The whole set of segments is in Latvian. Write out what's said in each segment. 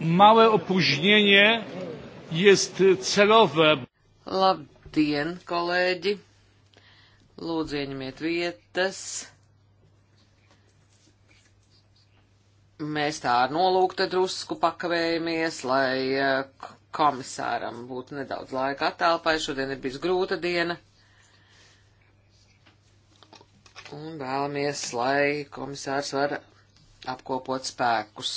Małe opóźnienie jest celowe. Labdien, kolēģi! Lūdzu, ieņemiet vietas. Mēs tā ar nolūkte drusku pakavējamies, lai eh, komisāram būtu nedaudz laika attālpai. Šodien ir bijis grūta diena un vēlamies, lai komisārs var apkopot spēkus.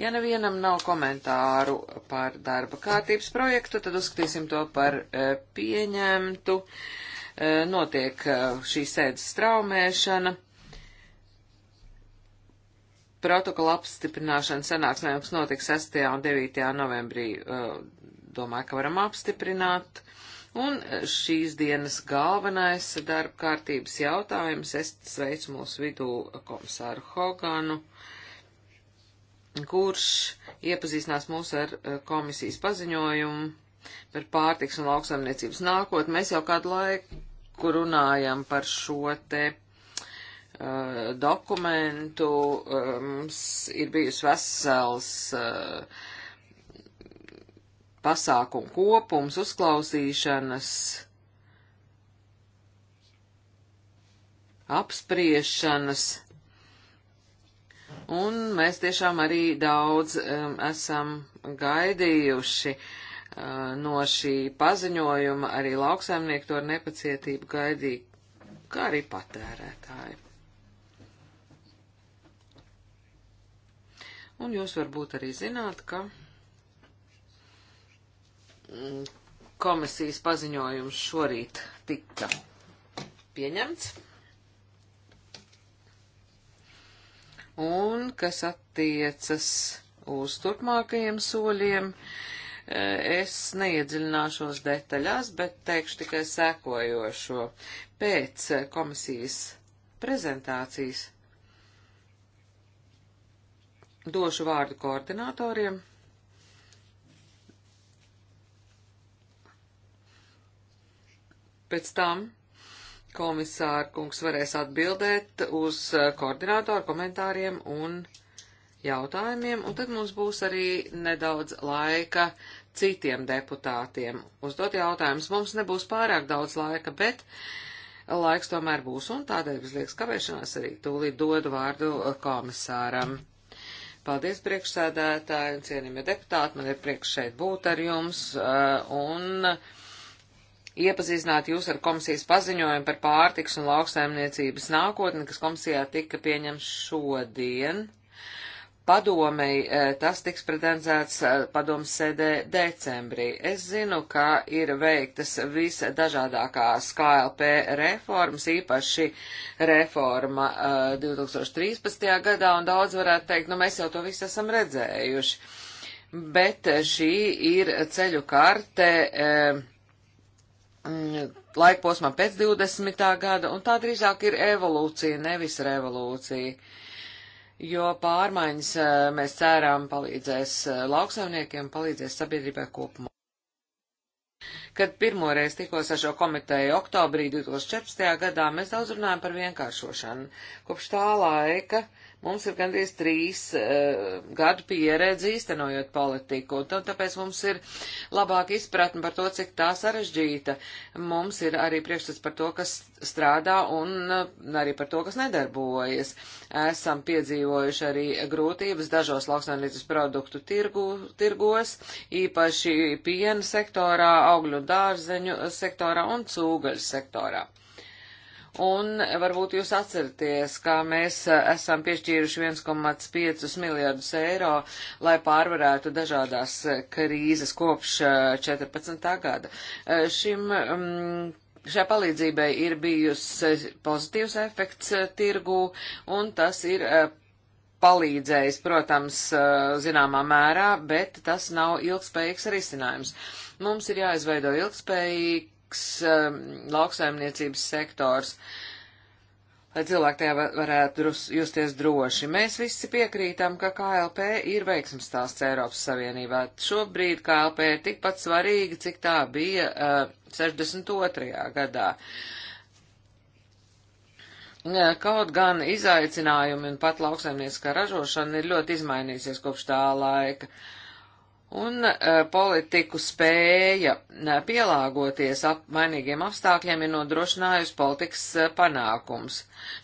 Ja nevienam nav komentāru par darba kārtības projektu, tad uzskatīsim to par e, pieņemtu. E, notiek e, šī sēdes straumēšana. Protokola apstiprināšana sanāksmē mums notiks 6. un 9. novembrī. Domāju, ka varam apstiprināt. Un šīs dienas galvenais darba kārtības jautājums, es sveicu mūsu vidū komisāru Hoganu, kurš iepazīstinās mūs ar eh, komisijas paziņojumu par pārtiks un lauksaimniecības nākotni. Mēs jau kādu laiku runājam par šo te eh, dokumentu, eh, mums ir bijusi vesels uh, pasākumu kopums, uzklausīšanas, apspriešanas, un mēs tiešām arī daudz um, esam gaidījuši uh, no šī paziņojuma, arī lauksaimnieki to ar nepacietību gaidīja, kā arī patērētāji. Un jūs varbūt arī zināt, ka komisijas paziņojums šorīt tika pieņemts. Un kas attiecas uz turpmākajiem soļiem, e, es neiedziļināšos detaļās, bet teikšu tikai sekojošo. Pēc komisijas prezentācijas došu vārdu koordinatoriem Pēc tam komisāra kungs varēs atbildēt uz eh, koordinātoru komentāriem un jautājumiem, un tad mums būs arī nedaudz laika citiem deputātiem uzdot jautājumus. Mums nebūs pārāk daudz laika, bet laiks tomēr būs, un tādēļ bez liekas kavēšanās arī tūlīt dodu vārdu eh, komisāram. Paldies, priekšsēdētāji un cienījamie deputāti, man ir prieks šeit būt ar jums, eh, un iepazīstināt jūs ar komisijas paziņojumu par pārtiks un lauksaimniecības nākotni, kas komisijā tika pieņemts šodien. Padomei e, tas tiks pretendēts e, padomas sēdē decembrī. Es zinu, ka ir veiktas visdažādākās KLP reformas, īpaši reforma 2013. E, gadā, un daudz varētu teikt, nu mēs jau to visu esam redzējuši. Bet šī ir ceļu karte. Eh, Mm, laikposmā pēc 20. gada, un tā drīzāk ir evolūcija, nevis revolūcija. Jo pārmaiņas eh, mēs cērām palīdzēs eh, lauksaimniekiem, palīdzēs sabiedrībai kopumā. Kad pirmoreiz tikos ar šo komiteju oktobrī 2014. gadā, mēs daudz runājam par vienkāršošanu. Kopš tā laika uh, Mums ir gandrīz trīs uh, gadu pieredze īstenojot politiku, un tāpēc mums ir labāka izpratne par to, cik tā sarežģīta. Mums ir arī priekšstats par to, kas strādā, un uh, arī par to, kas nedarbojas. Esam piedzīvojuši arī grūtības dažos lauksainīcas produktu tirgu, tirgos, īpaši piena sektorā, augļu dārzeņu sektorā un cūgaļu sektorā. Un varbūt jūs atceraties, kā mēs eh, esam piešķīruši 1,5 miljardus eiro, lai pārvarētu dažādās eh, krīzes kopš 14. Eh, gada. Šim, mm, šai palīdzībai ir bijusi pozitīvs efekts tirgū, un tas ir palīdzējis, protams, zināmā mērā, bet tas nav ilgspējīgs risinājums. Mums ir jāizveido ilgspējīgi būtisks um, lauksaimniecības sektors, lai cilvēki tajā varētu justies droši. Mēs visi piekrītam, ka KLP ir veiksmes stāsts Eiropas Savienībā. Šobrīd KLP ir tikpat svarīga, cik tā bija uh, 62. gadā. Kaut gan izaicinājumi un pat lauksaimnieciskā ražošana ir ļoti izmainījusies kopš tā laika. Uh, Un eh, politiku spēja eh, pielāgoties apmainīgiem apstākļiem ir nodrošinājusi politikas eh, panākums.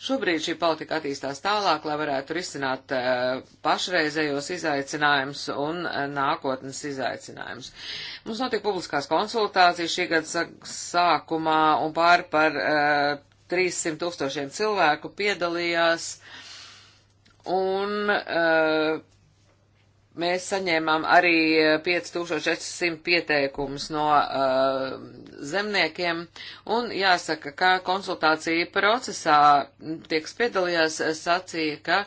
Šobrīd šī politika attīstās tālāk, lai varētu risināt pašreizējos izaicinājumus un nākotnes izaicinājumus. Mums notika publiskās konsultācijas šī gada sākumā un pāri par 300 tūkstošiem cilvēku piedalījās. Un, uh, Mēs saņēmām arī 5400 eh, pieteikumus no uh, zemniekiem, un jāsaka, ka konsultācija procesā tiek piedalījās eh, sacīja, ka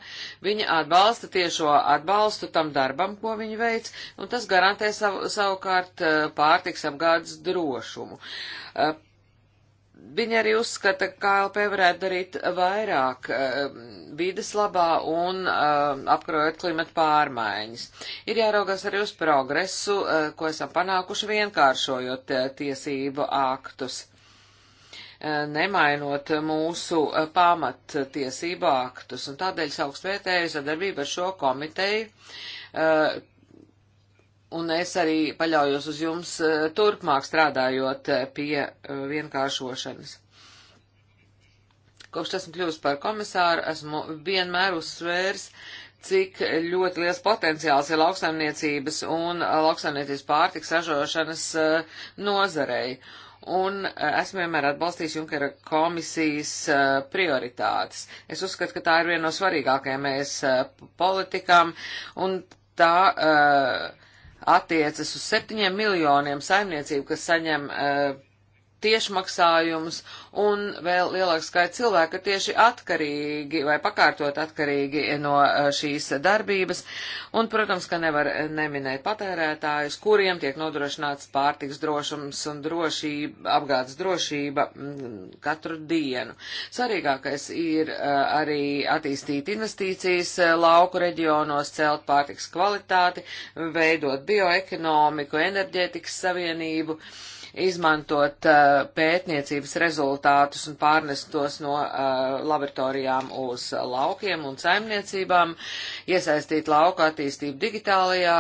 viņi atbalsta tiešo atbalstu tam darbam, ko viņi veic, un tas garantē sav, savukārt pārtiks apgādes drošumu. Uh, Viņa arī uzskata, ka KLP varētu darīt vairāk eh, vides labā un eh, apkarojot klimata pārmaiņas. Ir jāraugās arī uz progresu, eh, ko esam panākuši vienkāršojot tiesību aktus, nemainot mūsu pamattiesību aktus. Un tādēļ es augstu vērtēju sadarbību ar šo komiteju un es arī paļaujos uz jums eh, turpmāk strādājot eh, pie eh, vienkāršošanas. Kopš esmu kļuvis par komisāru, esmu vienmēr uzsvērs, cik ļoti liels potenciāls ir lauksaimniecības un lauksaimniecības pārtiks ražošanas nozarei. Un esmu vienmēr atbalstījis Junkera komisijas prioritātes. Es uzskatu, ka tā ir viena no svarīgākajām mēs politikām, un tā uh, attiecas uz septiņiem miljoniem saimniecību, kas saņem uh, tiešmaksājumus un vēl lielāks skaits cilvēku ir tieši atkarīgi vai pakārtot atkarīgi no eh, šīs darbības. Un, protams, ka nevar eh, neminēt patērētājus, kuriem tiek nodrošināts pārtiks drošums un drošība, apgādes drošība mm, katru dienu. Svarīgākais ir eh, arī attīstīt investīcijas lauku reģionos, celt pārtiks kvalitāti, veidot bioekonomiku, enerģētikas savienību. Uh, izmantot uh, pētniecības rezultātus un pārnest tos no uh, laboratorijām uz laukiem un saimniecībām, iesaistīt lauku attīstību digitālajā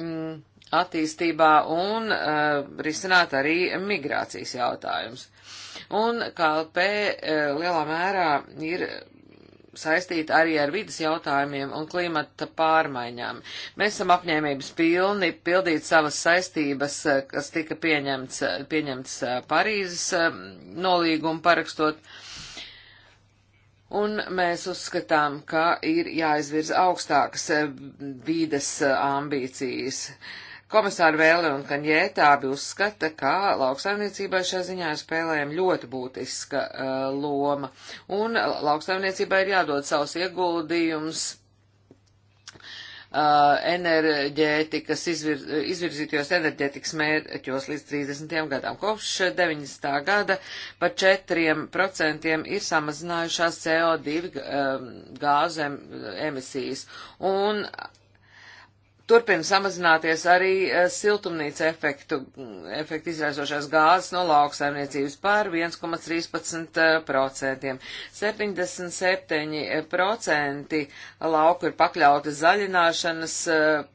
mm, attīstībā un uh, risināt arī migrācijas jautājumus. Un KLP uh, lielā mērā ir saistīta arī ar vidas jautājumiem un klimata pārmaiņām. Mēs esam apņēmības pilni pildīt savas saistības, eh, kas tika pieņemts, eh, pieņemts eh, Parīzes nolīgumu parakstot. Un mēs uzskatām, ka ir jāizvirza augstākas vīdes ambīcijas. Uh, Komisāri Vēle un Kaņēta abi uzskata, ka lauksaimniecībai šajā ziņā ir spēlējama ļoti būtiska uh, loma, un lauksaimniecībai ir jādod savus ieguldījums uh, enerģētikas izvir, izvirzītos enerģētikas mērķos līdz 30. gadam. Kopš 90. gada par 4% ir samazinājušās CO2 um, gāzu em, emisijas, un turpina samazināties arī eh, siltumnīca efektu, efektu izraisošās gāzes no lauksaimniecības par 1,13%. 77% eh, eh, lauku ir pakļauti zaļināšanas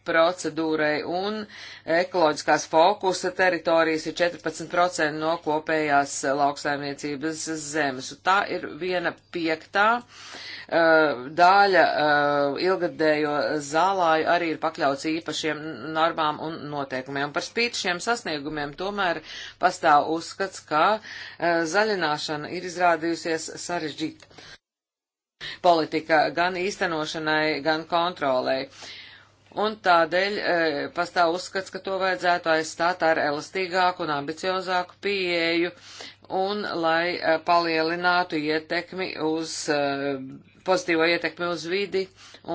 procedūrai un uh, ekoloģiskās fokusa teritorijas ir 14% no kopējās lauksaimniecības zemes. Un tā ir viena piektā uh, daļa uh, ilgadējo zālāju arī ir pakļauts īpašiem normām un noteikumiem. Par spīt šiem sasniegumiem tomēr pastāv uzskats, ka uh, zaļināšana ir izrādījusies sarežģīta politika gan īstenošanai, gan kontrolei. Uh, un tādēļ e, pastāv uzskats, ka to vajadzētu aizstāt ar elastīgāku un ambiciozāku pieeju, un lai e, palielinātu ietekmi uz, e, pozitīvo ietekmi uz vidi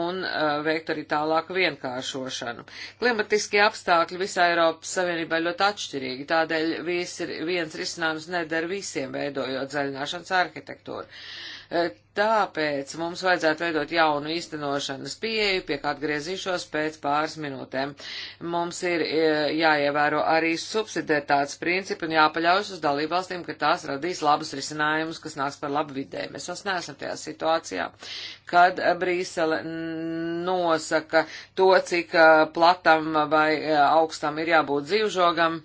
un e, veikt arī tālāku vienkāršošanu. Klimatiskie apstākļi visā Eiropas Savienībā ļoti atšķirīgi, tādēļ vis, viens risinājums neder visiem, veidojot zaļināšanas arhitektūru. E, Tāpēc mums vajadzētu veidot jaunu īstenošanas pieeju, pie kā atgriezīšos pēc pāris minūtēm. Mums ir e, jāievēro arī subsidētāts principi un jāpaļaujas uz dalībvalstīm, ka tās radīs labus risinājumus, kas nāks par labu vidē. Mēs vairs neesam tajā situācijā, kad Brīsele nosaka to, cik e, platam vai e, augstam ir jābūt dzīvžogam,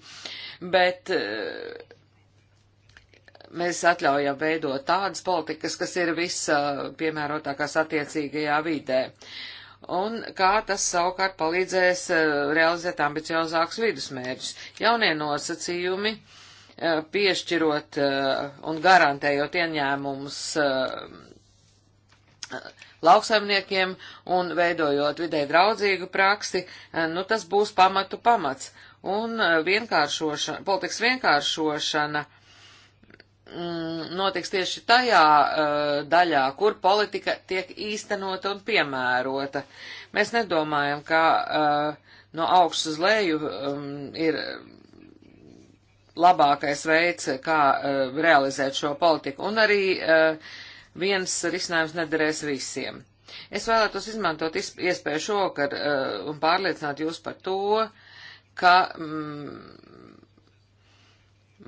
bet mēs atļaujam veidot tādas politikas, kas ir visa piemērotākās attiecīgajā vidē. Un kā tas savukārt palīdzēs eh, realizēt ambiciozākus vidusmērķus. Jaunie nosacījumi eh, piešķirot eh, un garantējot ieņēmumus lauksaimniekiem un veidojot vidē draudzīgu praksi, nu tas būs pamatu pamats. Un vienkāršošana, politikas vienkāršošana uh, Mm, notiks tieši tajā uh, daļā, kur politika tiek īstenota un piemērota. Mēs nedomājam, ka uh, no augšas uz leju um, ir labākais veids, kā uh, realizēt šo politiku, un arī uh, viens risinājums nederēs visiem. Es vēlētos izmantot iespēju šokar uh, un pārliecināt jūs par to, ka mm,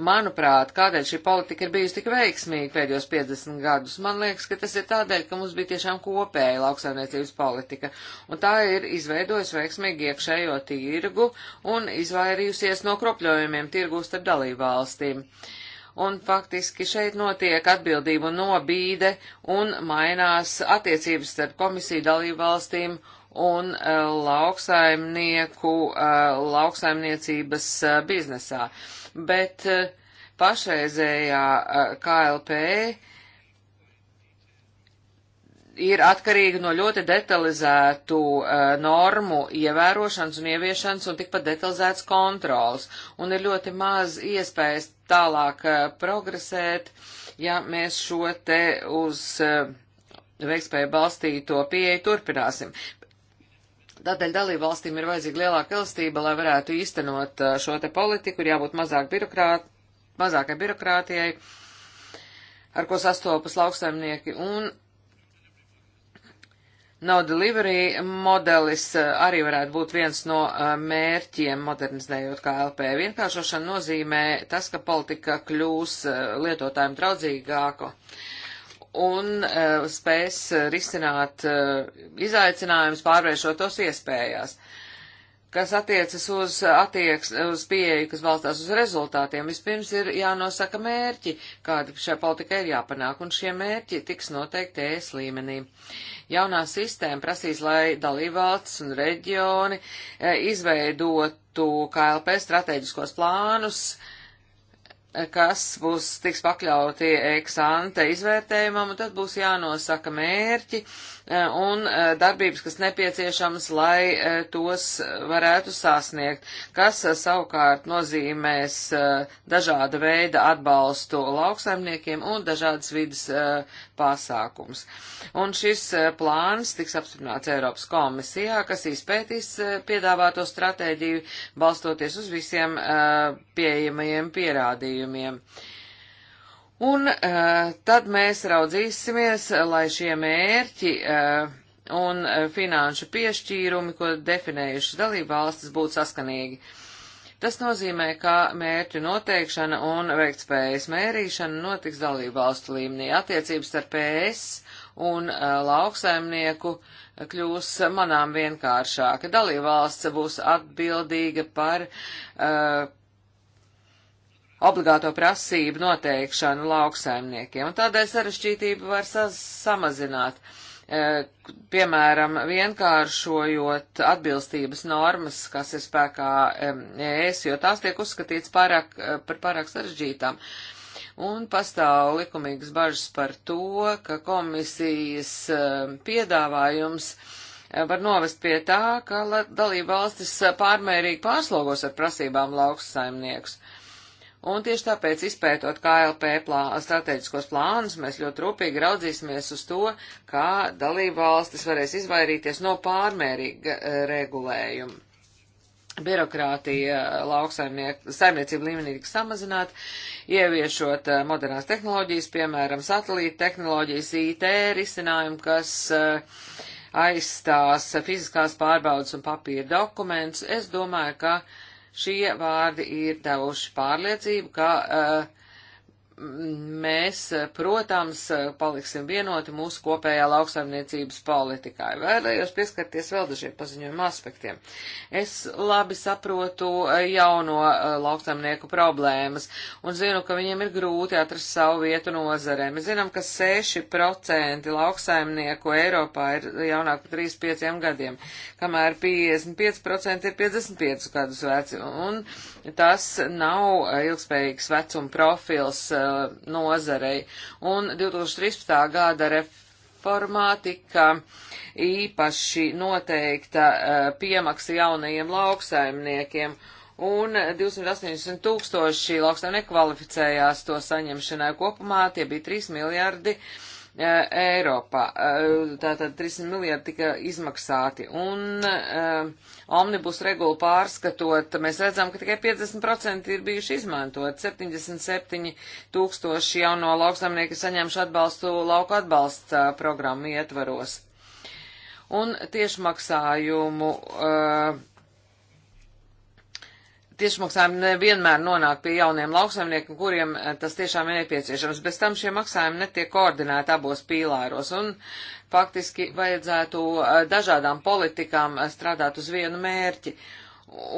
Manuprāt, kādēļ šī politika ir bijusi tik veiksmīga pēdējos 50 gadus, man liekas, ka tas ir tādēļ, ka mums bija tiešām kopēja lauksaimniecības politika, un tā ir izveidojusi veiksmīgi iekšējo tirgu un izvairījusies no kropļojumiem tirgūs starp dalībvalstīm. Un faktiski šeit notiek atbildību nobīde un mainās attiecības starp komisiju dalībvalstīm un uh, lauksaimnieku, uh, lauksaimniecības uh, biznesā. Uh, bet eh, pašreizējā eh, KLP ir atkarīga no ļoti detalizētu uh, normu ievērošanas un ieviešanas un tikpat detalizētas kontrols. Un ir ļoti maz iespējas tālāk uh, progresēt, ja mēs šo te uz uh, veikspēju balstīto pieeju turpināsim. Tādēļ dalībvalstīm ir vajadzīga lielāka elastība, lai varētu īstenot uh, šo te politiku, ir jābūt mazāk birokrāt, mazākai birokrātijai, ar ko sastopas lauksaimnieki, un no delivery modelis uh, arī varētu būt viens no uh, mērķiem modernizējot KLP. Vienkāršošana nozīmē tas, ka politika kļūs lietotājiem draudzīgāko. Uh, un uh, spēs eh, risināt uh, izaicinājumus, pārvēršot tos iespējās. Kas attiecas uz, attieks, uz pieeju, kas balstās uz rezultātiem, vispirms ir jānosaka mērķi, kādi šai politikai ir jāpanāk, un šie mērķi tiks noteikti ES līmenī. Jaunā sistēma prasīs, lai dalībvalsts un reģioni uh, izveidotu KLP strateģiskos plānus, uh, kas būs tiks pakļauti eksante izvērtējumam, un tad būs jānosaka mērķi, uh, Eh, un eh, darbības, kas nepieciešams, lai eh, tos varētu sasniegt, kas savukārt nozīmēs dažāda veida atbalstu lauksaimniekiem un dažādas vidas pasākums. Un šis plāns tiks apstiprināts Eiropas komisijā, kas izpētīs piedāvāto stratēģiju balstoties uz visiem pieejamajiem pierādījumiem. Uh, Un uh, tad mēs raudzīsimies, lai šie mērķi uh, un eh, finanšu piešķīrumi, ko definējušas dalība valstis, būtu saskanīgi. Tas nozīmē, ka mērķu noteikšana un veiktspējas mērīšana notiks dalību valstu līmenī. Attiecības starp PS un uh, lauksaimnieku kļūs manām vienkāršāka. Dalība valsts būs atbildīga par uh, obligāto prasību noteikšanu lauksaimniekiem, un tādēļ sarežģītību var samazināt. E, piemēram, vienkāršojot atbilstības normas, kas ir spēkā ES, e jo tās tiek uzskatīts pārāk, e, par pārāk sarežģītām. Un pastāv likumīgas bažas par to, ka komisijas e, piedāvājums var novest pie tā, ka dalība valstis pārmērīgi pārslogos ar prasībām lauksaimniekus. saimniekus. Un tieši tāpēc, izpētot KLP plā, strateģiskos plānus, mēs ļoti rūpīgi raudzīsimies uz to, kā dalība valstis varēs izvairīties no pārmērīga e, regulējuma. Birokrātija e, lauksaimniecību līmenī tiks samazināta, ieviešot e, modernās tehnoloģijas, piemēram, satelīta tehnoloģijas, IT risinājumu, kas uh, aizstās fiziskās pārbaudas un papīra dokumentus. Es domāju, ka uh, Šie vārdi ir devuši pārliecību, ka uh, mēs, protams, paliksim vienoti mūsu kopējā lauksaimniecības politikā. Vēlējos pieskarties vēl dažiem paziņojuma aspektiem. Es labi saprotu jauno eh, lauksaimnieku problēmas un zinu, ka viņiem ir grūti atrast savu vietu nozarē. Mēs zinām, ka 6% lauksaimnieku Eiropā ir jaunāk par 35 gadiem, kamēr 55% ir 55 gadus veci. Un, uh, tas nav ilgspējīgs vecuma profils eh, nozarei. Un 2013. gada reformā tika īpaši noteikta eh, piemaksa jaunajiem lauksaimniekiem un 280 tūkstoši lauksaimnieku kvalificējās to saņemšanai kopumā, tie bija 3 miljardi. Uh, E, Eiropā. E, tātad 300 miljardi tika izmaksāti. Un um, omnibus regulu pārskatot, mēs redzam, ka tikai 50% ir bijuši izmantot. 77 tūkstoši jauno lauksamnieku saņemšu atbalstu lauka atbalsta programmu ietvaros. Un tiešmaksājumu uh, tiešmaksājumi nevienmēr nonāk pie jauniem lauksaimniekiem, kuriem eh, tas tiešām ir nepieciešams. Bez tam šie maksājumi netiek koordinēti abos pīlāros un faktiski vajadzētu eh, dažādām politikām eh, strādāt uz vienu mērķi. Uh,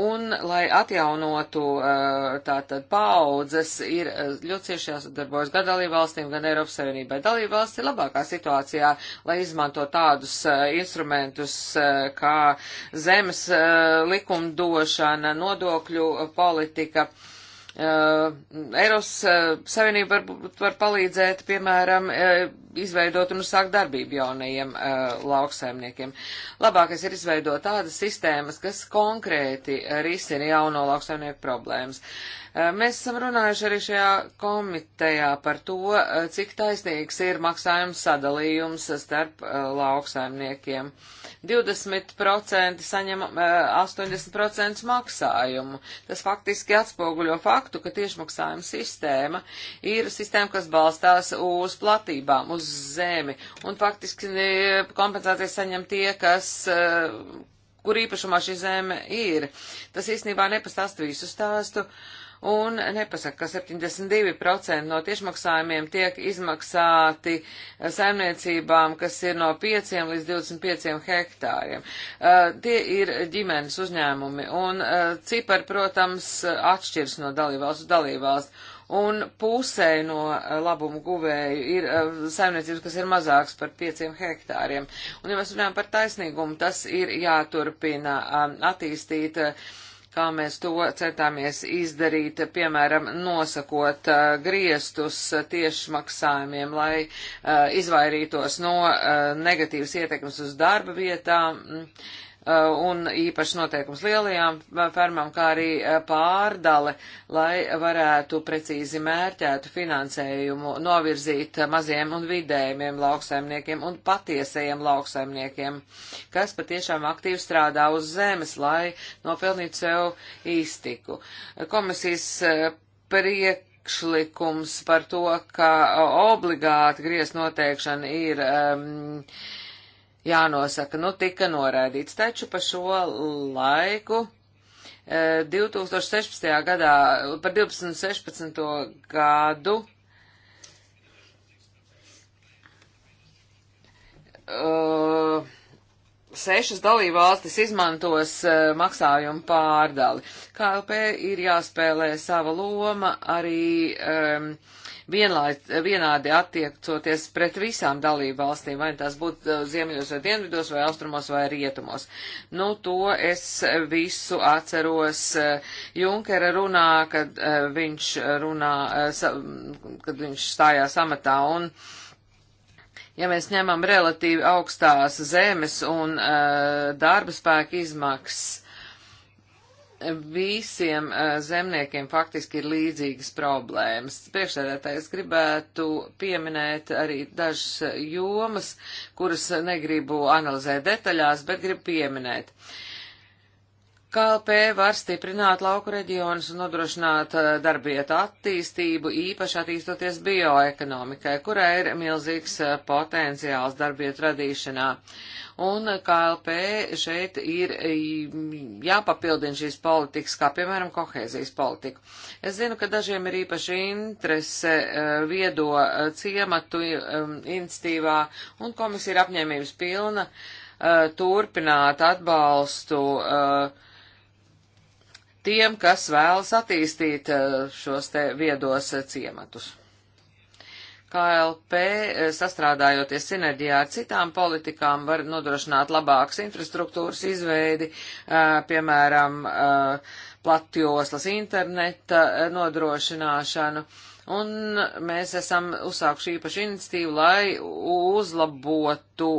Un, lai atjaunotu eh, tātad paaudzes, ir eh, ļoti cieši jāsadarbojas gan dalībvalstīm, gan Eiropas Savienībai. Dalībvalsts ir labākā situācijā, lai izmanto tādus eh, instrumentus kā zemes likumdošana, nodokļu politika. Uh, Uh, eh, Eiropas uh, eh, Savienība varbūt var palīdzēt, piemēram, uh, izveidot un uzsākt darbību jaunajiem lauksaimniekiem. Labākais ir izveidot tādas sistēmas, kas konkrēti risina jauno lauksaimnieku problēmas. Uh, Eh, mēs esam runājuši arī šajā komitejā par to, eh, cik taisnīgs ir maksājums sadalījums starp eh, lauksaimniekiem. 20% saņem 80% maksājumu. Tas faktiski atspoguļo faktu, ka tiešmaksājuma sistēma ir sistēma, kas balstās uz platībām, uz zemi. Un faktiski kompensācijas saņem tie, kas kur īpašumā šī zeme ir. Tas īstenībā nepastāst visu stāstu. Uh, un nepasaka, ka 72% no tiešmaksājumiem tiek izmaksāti saimniecībām, kas ir no 5 līdz 25 hektāriem. Uh, tie ir ģimenes uzņēmumi, un uh, cipari, protams, atšķiras no dalībvalsts uz dalībvalsts un pusē no labumu guvēju ir saimniecības, kas ir mazāks par pieciem hektāriem. Un, ja mēs runājam par taisnīgumu, tas ir jāturpina attīstīt kā mēs to centāmies izdarīt, piemēram, nosakot uh, griestus uh, tiešmaksājumiem, lai uh, izvairītos no uh, negatīvas ietekmes uz darba vietām. Mm Eh, un īpaši noteikums lielajām eh, fermām, kā arī eh, pārdale, lai varētu precīzi mērķētu finansējumu novirzīt maziem un vidējiem lauksaimniekiem un patiesajiem lauksaimniekiem, kas patiešām aktīvi strādā uz zemes, lai nopelnītu sev īstiku. Komisijas priek priekšlikums par to, ka obligāti griezt noteikšana ir um, jānosaka, nu tika noraidīts, taču pa šo laiku 2016. E, gadā, par 2016. gadu uh, sešas dalībvalstis izmantos uh, maksājumu pārdali. KLP ir jāspēlē sava loma arī um, uh, vienlaiz, vienādi attiecoties pret visām dalību valstīm, vai tās būtu eh, ziemeļos vai dienvidos vai austrumos vai rietumos. Nu, to es visu atceros eh, Junkera runā, kad eh, viņš runā, kad viņš stājās amatā un ja mēs ņemam relatīvi augstās zemes un uh, darba spēka izmaksas, visiem eh, zemniekiem faktiski ir līdzīgas problēmas. Priekšsēdētājs gribētu pieminēt arī dažas eh, jomas, kuras negribu analizēt detaļās, bet gribu pieminēt. Uh, KLP var stiprināt lauku reģionus un nodrošināt eh, darbietu attīstību, īpaši attīstoties bioekonomikai, kurai ir milzīgs eh, potenciāls darbietu radīšanā. Un KLP šeit ir mm, jāpapildina šīs politikas, kā piemēram kohēzijas politika. Es zinu, ka dažiem ir īpaši interese eh, viedo ciematu um, institīvā, un komisija ir apņēmības pilna turpināt atbalstu uh, tiem, kas vēlas attīstīt eh, šos te viedos eh, ciematus. KLP, eh, sastrādājoties sinerģijā ar citām politikām, var nodrošināt labākas infrastruktūras izveidi, piemēram, platjoslas interneta nodrošināšanu. Un mēs esam uzsākuši īpašu iniciatīvu, lai uzlabotu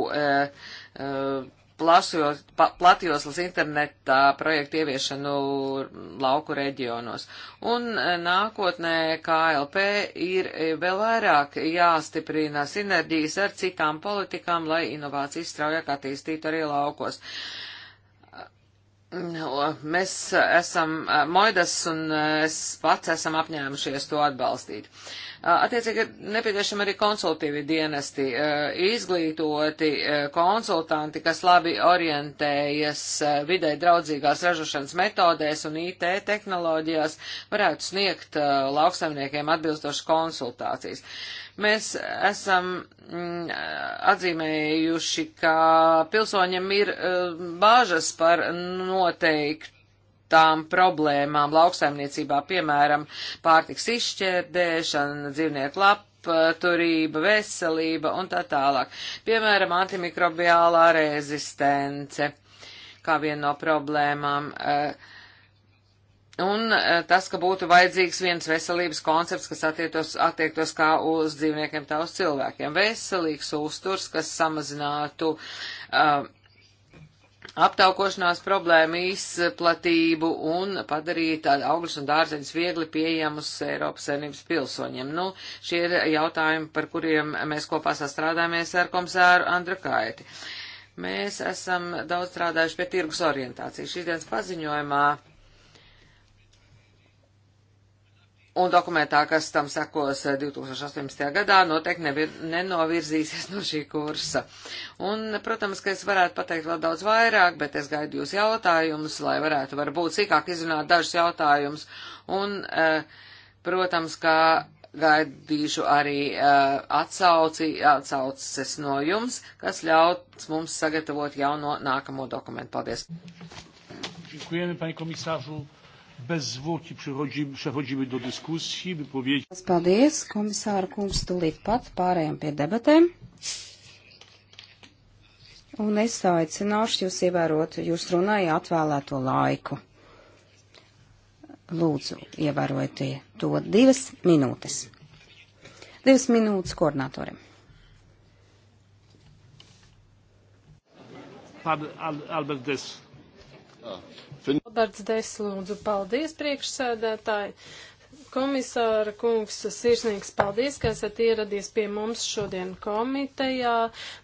plašos, pa, platjoslas internetā projektu ieviešanu lauku reģionos. Un eh, nākotnē KLP ir eh, vēl vairāk jāstiprina sinerģijas ar citām politikām, lai inovācijas straujāk attīstītu arī laukos. Mēs esam, eh, Moidas un es pats esam apņēmušies to atbalstīt. Uh, Attiecīgi ir nepieciešami arī konsultīvi dienesti, izglītoti konsultanti, kas labi orientējas vidē draudzīgās ražošanas metodēs un IT tehnoloģijās, varētu sniegt lauksaimniekiem atbilstošas konsultācijas. Mēs esam mm, atzīmējuši, ka pilsoņiem ir bāžas par noteiktu tām problēmām lauksaimniecībā, piemēram, pārtiks izšķērdēšana, dzīvnieku labturība, veselība un tā tālāk. Piemēram, antimikrobiālā rezistence kā viena no problēmām. Eh, un eh, tas, ka būtu vajadzīgs viens veselības koncepts, kas attiektos, attiektos kā uz dzīvniekiem, tā uz cilvēkiem. Veselīgs uzturs, kas samazinātu uh, aptaukošanās problēmu izplatību un padarīt augļus un dārzeņus viegli pieejamus Eiropas saimnības pilsoņiem. Nu, šie ir jautājumi, par kuriem mēs kopā sastrādājamies ar komisāru Andrakaiti. Mēs esam daudz strādājuši pie tirgus orientācijas. Šīs dienas paziņojumā un dokumentā, kas tam sekos 2018. Eh, gadā, noteikti nenovirzīsies no šī kursa. Un, protams, ka es varētu pateikt vēl daudz vairāk, bet es gaidu jūs jautājumus, lai varētu varbūt sīkāk izrunāt dažus jautājumus. Un, eh, protams, ka gaidīšu arī eh, atsauci, atsauces no jums, kas ļauts mums sagatavot jauno nākamo dokumentu. Paldies! Dziękujemy, panie komisarzu. Bez zvoki przechodzimy do dyskusji, wypowiedzi. Paldies, komisāra kungs, tūlīt pat pārējām pie debatēm. Un es aicināšu jūs ievērot, jūs runāja atvēlēto laiku. Lūdzu, ievērojiet to divas minūtes. Divas minūtes koordinatoriem. Pan Albert Des. Oh. Roberts Deslūdzu, paldies priekšsēdētāji. Komisāra kungs, sirsnīgs paldies, ka esat ieradies pie mums šodien komitejā.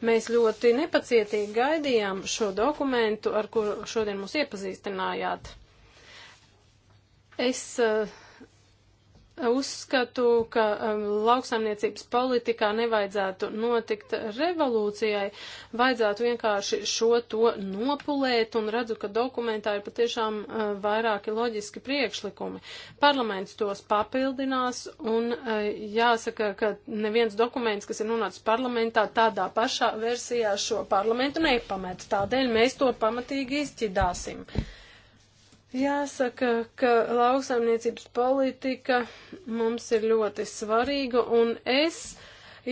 Mēs ļoti nepacietīgi gaidījām šo dokumentu, ar kuru šodien mūs iepazīstinājāt. Es uh, Uzskatu, ka um, lauksaimniecības politikā nevajadzētu notikt revolūcijai, vajadzētu vienkārši šo to nopulēt un redzu, ka dokumentā ir patiešām uh, vairāki loģiski priekšlikumi. Parlaments tos papildinās un uh, jāsaka, ka neviens dokuments, kas ir nonācis parlamentā, tādā pašā versijā šo parlamentu nepamet. Tādēļ mēs to pamatīgi izķidāsim. Uh, Jāsaka, ka lauksaimniecības politika mums ir ļoti svarīga, un es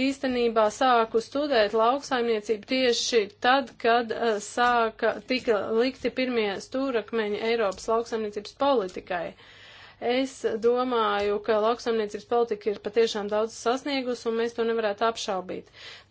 īstenībā sāku studēt lauksaimniecību tieši tad, kad eh, sāka tika likti pirmie stūrakmeņi Eiropas lauksaimniecības politikai. Uh, Es domāju, ka lauksaimniecības politika ir patiešām daudz sasniegusi, un mēs to nevarētu apšaubīt.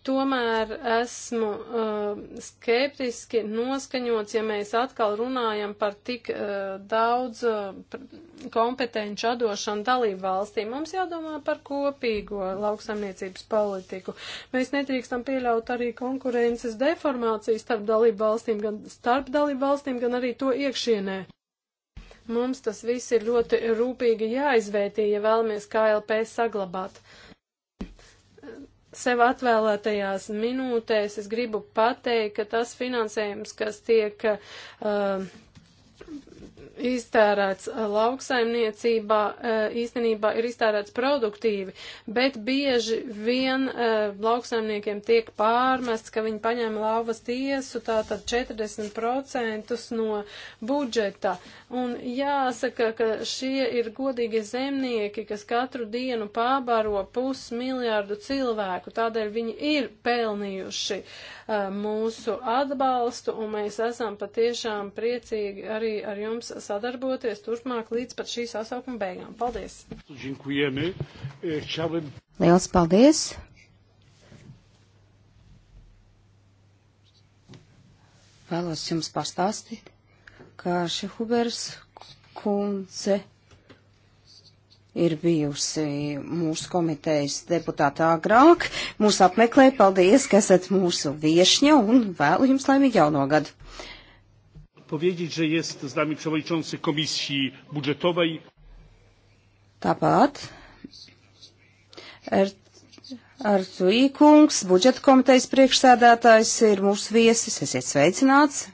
Tomēr esmu uh, skeptiski noskaņots, ja mēs atkal runājam par tik uh, daudz uh, kompetenci atdošanu dalību valstīm. Mums jādomā par kopīgo lauksaimniecības politiku. Mēs nedrīkstam pieļaut arī konkurences deformācijas starp dalību valstīm, gan starp dalību valstīm, gan arī to iekšienē. Mums tas viss ir ļoti rūpīgi jāizvērtī, ja vēlamies KLP saglabāt. Sev atvēlētajās minūtēs es gribu pateikt, ka tas finansējums, kas tiek uh, iztērēts eh, lauksaimniecībā, eh, īstenībā ir iztērēts produktīvi, bet bieži vien eh, lauksaimniekiem tiek pārmests, ka viņi paņēma lauvas tiesu, tātad 40% no budžeta. Un jāsaka, ka šie ir godīgi zemnieki, kas katru dienu pārbaro pusmiljārdu cilvēku, tādēļ viņi ir pelnījuši. Uh, Uh, mūsu atbalstu, un mēs esam patiešām priecīgi arī ar jums sadarboties turpmāk līdz pat šī sasaukuma beigām. Paldies! E, Liels paldies! Vēlos jums pastāstīt, ka Šehubers kundze ir bijusi mūsu komitejas deputāta agrāk. Mūs apmeklē, paldies, ka esat mūsu viešņa un vēlu jums laimīgu jauno gadu. Powiedzieć, że jest z nami przewodniczący komisji budżetowej. Tāpat ar, ar Tuīkungs, budžeta komitejas priekšsēdētājs, ir mūsu viesis. Esiet sveicināts,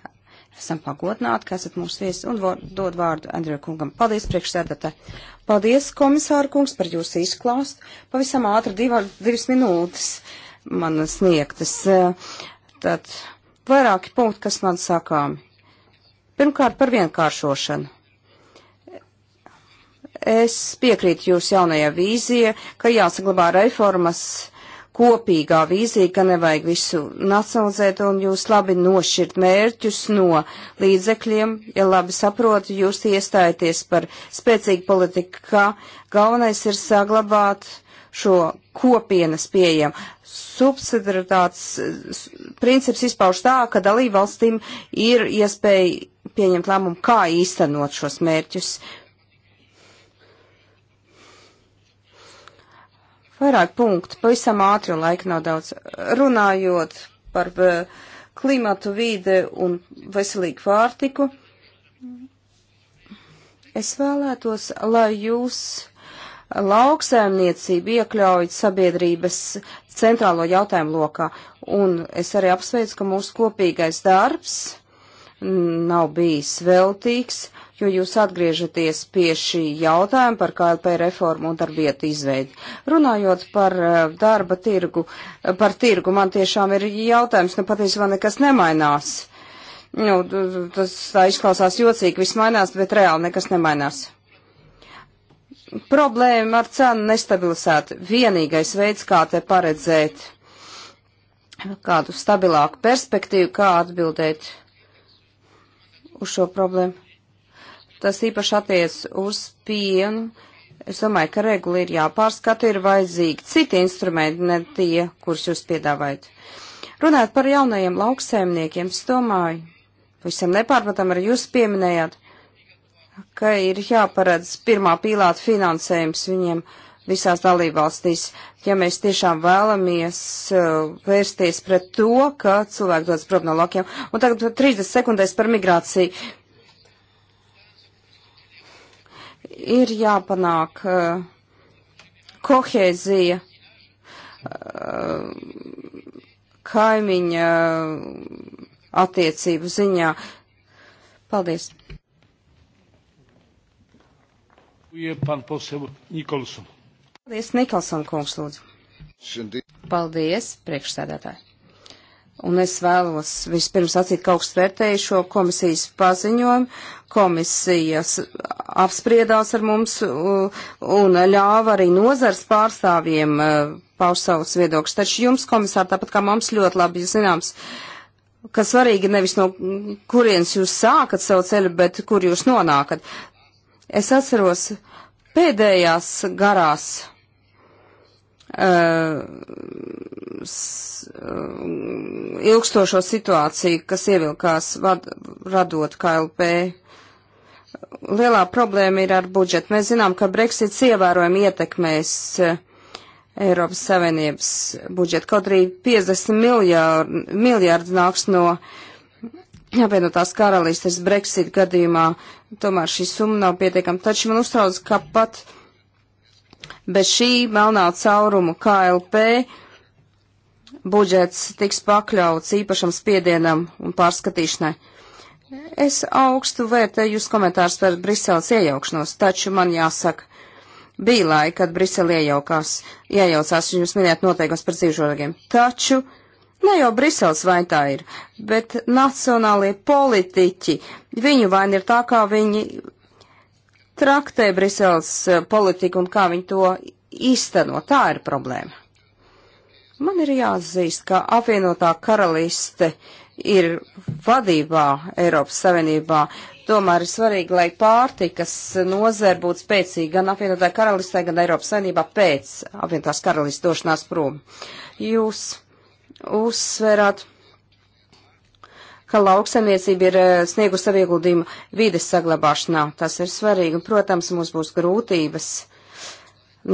Esam pagodināti, ka esat mūsu viesi un dod vārdu Andriju kungam. Paldies, priekšsēdētāji. Paldies, komisāra kungs, par jūsu izklāstu. Pavisam ātri divā, divas minūtes man sniegtas. Eh, tad vairāki punkti, kas man sakāmi. Pirmkārt, par vienkāršošanu. Es piekrītu jūsu jaunajā vīzija, ka jāsaglabā reformas kopīgā vīzija, ka nevajag visu nacionalizēt un jūs labi nošķirt mērķus no līdzekļiem. Ja labi saprotu, jūs iestājaties par spēcīgu politiku, ka galvenais ir saglabāt šo kopienas pieejamu. Subsidaritātes princips izpauž tā, ka dalībvalstīm ir iespēja pieņemt lēmumu, kā īstenot šos mērķus. Vairāk punktu, pavisam ātri, jo laika nav daudz. Runājot par eh, klimatu vīde un veselīgu pārtiku, es vēlētos, lai jūs lauksēmniecību iekļaujat sabiedrības centrālo jautājumu lokā. Un es arī apsveicu, ka mūsu kopīgais darbs nav bijis veltīgs jo jūs atgriežaties pie šī jautājuma par KLP reformu un darbvietu izveidi. Runājot par eh, darba tirgu, eh, par tirgu, man tiešām ir jautājums, nu patiesībā nekas nemainās. Nu, tas tā izklausās jocīgi, viss mainās, bet reāli nekas nemainās. Problēma ar cenu nestabilizēt. Vienīgais veids, kā te paredzēt kādu stabilāku perspektīvu, kā atbildēt uz šo problēmu. Tas īpaši attiec uz pienu. Es domāju, ka regula ir jāpārskata, ir vajadzīgi citi instrumenti, ne tie, kurus jūs piedāvājat. Runājot par jaunajiem lauksēmniekiem, es domāju, visam nepārpratam arī jūs pieminējāt, ka ir jāparedz pirmā pīlāta finansējums viņiem visās dalībvalstīs, ja mēs tiešām vēlamies uh, vērsties pret to, ka cilvēki dodas prom no lakiem. Un tagad 30 sekundēs par migrāciju. ir jāpanāk uh, kohēzija uh, kaimiņa uh, attiecību ziņā. Paldies. Paldies, Nikolson kungs, lūdzu. Paldies, priekšsēdētāji. Un es vēlos vispirms atzīt, ka augstvērtēju šo komisijas paziņojumu. Komisijas apspriedās ar mums un ļāva arī nozars pārstāvjiem uh, paust savus viedokļus. Taču jums, komisār, tāpat kā mums ļoti labi zināms, ka svarīgi nevis no kurienes jūs sākat savu ceļu, bet kur jūs nonākat. Es atceros pēdējās garās Uh, uh, ilgstošo situāciju, kas ievilkās vad, radot KLP. Lielā problēma ir ar budžetu. Mēs zinām, ka Brexits ievērojami ietekmēs uh, Eiropas Savienības budžetu. Kaut arī 50 miljārdi, miljārdi nāks no apvienotās karalistes Brexit gadījumā, tomēr šī summa nav pietiekama. Taču man uztrauc, ka pat uh, Bez šī melnā cauruma KLP budžets tiks pakļauts īpašam spiedienam un pārskatīšanai. Es augstu vērtēju jūs komentārus par Briseles iejaukšanos, taču man jāsaka, bija laika, kad Brisele iejaukās, iejaucās, un jūs minējāt noteikums par dzīvžorgiem. Taču ne jau Briseles vai tā ir, bet nacionālie politiķi, viņu vaina ir tā, kā viņi traktē Briseles e, politiku un kā viņi to īsteno. Tā ir problēma. Man ir jāatzīst, ka apvienotā karaliste ir vadībā Eiropas Savienībā. Tomēr ir svarīgi, lai pārtikas nozēra būtu spēcīga gan apvienotā karalistē, gan Eiropas Savienībā pēc apvienotās karalistes došanās prom. Jūs uzsverāt ka lauksaimniecība ir eh, sniegus savu ieguldījumu vides saglabāšanā. Tas ir svarīgi, un, protams, mums būs grūtības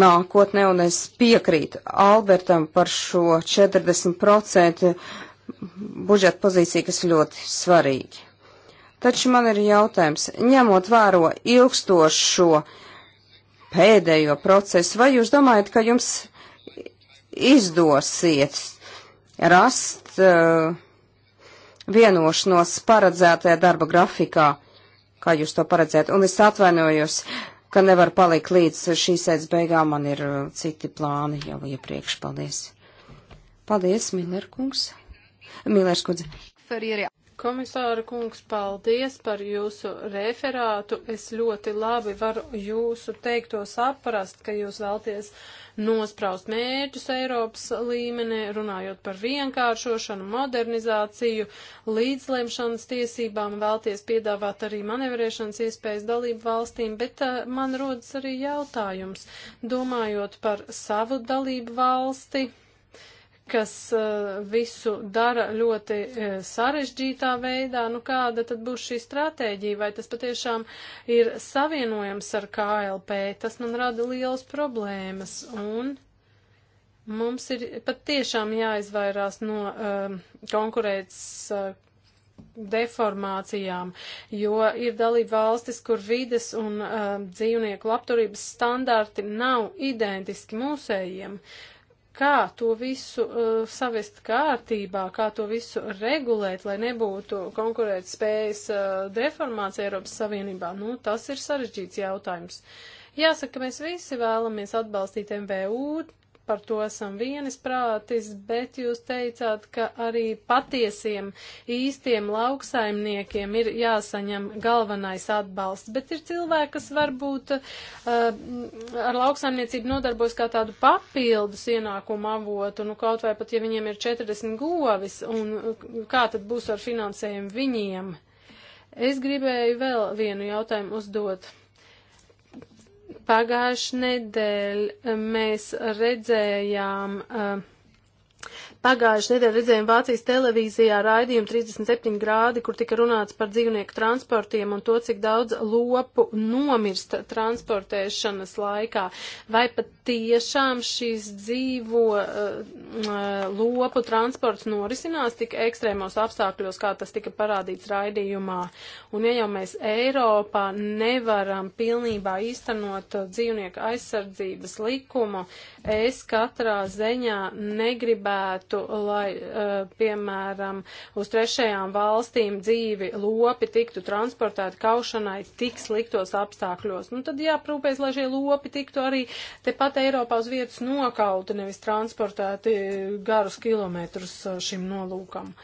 nākotnē, un es piekrītu Albertam par šo 40% budžeta pozīciju, kas ļoti svarīgi. Taču man ir jautājums, ņemot vēro ilgstošo pēdējo procesu, vai jūs domājat, ka jums izdosiet rast uh, vienošanos paredzētajā darba grafikā, kā jūs to paredzētu. Un es atvainojos, ka nevar palikt līdz šīs sēdes beigām, man ir uh, citi plāni jau iepriekš. Paldies. Paldies, Miller kungs. Miller skundze. Komisāra kungs, paldies par jūsu referātu. Es ļoti labi varu jūsu teikto saprast, ka jūs vēlties. Uh, nospraust mērķus Eiropas līmenī, runājot par vienkāršošanu, modernizāciju, līdzlemšanas tiesībām, vēlties piedāvāt arī manevrēšanas iespējas dalību valstīm, bet uh, man rodas arī jautājums, domājot par savu dalību valsti kas eh, visu dara ļoti eh, sarežģītā veidā, nu kāda tad būs šī stratēģija, vai tas patiešām ir savienojams ar KLP, tas man rada liels problēmas. Un mums ir patiešām jāizvairās no um, konkurētas. Uh, deformācijām, jo ir dalība valstis, kur vides un uh, dzīvnieku labturības standarti nav identiski mūsējiem. Uh, kā to visu uh, savest kārtībā, kā to visu regulēt, lai nebūtu konkurēt spējas uh, deformācija Eiropas Savienībā, nu, tas ir sarežģīts jautājums. Jāsaka, mēs visi vēlamies atbalstīt MVU, par to esam vienisprātis, bet jūs teicāt, ka arī patiesiem īstiem lauksaimniekiem ir jāsaņem galvenais atbalsts, bet ir cilvēki, kas varbūt uh, ar lauksaimniecību nodarbojas kā tādu papildus ienākumu avotu, nu kaut vai pat, ja viņiem ir 40 govis, un kā tad būs ar finansējumu viņiem? Es gribēju vēl vienu jautājumu uzdot. Pagājuši nedēļ mēs redzējām uh, Pagājušajā nedēļā redzējām Vācijas televīzijā raidījumu 37 grādi, kur tika runāts par dzīvnieku transportiem un to, cik daudz lopu nomirst transportēšanas laikā. Vai pat tiešām šīs dzīvo uh, uh, lopu transports norisinās tik ekstrēmos apstākļos, kā tas tika parādīts raidījumā? Un ja jau mēs Eiropā nevaram pilnībā īstenot dzīvnieku aizsardzības likumu, es katrā ziņā negribētu gribētu, lai, eh, piemēram, uz trešajām valstīm dzīvi lopi tiktu transportēti kaušanai tik sliktos apstākļos. Nu, tad jāprūpēs, lai šie lopi tiktu arī tepat Eiropā uz vietas nokauti, nevis transportēti garus kilometrus eh, šim nolūkam.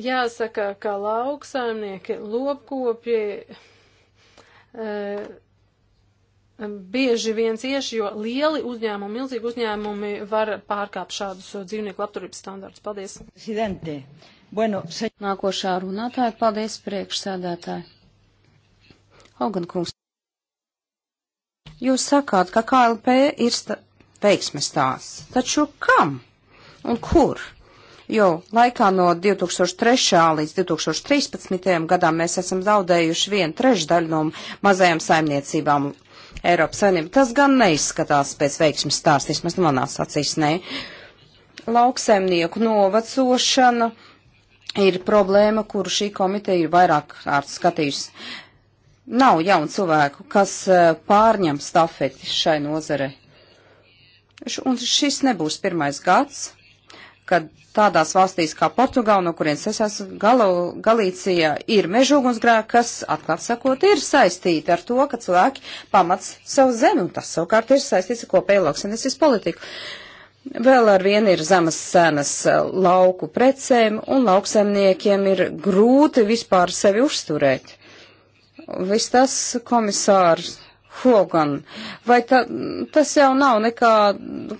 Jāsaka, ka lauksaimnieki, lopkopji. Uh, bieži viens ieši, jo lieli uzņēmumi, milzīgi uzņēmumi var pārkāpt šādus uh, dzīvnieku labturības standartus. Paldies. Presidente. Bueno, se... Nākošā runātāja, paldies priekšsēdētāji. Hogan kungs. Jūs sakāt, ka KLP ir sta... veiksmes tās, taču kam un kur? Jo laikā no 2003. līdz 2013. gadam mēs esam zaudējuši vienu trešdaļu no mazajām saimniecībām Eiropas saimnību. Tas gan neizskatās pēc veiksmes stāsts, vismaz manās acīs nē. Lauksaimnieku novacošana ir problēma, kuru šī komiteja ir vairāk kārt skatījusi. Nav jaunu cilvēku, kas eh, pārņem stafeti šai nozarei. Un šis nebūs pirmais gads, ka tādās valstīs kā Portugāla, no kurienes es esmu, Galo, Galīcija ir mežugunsgrēki, kas, atklāt sakot, ir saistīti ar to, ka cilvēki pamats savu zemi, un tas savukārt ir saistīts ar kopēju lauksainiecības politiku. Vēl ar vienu ir zemas cenas eh, lauku precēm, un lauksaimniekiem ir grūti vispār sevi uzturēt. Viss tas komisārs Hogan. Vai ta, tas jau nav nekā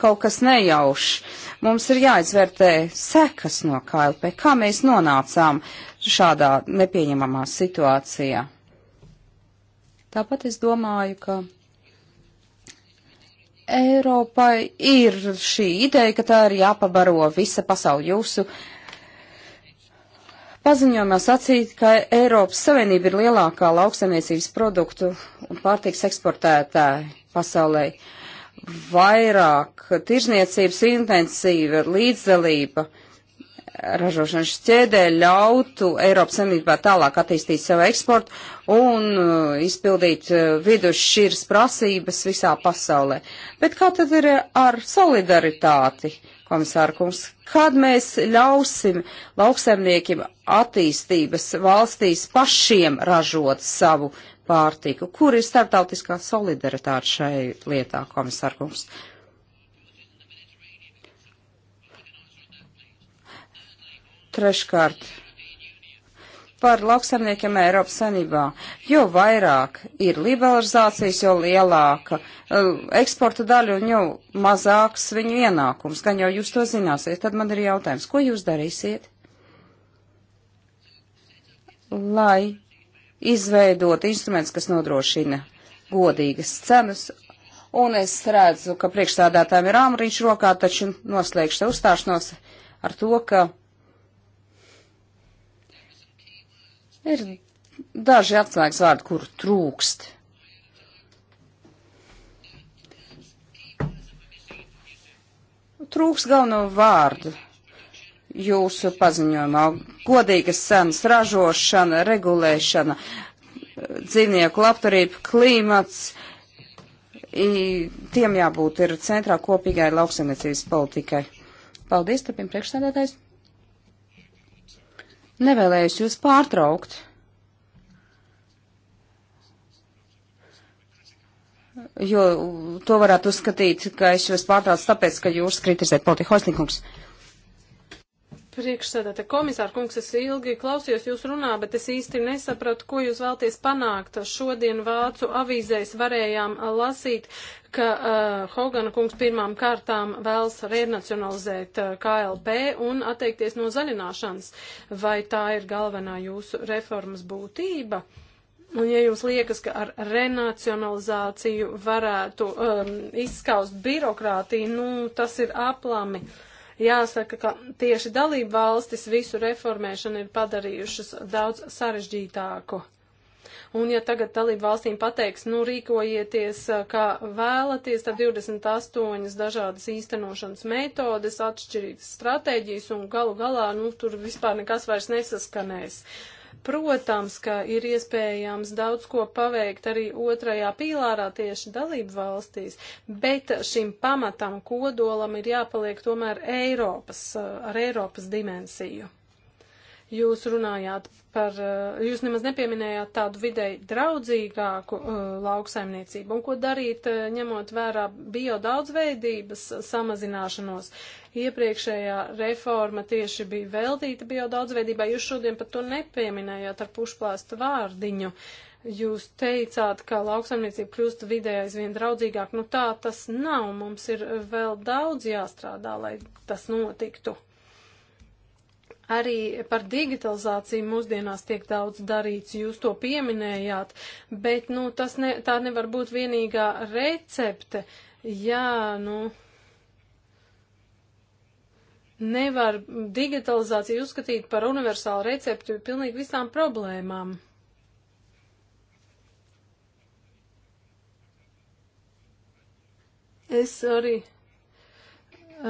kaut kas nejaušs? Mums ir jāizvērtē sekas no KLP. Kā mēs nonācām šādā nepieņemamā situācijā? Tāpat es domāju, ka Eiropai ir šī ideja, ka tā ir jāpabaro visa pasauli jūsu Paziņojumā sacīt, ka Eiropas Savienība ir lielākā lauksaimniecības produktu un pārtiks eksportētāja pasaulē. Vairāk tirzniecības intensīva līdzdalība ražošanas ķēdē ļautu Eiropas Savienībā tālāk attīstīt savu eksportu un uh, izpildīt uh, vidusšķiras prasības visā pasaulē. Bet kā tad ir ar solidaritāti komisārkungs, kad mēs ļausim lauksaimniekiem attīstības valstīs pašiem ražot savu pārtiku? Kur ir starptautiskā solidaritāte šai lietā, komisārkungs? Treškārt par lauksaimniekiem Eiropas sanībā. Jo vairāk ir liberalizācijas, jo lielāka uh, eksporta daļa un jo mazāks viņu ienākums. Gan jau jūs to zināsiet, tad man ir jautājums, ko jūs darīsiet? Lai izveidot instruments, kas nodrošina godīgas cenas, un es redzu, ka priekšstādātājiem ir āmuriņš rokā, taču noslēgšu uzstāšanos ar to, ka Ir daži atslēgas vārdi, kur trūkst. Trūks galveno vārdu jūsu paziņojumā. Godīgas cenas, ražošana, regulēšana, dzīvnieku labturība, klimats. I, tiem jābūt ir centrā kopīgai lauksaimniecības politikai. Paldies, turpin priekšstādātājs nevēlējos jūs pārtraukt. Jo to varētu uzskatīt, ka es jūs pārtraucu tāpēc, ka jūs kritizējat politiku. Hoisnīkums. Priekšsēdētāji, komisār kungs, es ilgi klausījos jūs runā, bet es īsti nesapratu, ko jūs vēlties panākt. Šodien Vācu avīzēs varējām lasīt, ka uh, Hogana kungs pirmām kārtām vēlas renacionalizēt uh, KLP un atteikties no zaļināšanas. Vai tā ir galvenā jūsu reformas būtība? Un ja jums liekas, ka ar renacionalizāciju varētu um, izskaust birokrātiju, nu, tas ir aplami. Uh, Jāsaka, ka tieši dalību valstis visu reformēšanu ir padarījušas daudz sarežģītāku. Un ja tagad dalību valstīm pateiks, nu rīkojieties, eh, kā vēlaties, tad 28 dažādas īstenošanas metodes, atšķirīgas stratēģijas un galu galā, nu tur vispār nekas vairs nesaskanēs. Uh, Protams, ka ir iespējams daudz ko paveikt arī otrajā pīlārā tieši dalību valstīs, bet šim pamatam kodolam ir jāpaliek tomēr Eiropas, eh, ar Eiropas dimensiju. Jūs runājāt par, eh, jūs nemaz nepieminējāt tādu videi draudzīgāku uh, lauksaimniecību un ko darīt, uh, ņemot vērā bio daudzveidības samazināšanos. Iepriekšējā reforma tieši bija veltīta bio daudzveidībai, jūs šodien pat to nepieminējāt ar pušplāstu vārdiņu. Jūs teicāt, ka lauksaimniecība kļūst vidē aizvien draudzīgāk. Nu tā tas nav, mums ir vēl daudz jāstrādā, lai tas notiktu. Arī par digitalizāciju mūsdienās tiek daudz darīts, jūs to pieminējāt, bet, nu, tas ne, tā nevar būt vienīgā recepte. Jā, nu nevar digitalizāciju uzskatīt par universālu recepti pilnīgi visām problēmām. Es arī Uh,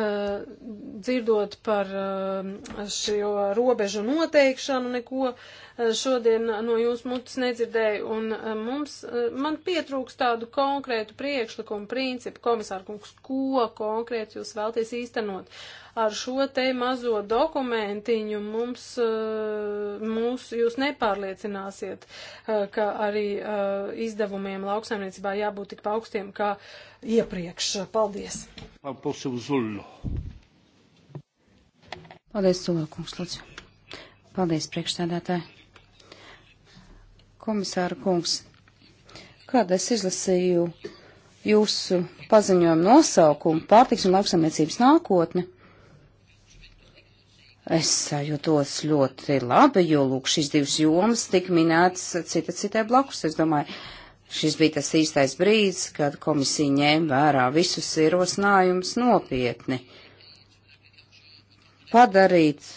dzirdot par uh, šo robežu noteikšanu, neko šodien no jūsu mutes nedzirdēju, un eh, mums, eh, man pietrūks tādu konkrētu priekšlikumu principu, komisārkungs, ko konkrēti jūs vēlties īstenot. Ar šo te mazo dokumentiņu mums, eh, mums jūs nepārliecināsiet, ka arī izdevumiem lauksaimniecībā jābūt tik augstiem kā iepriekš. Paldies! Paldies, Zulēkungs, lūdzu. Paldies, priekšstādātāji. Komisāra kungs, kad es izlasīju jūsu paziņojumu nosaukumu pārtiks un lauksamniecības nākotne, es jūtos ļoti labi, jo lūk, šīs divas jomas tika minētas cita citai blakus. Es domāju, šis bija tas īstais brīdis, kad komisija ņēma vērā visus ierosinājumus nopietni padarīt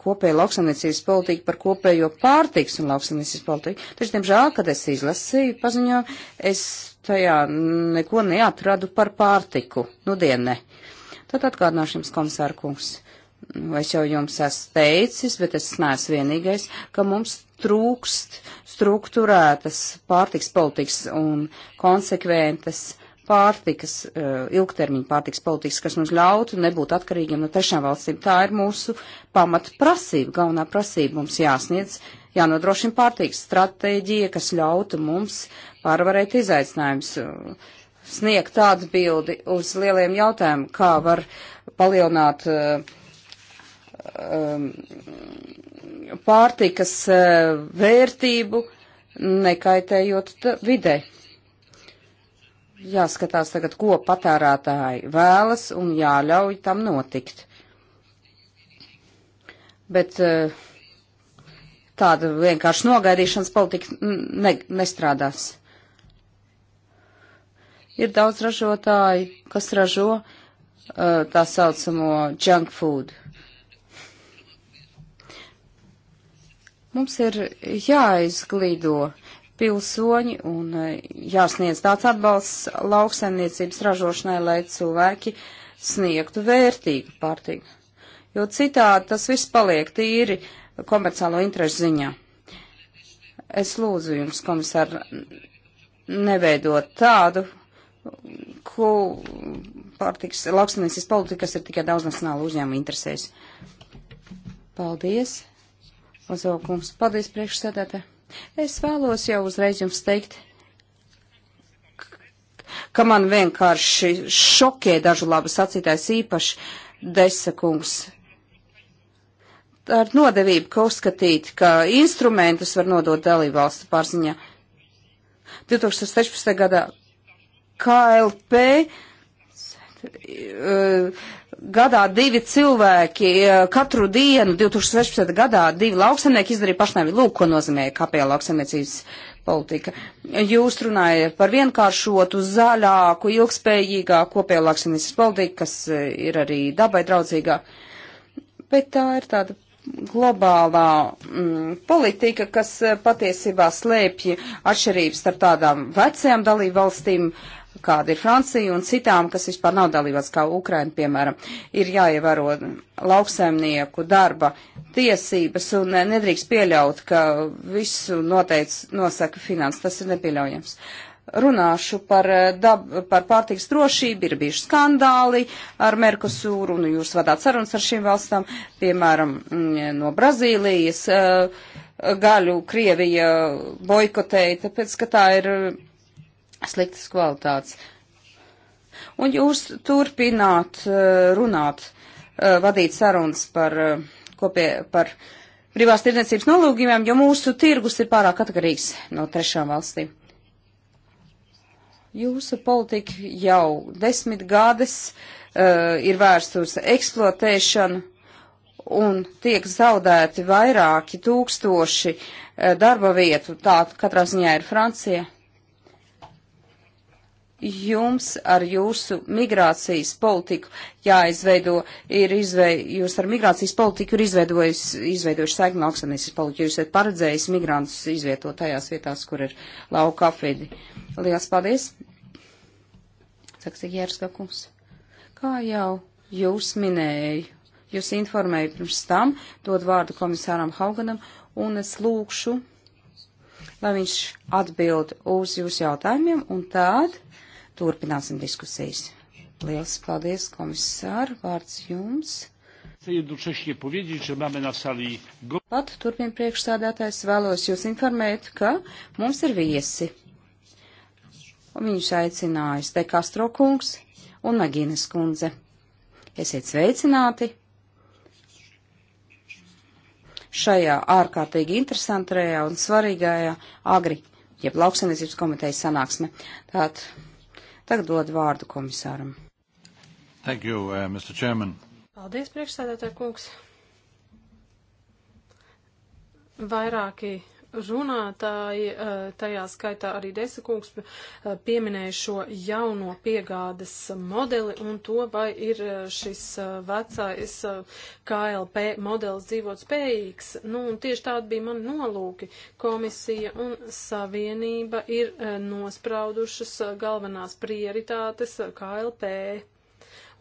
kopēju lauksaimniecības politiku, par kopējo pārtiks un lauksaimniecības politiku. Taču, diemžēl, kad es izlasīju paziņojumu, es tajā neko neatradu par pārtiku. Nu, dienne. Tad atgādināšu jums, komisāra kungs, vai nu, es jau jums esmu teicis, bet es neesmu vienīgais, ka mums trūkst struktūrētas pārtiks politikas un konsekventas uh, pārtikas, eh, ilgtermiņa pārtikas politikas, kas mums ļautu nebūt atkarīgiem no trešām valstīm. Tā ir mūsu pamat prasība, galvenā prasība mums jāsniedz, jānodrošina pārtikas stratēģija, kas ļautu mums pārvarēt izaicinājumus, eh, sniegt tādu bildi uz lieliem jautājumiem, kā var palielināt eh, pārtikas vērtību, nekaitējot videi jāskatās tagad, ko patērētāji vēlas un jāļauj tam notikt. Bet eh, tāda vienkārši nogaidīšanas politika ne, nestrādās. Ir daudz ražotāji, kas ražo eh, tā saucamo junk food. Mums ir jāizglīdo pilsoņi un eh, jāsniedz tāds atbalsts lauksaimniecības ražošanai, lai cilvēki sniegtu vērtīgu pārtiku. Jo citādi tas viss paliek tīri komerciālo interešu ziņā. Es lūdzu jums, komisār, neveidot tādu, ko pārtiks lauksaimniecības politikas ir tikai daudznacionāla uzņēmuma interesēs. Paldies, Ozo kungs. Paldies, priekšsēdētāji. Es vēlos jau uzreiz jums teikt, ka man vienkārši šokē dažu labu sacītājs īpaši desakungs. Ar nodevību, ka uzskatīt, ka instrumentus var nodot dalībvalstu pārziņā. 2016. gadā KLP Uh, gadā divi cilvēki, uh, katru dienu, 2016. gadā divi lauksemnieki izdarīja pašnāvību. Lūk, ko nozīmē kapēja lauksemniecības politika. Jūs runājat par vienkāršotu, zaļāku, ilgspējīgāku kopēju lauksemniecības politiku, kas uh, ir arī dabai draudzīgā. Bet tā ir tāda globālā mm, politika, kas patiesībā slēpj atšķirības starp tādām vecajām dalību valstīm, uh, kāda ir Francija un citām, kas vispār nav dalībās, kā Ukraina, piemēram, ir jāievēro lauksaimnieku darba tiesības un eh, nedrīkst pieļaut, ka visu noteic, nosaka finanses. Tas ir nepieļaujams. Runāšu par, eh, dab, par pārtiks drošību, ir bijuši skandāli ar Merkosūru, un nu, jūs vadāt sarunas ar šīm valstām, piemēram, mm, no Brazīlijas eh, gaļu Krievija boikotēja, tāpēc, ka tā ir sliktas kvalitātes. Un jūs turpināt eh, runāt, eh, vadīt sarunas par, eh, kopie, par privās tirdzniecības nolūgumiem, jo mūsu tirgus ir pārāk atkarīgs no trešām valstīm. Jūsu politika jau desmit gades uh, ir vērsta uz eksploatēšanu un tiek zaudēti vairāki tūkstoši uh, darba vietu. Tā katrā ziņā ir Francija. Uh, jums ar jūsu migrācijas politiku jāizveido, ir izvei, jūs ar migrācijas politiku ir izveidojuši saikni lauksanīsas politiku, jūs esat paredzējis migrantus izvietot tajās vietās, kur ir lauka apvidi. Lielas paldies! Saka Jērska kungs. Kā jau jūs minēju, jūs informēju pirms tam, dod vārdu komisāram Hauganam, un es lūkšu, lai viņš atbild uz jūsu jautājumiem, un tādu turpināsim diskusijas. Liels paldies, komisār, vārds jums. Pat turpina priekšsādātājs vēlos jūs informēt, ka mums ir viesi. Un viņš aicinājis te Kastro kungs un Magīnes kundze. Esiet sveicināti šajā ārkārtīgi interesantajā un svarīgajā agri, jeb lauksaimniecības komitejas sanāksme. Tātad Tagad dod vārdu komisāram. Thank you, uh, Mr. Chairman. Paldies, priekšsēdētāj kungs. Vairāki runātāji, eh, tajā skaitā arī Desakungs, eh, pieminēja šo jauno piegādes modeli un to, vai ir eh, šis vecais KLP modelis dzīvot spējīgs. Nu, un tieši tādi bija mani nolūki. Komisija un savienība ir nospraudušas galvenās prioritātes KLP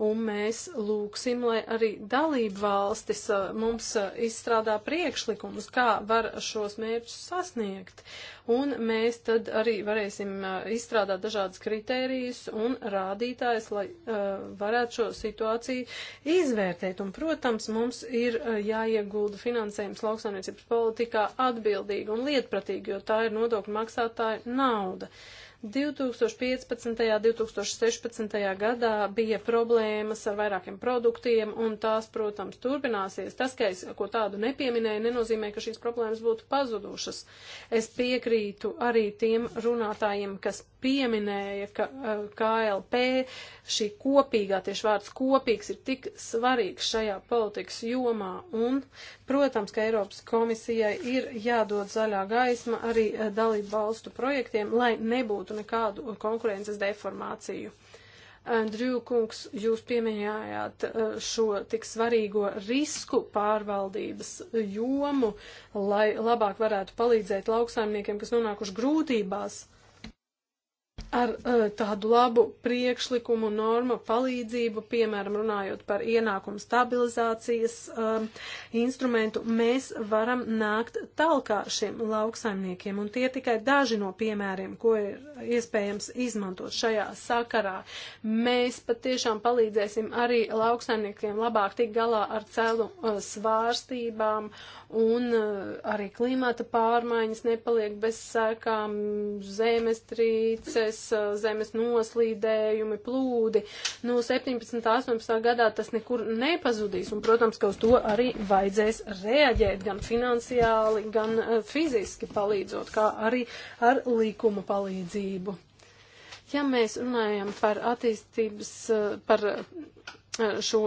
un mēs lūksim, lai arī dalību valstis uh, mums uh, izstrādā priekšlikumus, kā var šos mērķus sasniegt. Un mēs tad arī varēsim uh, izstrādāt dažādas kritērijas un rādītājs, lai varētu šo situāciju izvērtēt. Un, protams, mums ir jāiegulda finansējums lauksaimniecības politikā atbildīgi un lietpratīgi, jo tā ir nodokļu maksātāja nauda. Uh, 2015. un 2016. gadā bija problēmas ar vairākiem produktiem, un tās, protams, turpināsies. Tas, ka es ko tādu nepieminēju, nenozīmē, ka šīs problēmas būtu pazudušas. Es piekrītu arī tiem runātājiem, kas pieminēja, ka eh, KLP šī kopīgā, tieši vārds kopīgs, ir tik svarīgs šajā politikas jomā, un, protams, ka Eiropas komisijai ir jādod zaļā gaisma arī eh, dalību valstu projektiem, lai nebūtu nebūtu nekādu konkurences deformāciju. Andriju kungs, jūs pieminējāt e, šo tik svarīgo risku pārvaldības jomu, lai labāk varētu palīdzēt lauksaimniekiem, kas nonākuši grūtībās. Uh, ar uh, tādu labu priekšlikumu norma palīdzību, piemēram, runājot par ienākumu stabilizācijas uh, instrumentu, mēs varam nākt talkā šiem lauksaimniekiem. Un tie tikai daži no piemēriem, ko ir iespējams izmantot šajā sakarā. Mēs patiešām palīdzēsim arī lauksaimniekiem labāk tikt galā ar celu uh, svārstībām un arī klimata pārmaiņas nepaliek bez sēkām zemestrīces zemes, uh, zemes noslīdējumi, plūdi. No 17. 18. gadā tas nekur nepazudīs, un, protams, ka uz to arī vajadzēs reaģēt gan finansiāli, gan uh, fiziski palīdzot, kā arī ar līkuma palīdzību. Ja mēs runājam par attīstības, uh, par šo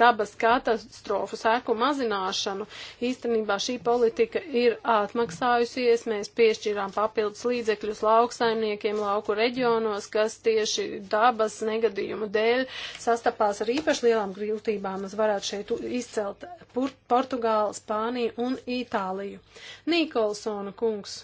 dabas katastrofu sēku mazināšanu. Īstenībā šī politika ir atmaksājusies. Mēs piešķirām papildus līdzekļus lauksaimniekiem lauku reģionos, kas tieši dabas negadījumu dēļ sastapās ar īpaši lielām grūtībām. Es varētu šeit izcelt Portugālu, Spāniju un Itāliju. Nikolsona kungs.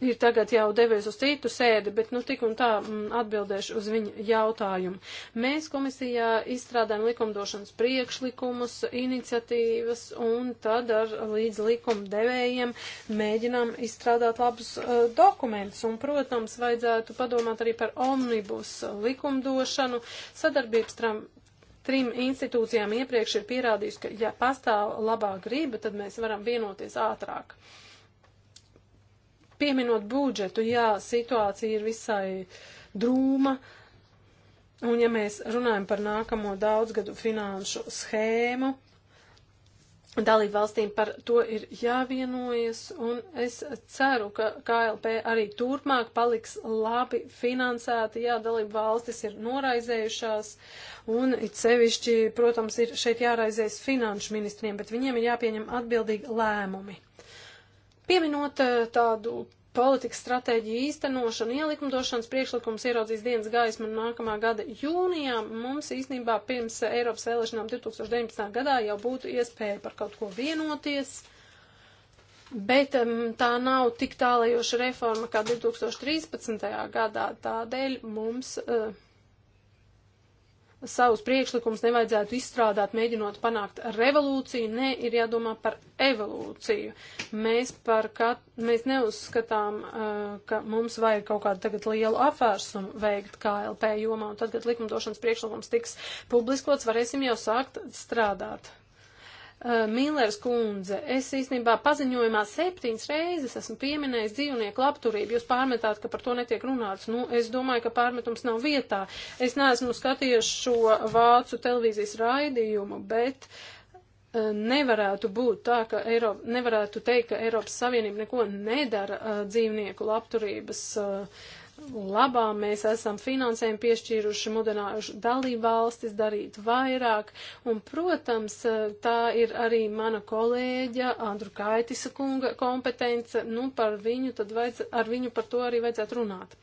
ir tagad jau devies uz citu sēdi, bet nu tik un tā m, mm, atbildēšu uz viņu jautājumu. Mēs komisijā izstrādājam likumdošanas priekšlikumus, iniciatīvas un tad ar līdz likumdevējiem mēģinām izstrādāt labus uh, dokumentus. Un, protams, vajadzētu padomāt arī par omnibus likumdošanu, sadarbības tram, trim institūcijām iepriekš ir pierādījusi, ka ja pastāv labā griba, tad mēs varam vienoties ātrāk. Uh, Pieminot budžetu, jā, situācija ir visai drūma. Un ja mēs runājam par nākamo daudzgadu finanšu schēmu, dalību valstīm par to ir jāvienojas, un es ceru, ka KLP arī turpmāk paliks labi finansēta, jā, dalību valstis ir noraizējušās, un it sevišķi, protams, ir šeit jāraizēs finanšu ministriem, bet viņiem ir jāpieņem atbildīgi lēmumi. Pieminot eh, tādu politikas stratēģiju īstenošanu, ielikumdošanas priekšlikums ieraudzīs dienas gaismu nākamā gada jūnijā, mums īstenībā pirms Eiropas vēlēšanām 2019. gadā jau būtu iespēja par kaut ko vienoties. Bet um, tā nav tik tālajoša reforma kā 2013. gadā, tādēļ mums uh, savus priekšlikumus nevajadzētu izstrādāt, mēģinot panākt revolūciju, nē, ir jādomā par evolūciju. Mēs, par kat, mēs neuzskatām, uh, ka mums vajag kaut kādu tagad lielu afērsumu veikt KLP jomā, un tad, kad likumdošanas priekšlikums tiks publiskots, varēsim jau sākt strādāt. Uh, Mīlers kundze, es īstenībā paziņojumā septiņas reizes esmu pieminējis dzīvnieku labturību. Jūs pārmetāt, ka par to netiek runāts. Nu, es domāju, ka pārmetums nav vietā. Es neesmu skatījies šo vācu televīzijas raidījumu, bet uh, nevarētu būt tā, ka Eiropa, nevarētu teikt, ka Eiropas Savienība neko nedara uh, dzīvnieku labturības. Uh, labā mēs esam finansējumu piešķīruši, mudinājuši dalību valstis darīt vairāk, un, protams, tā ir arī mana kolēģa Andru Kaitisa kunga kompetence, nu, par viņu, tad vajadz, ar viņu par to arī vajadzētu runāt.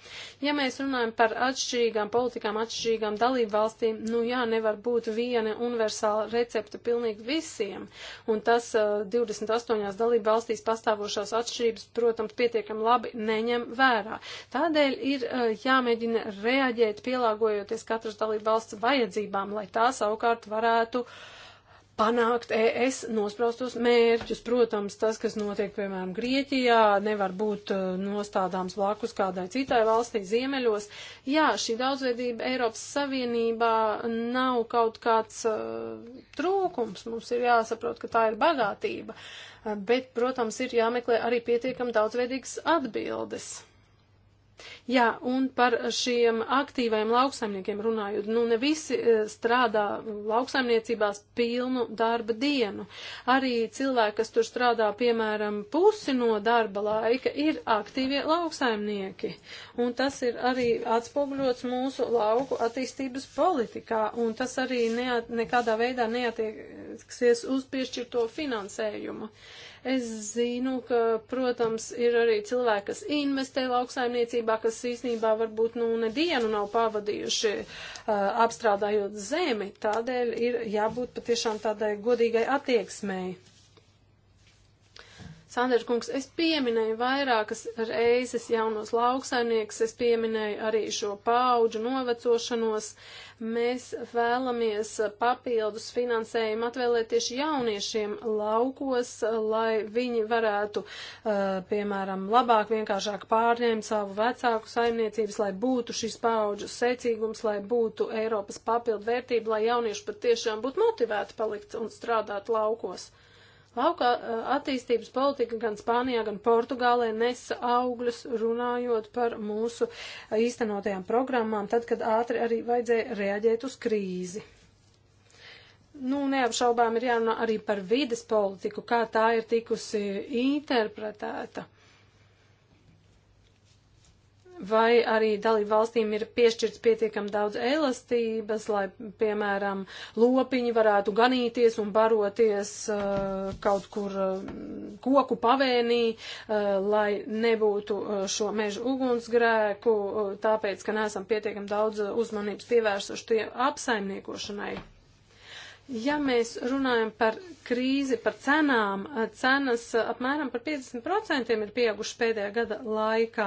Ja mēs runājam par atšķirīgām politikām, atšķirīgām dalību valstīm, nu, jā, nevar būt viena universāla recepta pilnīgi visiem, un tas 28 eh, dalību valstīs pastāvošās atšķirības, protams, pietiekam labi neņem vērā. Tādēļ ir jāmēģina reaģēt, pielāgojoties katras dalība valsts vajadzībām, lai tā savukārt varētu panākt ES nospraustos mērķus. Protams, tas, kas notiek, piemēram, Grieķijā, nevar būt nostādāms blakus kādai citai valstī ziemeļos. Jā, šī daudzveidība Eiropas Savienībā nav kaut kāds uh, trūkums. Mums ir jāsaprot, ka tā ir bagātība. Bet, protams, ir jāmeklē arī pietiekam daudzveidīgas atbildes. Jā, un par šiem aktīvajiem lauksaimniekiem runājot, nu ne visi e, strādā lauksaimniecībās pilnu darba dienu. Arī cilvēki, kas tur strādā, piemēram, pusi no darba laika, ir aktīvie lauksaimnieki. Un tas ir arī atspoguļots mūsu lauku attīstības politikā, un tas arī neat, nekādā veidā neatieksies uz piešķirto finansējumu. Uh, Es zinu, ka, protams, ir arī cilvēki, kas investē lauksaimniecībā, kas īsnībā varbūt nu nedienu nav pavadījuši uh, apstrādājot zemi. Tādēļ ir jābūt patiešām tādai godīgai attieksmēji. Sandra kungs, es pieminēju vairākas reizes jaunos lauksaimniekus, es pieminēju arī šo paauģu novecošanos. Mēs vēlamies papildus finansējumu atvēlēt tieši jauniešiem laukos, lai viņi varētu, eh, piemēram, labāk, vienkāršāk pārņemt savu vecāku saimniecības, lai būtu šis paauģu secīgums, lai būtu Eiropas papildu vērtība, lai jaunieši pat tiešām būtu motivēti palikt un strādāt laukos. Lauka eh, attīstības politika gan Spānijā, gan Portugālē nesa augļus runājot par mūsu eh, īstenotajām programmām, tad, kad ātri arī vajadzēja reaģēt uz krīzi. Nu, neapšaubām ir jārunā arī par vides politiku, kā tā ir tikusi interpretēta vai arī dalību valstīm ir piešķirts pietiekam daudz elastības, lai, piemēram, lopiņi varētu ganīties un baroties uh, kaut kur uh, koku pavēnī, uh, lai nebūtu uh, šo mežu ugunsgrēku, uh, tāpēc, ka neesam pietiekam daudz uh, uzmanības pievērsuši tie apsaimniekošanai. Ja mēs runājam par krīzi, par cenām, cenas apmēram par 50% ir pieaugušas pēdējā gada laikā.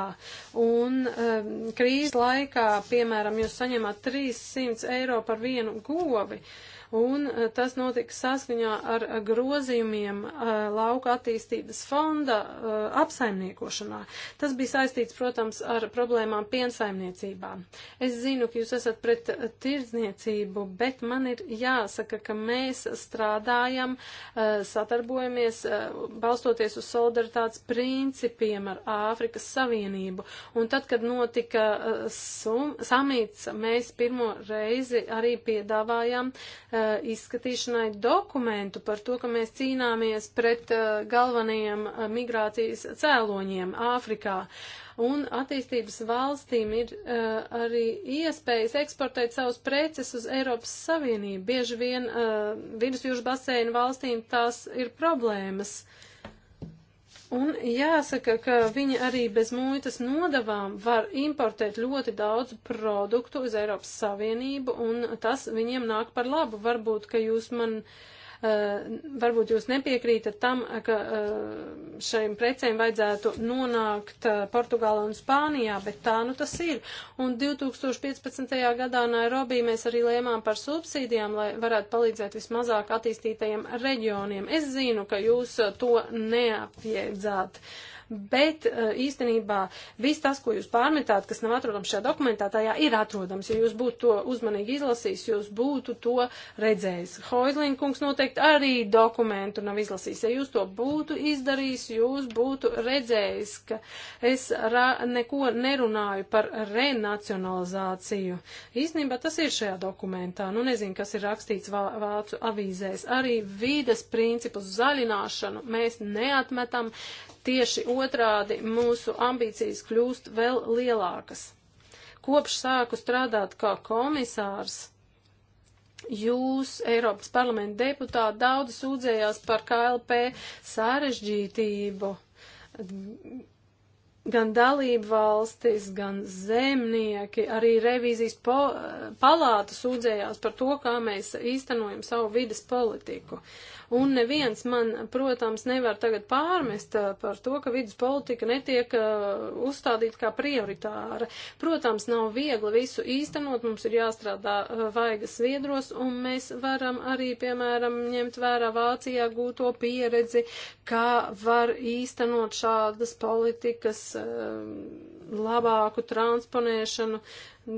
Un um, krīzes laikā, piemēram, jūs saņemat 300 eiro par vienu govi. Uh, un eh, tas notika saskaņā ar eh, grozījumiem eh, lauka attīstības fonda apsaimniekošanā. Tas bija saistīts, protams, ar problēmām piensaimniecībā. Es zinu, ka jūs esat pret tirdzniecību, bet man ir jāsaka, ka mēs strādājam, satarbojamies, balstoties uz solidaritātes principiem ar Āfrikas Savienību. Un tad, kad notika sum, samīts, mēs pirmo reizi arī piedāvājām uh, Eh, izskatīšanai dokumentu par to, ka mēs cīnāmies pret eh, galvenajiem eh, migrācijas cēloņiem Āfrikā. Un attīstības valstīm ir uh, arī iespējas eksportēt savus preces uz Eiropas Savienību. Bieži vien uh, vidusjūras basēnu valstīm tās ir problēmas. Uh, Un jāsaka, ka viņi arī bez muitas nodavām var importēt ļoti daudz produktu uz Eiropas Savienību, un tas viņiem nāk par labu. Varbūt, ka jūs man uh, Eh, varbūt jūs nepiekrītat tam, ka eh, šiem precēm vajadzētu nonākt eh, Portugālā un Spānijā, bet tā nu tas ir. Un 2015. gadā Nairobi mēs arī lēmām par subsīdijām, lai varētu palīdzēt vismazāk attīstītajiem reģioniem. Es zinu, ka jūs to neapjēdzāt. Uh, bet eh, īstenībā viss tas, ko jūs pārmetāt, kas nav atrodams šajā dokumentā, tajā ir atrodams. Ja jūs būtu to uzmanīgi izlasījis, jūs būtu to redzējis. Hoizlinkungs noteikti arī dokumentu nav izlasījis. Ja jūs to būtu izdarījis, jūs būtu redzējis, ka es neko nerunāju par renacionalizāciju. Īstenībā tas ir šajā dokumentā. Nu, nezinu, kas ir rakstīts vā, vācu avīzēs. Arī vīdes principus zaļināšanu mēs neatmetam. Tieši otrādi mūsu ambīcijas kļūst vēl lielākas. Kopš sāku strādāt kā komisārs, jūs, Eiropas parlamenta deputāti, daudz sūdzējās par KLP sarežģītību gan dalību valstis, gan zemnieki, arī revīzijas po, palāta sūdzējās par to, kā mēs īstenojam savu vides politiku. Un neviens man, protams, nevar tagad pārmest uh, par to, ka vidas politika netiek uh, uzstādīta kā prioritāra. Protams, nav viegli visu īstenot, mums ir jāstrādā uh, vaigas viedros, un mēs varam arī, piemēram, ņemt vērā Vācijā gūto pieredzi, kā var īstenot šādas politikas labāku transponēšanu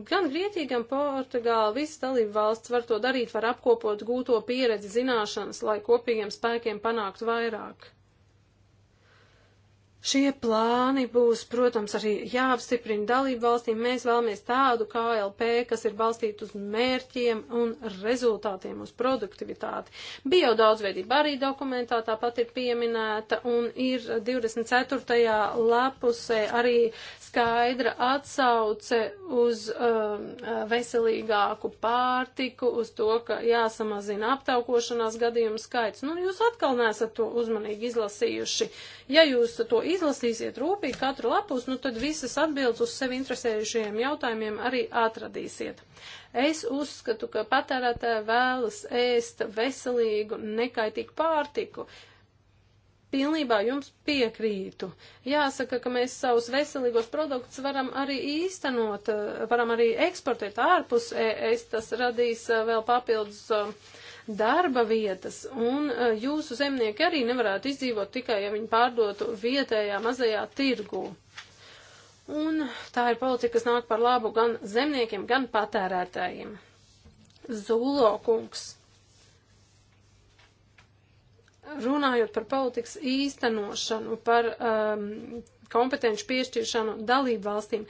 Gan Grieķija, gan Portugāla, visas dalību valsts var to darīt, var apkopot gūto pieredzi, zināšanas, lai kopīgiem spēkiem panāktu vairāk. Šie plāni būs, protams, arī jāapstiprina dalību valstīm. Mēs vēlamies tādu KLP, kas ir balstīta uz mērķiem un rezultātiem, uz produktivitāti. Bio daudzveidība arī dokumentā tāpat ir pieminēta un ir 24. lapusē arī skaidra atsauce uz um, veselīgāku pārtiku, uz to, ka jāsamazina aptaukošanās gadījumu skaits. Nu, jūs atkal nesat to uzmanīgi izlasījuši. Ja jūs to izlasīsiet rūpīgi katru lapus, nu tad visas atbildes uz sevi interesējušajiem jautājumiem arī atradīsiet. Es uzskatu, ka patērētāji vēlas ēst veselīgu, nekaitīgu pārtiku. Pilnībā jums piekrītu. Jāsaka, ka mēs savus veselīgos produktus varam arī īstenot, varam arī eksportēt ārpus. Es tas radīs uh, vēl papildus uh, darba vietas, un e, jūsu zemnieki arī nevarētu izdzīvot tikai, ja viņi pārdotu vietējā mazajā tirgū. Un tā ir politika, kas nāk par labu gan zemniekiem, gan patērētājiem. Zulo kungs. Runājot par politikas īstenošanu, par um, kompetenci piešķiršanu dalību valstīm.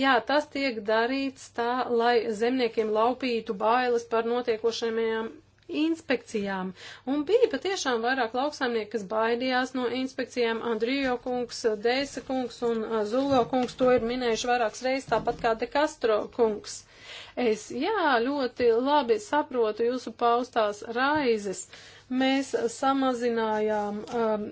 Jā, tas tiek darīts tā, lai zemniekiem laupītu bailes par notiekošajām inspekcijām. Un bija patiešām vairāk lauksaimnieki, kas baidījās no inspekcijām. Andrijo kungs, Deisa kungs un uh, Zulo kungs to ir minējuši vairākas reizes, tāpat kā De Castro kungs. Es, jā, ļoti labi saprotu jūsu paustās raizes. Mēs samazinājām um,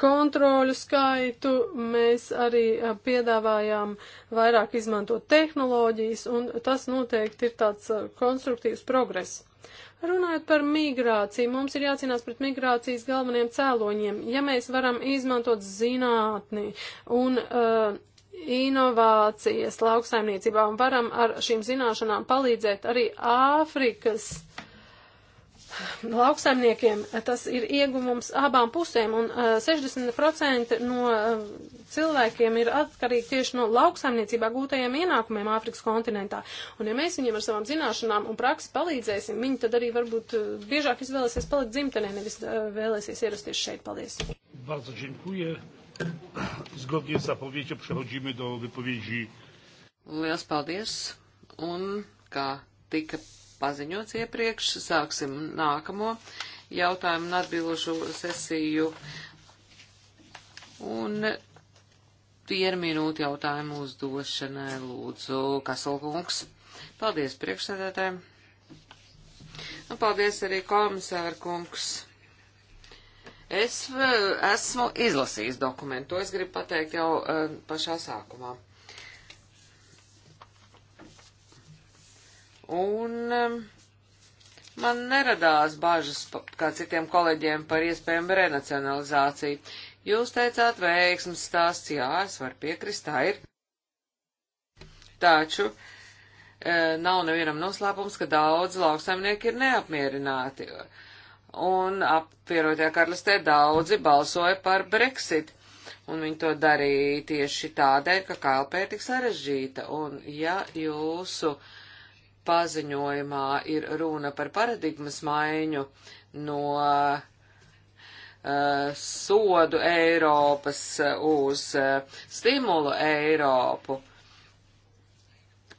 kontroļu skaitu, mēs arī piedāvājām vairāk izmantot tehnoloģijas, un tas noteikti ir tāds konstruktīvs progress. Runājot par migrāciju, mums ir jācīnās pret migrācijas galveniem cēloņiem. Ja mēs varam izmantot zinātni un uh, inovācijas lauksaimniecībā un varam ar šīm zināšanām palīdzēt arī Āfrikas uh, lauksaimniekiem tas ir ieguvums abām pusēm, un 60% eh, no eh, cilvēkiem ir atkarīgi tieši no lauksaimniecībā gūtajiem ienākumiem Āfrikas kontinentā. Un ja mēs viņiem ar savām zināšanām un praksi palīdzēsim, viņi tad arī varbūt eh, biežāk izvēlēsies palikt dzimtenē, nevis vēlēsies ierasties šeit. Paldies! Bardzo dziękuję. Zgodnie z zapowiedzią przechodzimy do wypowiedzi. Liels paldies! Un kā tika paziņots iepriekš. Sāksim nākamo jautājumu un atbilžu sesiju. Un vienu minūti jautājumu uzdošanai lūdzu Kasulkungs. Paldies priekšsēdētājiem. Un paldies arī komisārkungs. Es eh, esmu izlasījis dokumentu, to es gribu pateikt jau uh, pašā sākumā. Un um, man neradās bažas kā citiem kolēģiem par iespējamu renacionalizāciju. Jūs teicāt veiksmes stāsts, jā, es varu piekrist, tā ir. Taču e, nav nevienam noslēpums, ka daudz lauksaimnieki ir neapmierināti. Un apvienotajā karalistē daudzi balsoja par Brexit. Un viņi to darīja tieši tādēļ, ka kalpē tik sarežģīta. Un ja jūsu uh, paziņojumā ir runa par paradigmas maiņu no uh, sodu Eiropas eh, uz uh, stimulu Eiropu.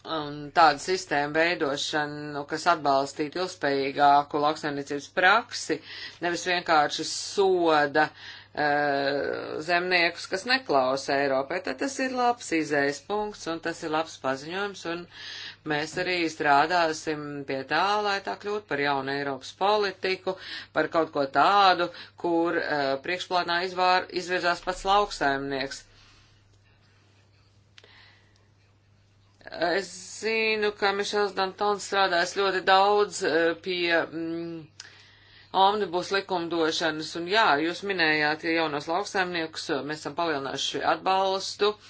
Un tāda sistēma veidošana, kas atbalstītu ilgspējīgāku lauksaimniecības praksi, nevis vienkārši soda uh, zemniekus, kas neklausa Eiropai, tad tas ir labs izējas punkts un tas ir labs paziņojums un Mēs arī strādāsim pie tā, lai tā kļūtu par jaunu Eiropas politiku, par kaut ko tādu, kur uh, priekšplānā izvār, izvirzās pats lauksaimnieks. Es zinu, ka Mišels Dantons strādājas ļoti daudz eh, pie mm, omnibus likumdošanas, un jā, jūs minējāt ja jaunos lauksaimniekus, mēs esam palielinājuši atbalstu. Uh,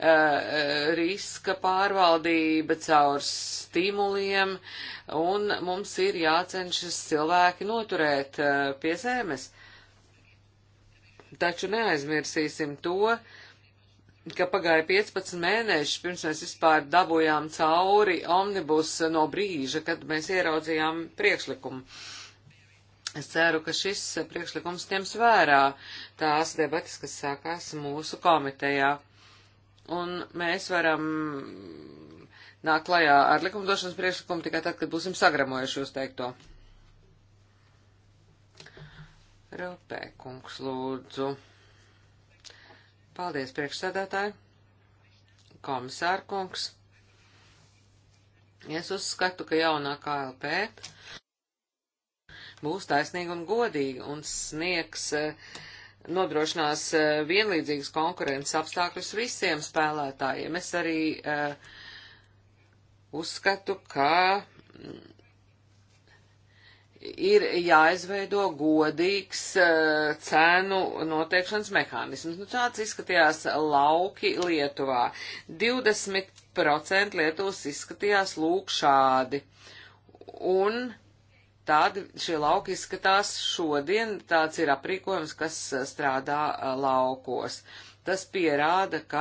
Eh, riska pārvaldība, caur stimuliem, un mums ir jācenšas cilvēki noturēt eh, pie zemes. Taču neaizmirsīsim to, ka pagāja 15 mēneši, pirms mēs vispār dabūjām cauri omnibus no brīža, kad mēs ieraudzījām priekšlikumu. Es ceru, ka šis priekšlikums ņems vērā tās debatas, kas sākās mūsu komitejā un mēs varam nāk klajā ar likumdošanas priekšlikumu tikai tad, kad būsim sagramojuši jūs teikto. Rūpē, kungs, lūdzu. Paldies, priekšsēdētāji. Komisār, kungs. Es uzskatu, ka jaunā KLP būs taisnīga un godīga un sniegs uh, nodrošinās eh, vienlīdzīgas konkurences apstākļus visiem spēlētājiem. Es arī uh, uzskatu, ka mm, ir jāizveido godīgs uh, cenu noteikšanas mehānisms. Nu, tāds izskatījās lauki Lietuvā. 20% Lietuvas izskatījās lūk šādi. Un uh, Tādi šie lauki izskatās šodien, tāds ir aprīkojums, kas strādā laukos. Tas pierāda, ka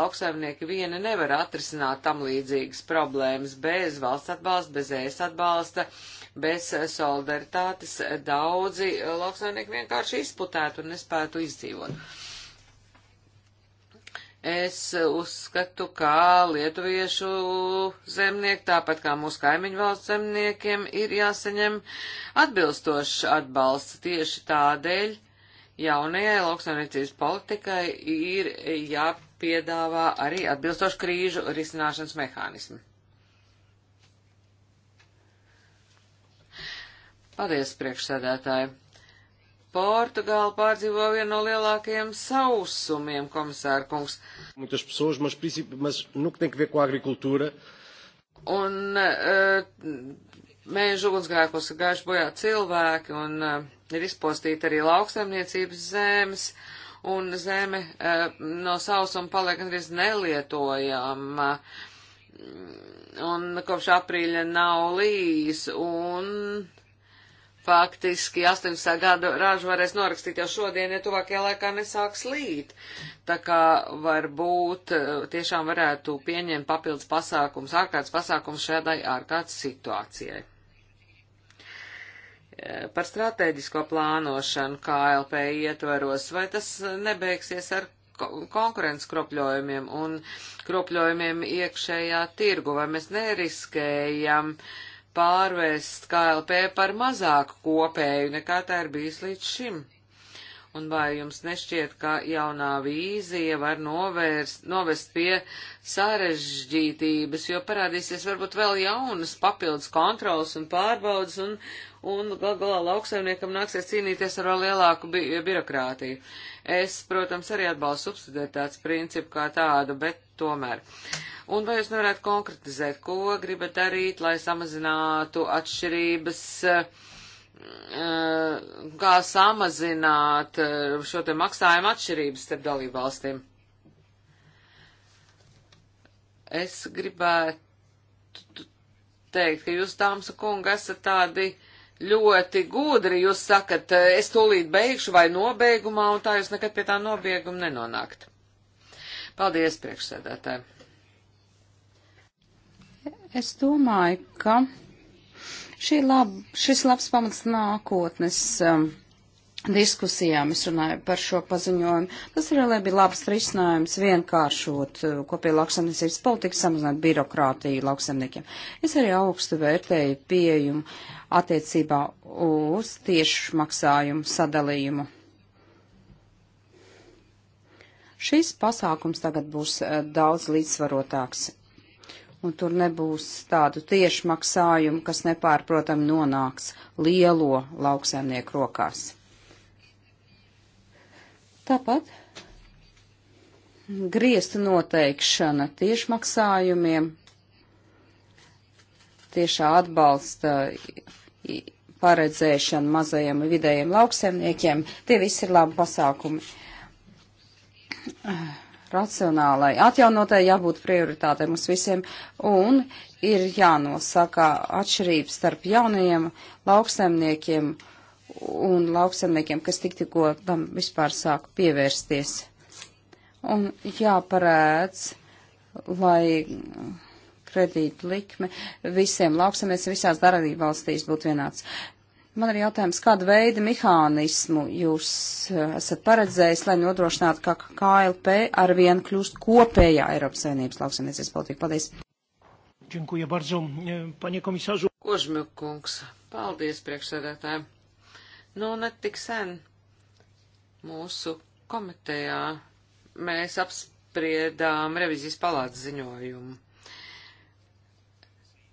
lauksaimnieki viena nevar atrisināt tam līdzīgas problēmas bez valsts atbalsta, bez ēst atbalsta, bez solidaritātes. Daudzi lauksaimnieki vienkārši izputētu un nespētu izdzīvot. Es uzskatu, ka lietuviešu zemnieki, tāpat kā mūsu kaimiņu valsts zemniekiem, ir jāsaņem atbilstošs atbalsts. Tieši tādēļ jaunajai lauksaimniecības politikai ir jāpiedāvā arī atbilstoši krīžu risināšanas mehānismi. Paldies, priekšsēdētāji! Portugāla pārdzīvo vienu no lielākajiem sausumiem, komisāra kungs. Muitas pessoas, mas, mas nu, tem que ver com a agricultura. Un uh, eh, mēžu ugunsgrēkos ir gājuši bojā cilvēki un uh, ir izpostīta arī lauksaimniecības zemes. Un zeme uh, no sausuma paliek gandrīz nelietojama. Un kopš aprīļa nav līs. Un faktiski 18. gada ražu varēs norakstīt jau šodien, ja tuvākajā laikā nesāks līt. Tā kā varbūt eh, tiešām varētu pieņemt papildus pasākums, ārkārtas pasākums šādai ārkārtas situācijai. Eh, par strateģisko plānošanu KLP ietveros, vai tas nebeigsies ar konkurences kropļojumiem un kropļojumiem iekšējā tirgu, vai mēs neriskējam uh, pārvērst KLP par mazāku kopēju, nekā tā ir bijis līdz šim? Un vai jums nešķiet, ka jaunā vīzija var novērst, novest pie sarežģītības, jo parādīsies varbūt vēl jaunas papildus kontrols un pārbaudas, un, un gal galā lauksaimniekam nāksies cīnīties ar vēl lielāku bi birokrātiju. Es, protams, arī atbalstu subsidētāts principu kā tādu, bet tomēr. Un vai jūs nevarētu konkretizēt, ko gribat darīt, lai samazinātu atšķirības, eh, kā samazināt eh, šo te maksājumu atšķirības starp dalību valstīm? Es gribētu teikt, ka jūs, dāmas un kungi, esat tādi uh, ļoti gudri jūs sakat, eh, es tūlīt beigšu vai nobeigumā, un tā jūs nekad pie tā nobieguma nenonākt. Paldies, priekšsēdētāji. Es domāju, ka lab, šis labs pamats nākotnes um, diskusijām es runāju par šo paziņojumu. Tas ir labi labs risinājums vienkāršot eh, kopēju lauksaimniecības politiku, samazināt birokrātiju lauksaimniekiem. Es arī augstu vērtēju pieejumu attiecībā uz tiešu maksājumu sadalījumu. Šis pasākums tagad būs eh, daudz līdzsvarotāks. Un tur nebūs tādu tiešu maksājumu, kas nepārprotam nonāks lielo lauksaimnieku rokās. Tāpat griezta noteikšana tiešmaksājumiem, tiešā atbalsta paredzēšana mazajiem vidējiem lauksemniekiem, tie visi ir labi pasākumi. Racionālai atjaunotai jābūt prioritātei mums visiem un ir jānosaka atšķirības starp jaunajiem lauksemniekiem un lauksamniekiem, kas tik tikko tam vispār sāku pievērsties. Un jāparēdz, lai kredīta likme visiem lauksamniecības visās darījuma valstīs būtu vienāds. Man ir jautājums, kādu veidu mehānismu jūs eh, esat paredzējis, lai nodrošinātu, ka KLP ar vienu kļūst kopējā Eiropas Savienības lauksamniecības politika? Paldies! Dziękuję bardzo, e, panie komisarzu. Kožmilkungs, paldies priekšsēdētājiem. Nu, netik sen mūsu komitejā mēs apspriedām revizijas palātas ziņojumu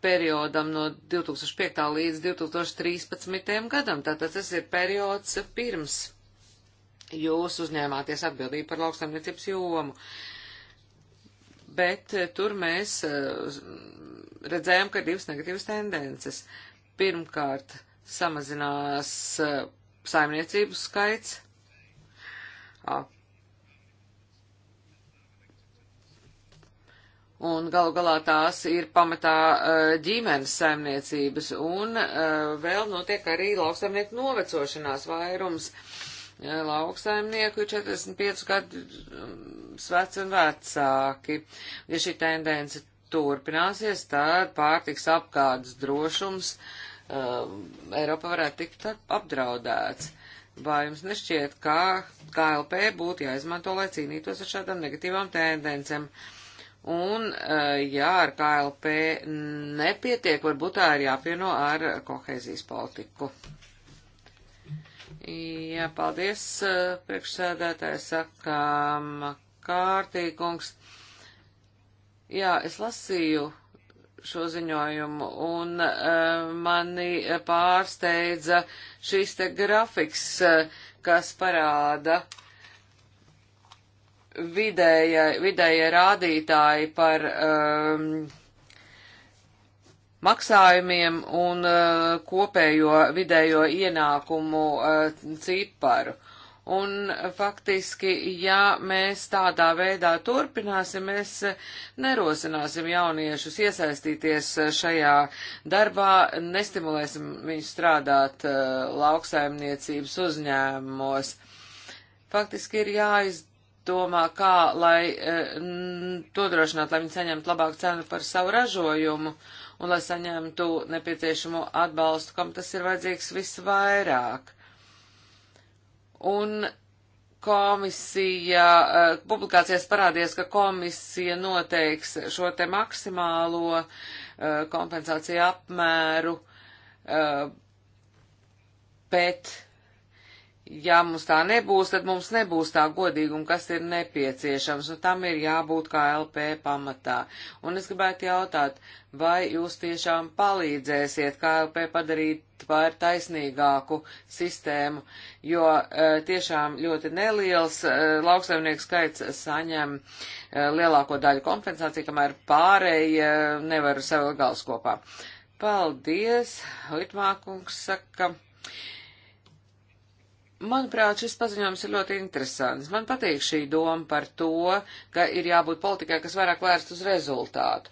periodam no 2005. līdz 2013. gadam. Tātad tas ir periods pirms jūs uzņēmāties atbildību par lauksaimniecības jomu. Bet eh, tur mēs eh, redzējām, ka ir divas negatīvas tendences. Pirmkārt, uh, samazinās eh, saimniecību skaits. Un galu galā tās ir pamatā eh, ģimenes saimniecības, un eh, vēl notiek arī lauksaimnieku novecošanās vairums. Lauksaimnieku ir 45 gadu veci un vecāki. Ja šī tendence turpināsies, tad pārtiks apgādes drošums uh, um, Eiropa varētu tikt apdraudēts. Vai jums nešķiet, ka KLP būtu jāizmanto, lai cīnītos ar šādām negatīvām tendencēm? Un, uh, ja ar KLP nepietiek, varbūt tā ir jāpieno ar kohēzijas politiku. Jā, paldies, uh, priekšsēdētājs, sakām, kārtīkungs. Jā, es lasīju šo ziņojumu, un uh, mani pārsteidza šīs te grafiks, uh, kas parāda vidēja, vidēja rādītāji par um, maksājumiem un uh, kopējo vidējo ienākumu uh, ciparu. Uh, Un faktiski, ja mēs tādā veidā turpināsim, mēs nerosināsim jauniešus iesaistīties šajā darbā, nestimulēsim viņus strādāt uh, lauksaimniecības uzņēmumos. Faktiski ir jāizdomā, kā, lai to uh, drošināt, lai viņi saņemtu labāku cenu par savu ražojumu un lai saņemtu nepieciešamo atbalstu, kam tas ir vajadzīgs visvairāk. Un komisija, eh, publikācijās parādījās, ka komisija noteiks šo te maksimālo eh, kompensāciju apmēru, eh, bet ja mums tā nebūs, tad mums nebūs tā godīguma, kas ir nepieciešams, un nu, tam ir jābūt kā LP pamatā. Un es gribētu jautāt, vai jūs tiešām palīdzēsiet KLP padarīt par taisnīgāku sistēmu, jo uh, tiešām ļoti neliels uh, lauksaimnieku skaits saņem uh, lielāko daļu kompensāciju, kamēr pārējie uh, nevar sev gals kopā. Paldies, Litmākungs saka. Uh, Manuprāt, šis paziņojums ir ļoti interesants. Man patīk šī doma par to, ka ir jābūt politikai, kas vairāk vērst uz rezultātu.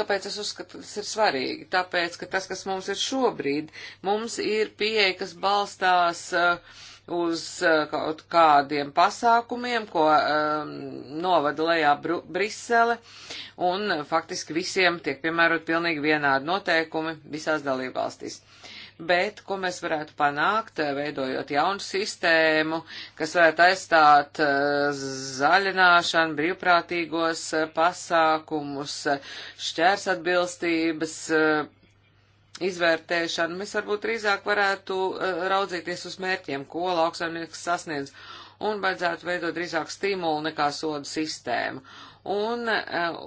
Kāpēc es uzskatu, tas ir svarīgi? Tāpēc, ka tas, kas mums ir šobrīd, mums ir pieeja, kas balstās uh, uz uh, kaut kādiem pasākumiem, ko um, novada lejā Bru Brisele, un faktiski visiem tiek piemērot pilnīgi vienādi noteikumi visās dalībvalstīs. valstīs bet ko mēs varētu panākt, eh, veidojot jaunu sistēmu, kas varētu aizstāt eh, zaļināšanu, brīvprātīgos eh, pasākumus, šķērs atbilstības izvērtēšanu. Mēs varbūt drīzāk varētu raudzīties uz mērķiem, ko lauksaimnieks sasniedz un vajadzētu veidot drīzāk stimulu nekā sodu sistēmu. Un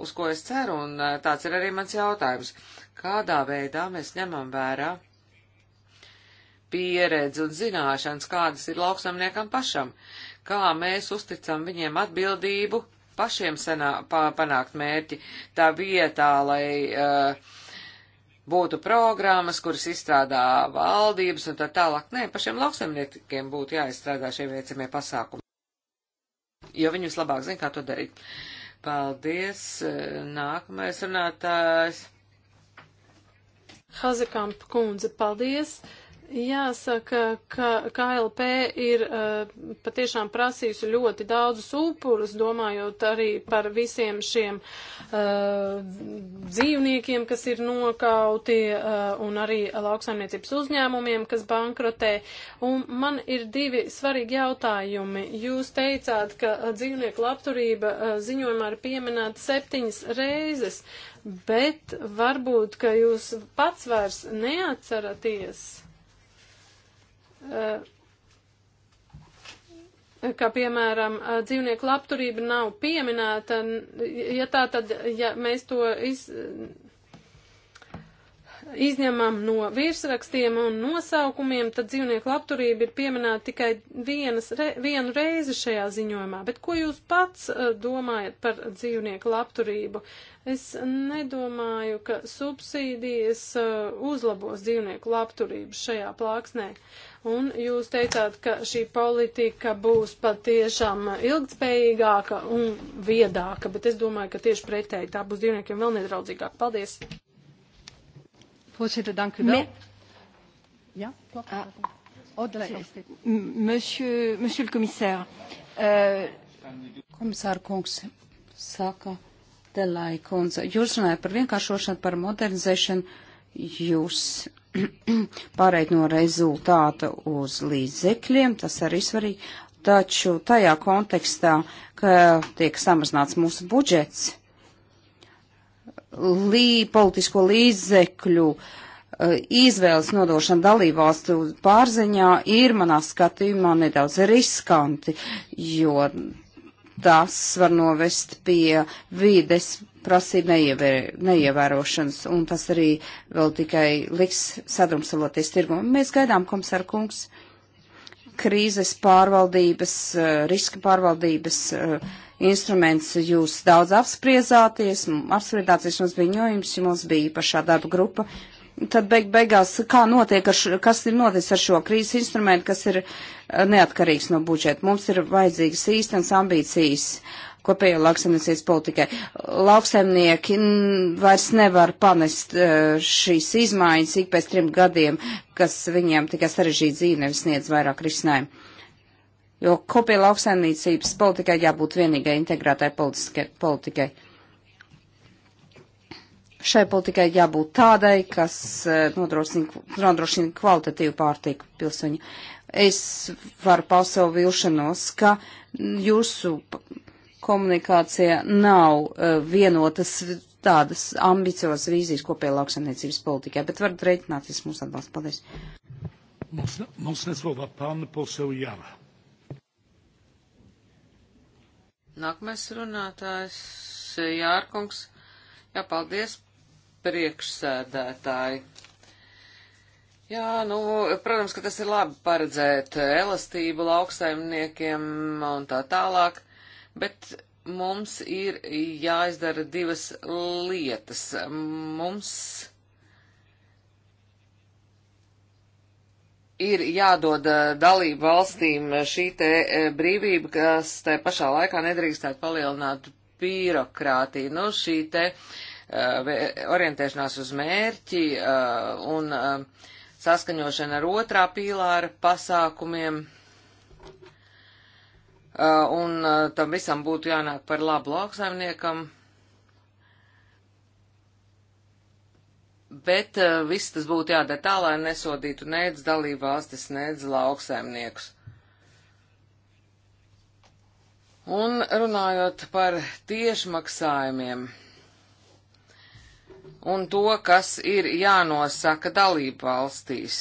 uz ko es ceru, un tāds ir arī mans jautājums, kādā veidā mēs ņemam vērā pieredzi un zināšanas, kādas ir lauksamniekam pašam, kā mēs uzticam viņiem atbildību pašiem senā, pā, panākt mērķi tā vietā, lai uh, būtu programmas, kuras izstrādā valdības un tā tālāk. Nē, pašiem lauksamniekiem būtu jāizstrādā šie veicamie pasākumi, jo viņi vislabāk zina, kā to darīt. Paldies. Eh, nākamais runātājs. Hazekamp kundze, paldies. Uh, Jāsaka, ka KLP ir uh, patiešām prasījusi ļoti daudzus upurus, domājot arī par visiem šiem uh, dzīvniekiem, kas ir nokauti, uh, un arī lauksaimniecības uzņēmumiem, kas bankrotē. Un man ir divi svarīgi jautājumi. Jūs teicāt, ka dzīvnieku labturība uh, ziņojumā ir pieminēta septiņas reizes, bet varbūt, ka jūs pats vairs neatceraties Eh, ka, piemēram, eh, dzīvnieku labturība nav pieminēta, ja tā tad, ja mēs to iz, izņemam no virsrakstiem un nosaukumiem, tad dzīvnieku labturība ir pieminēta tikai vienas, re, vienu reizi šajā ziņojumā. Bet ko jūs pats eh, domājat par dzīvnieku labturību? Es nedomāju, ka subsīdijas uh, uzlabos dzīvnieku labturību šajā plāksnē. Un jūs teicāt, ka šī politika būs patiešām ilgtspējīgāka un viedāka, bet es domāju, ka tieši pretēji tā būs dzīvniekiem vēl nedraudzīgāka. Paldies! Voorzitter, dank u wel. Ja, klopt. Ah. Oh, uh, monsieur, monsieur le commissaire. Uh, Komisāra kungs saka, Delai kundze, jūs runājat par vienkāršošanu, par modernizēšanu, jūs pārējat no rezultāta uz līdzekļiem, tas arī svarīgi, taču tajā kontekstā, ka tiek samazināts mūsu budžets, lī, politisko līdzekļu eh, izvēles nodošana dalībvalstu pārziņā ir manā skatījumā nedaudz riskanti, jo tas var novest pie vīdes prasību neievērošanas, un tas arī vēl tikai liks sadrumsaloties tirgu. Mēs gaidām, komisāra kungs, krīzes pārvaldības, eh, riska pārvaldības eh, instruments jūs daudz apspriezāties, apspriezāties mums bija ņojums, mums bija īpašā darba grupa, tad beig beigās, kā notiek ar šo, kas ir noticis ar šo krīzes instrumentu, kas ir eh, neatkarīgs no budžeta. Mums ir vajadzīgas īstenas ambīcijas kopējā lauksaimniecības politikai. Lauksaimnieki vairs nevar panest eh, šīs izmaiņas ik pēc trim gadiem, kas viņiem tikai sarežģīt dzīvi nevis sniedz vairāk risinājumu. Jo kopējā lauksaimniecības politikai jābūt vienīgai integrētai politikai. Šai politikai jābūt tādai, kas eh, nodrošina kvalitatīvu pārtiku pilsoņu. Es varu paust savu vilšanos, ka jūsu komunikācija nav uh, vienotas tādas ambiciozas vīzijas kopējā lauksaimniecības politikā, bet varat reiķināties mūsu atbalstu. Paldies. Mocne slova pan poseł Jara. Nākamais runātājs eh, Jārkungs. Jā, paldies priekšsēdētāji. Jā, nu, protams, ka tas ir labi paredzēt elastību lauksaimniekiem un tā tālāk, bet mums ir jāizdara divas lietas. Mums ir jādod eh, dalību valstīm šī te eh, brīvība, kas te pašā laikā nedrīkstētu palielināt birokrātiju. Nu, šī te uh, Uh, orientēšanās uz mērķi uh, un uh, saskaņošana ar otrā pīlāra pasākumiem. Un tam visam būtu jānāk par labu lauksaimniekam, Bet uh, viss tas būtu jādara tā, lai nesodītu nec dalību valstis, nec lauksaimniekus. Un runājot par tiešmaksājumiem, un to, kas ir jānosaka dalību valstīs,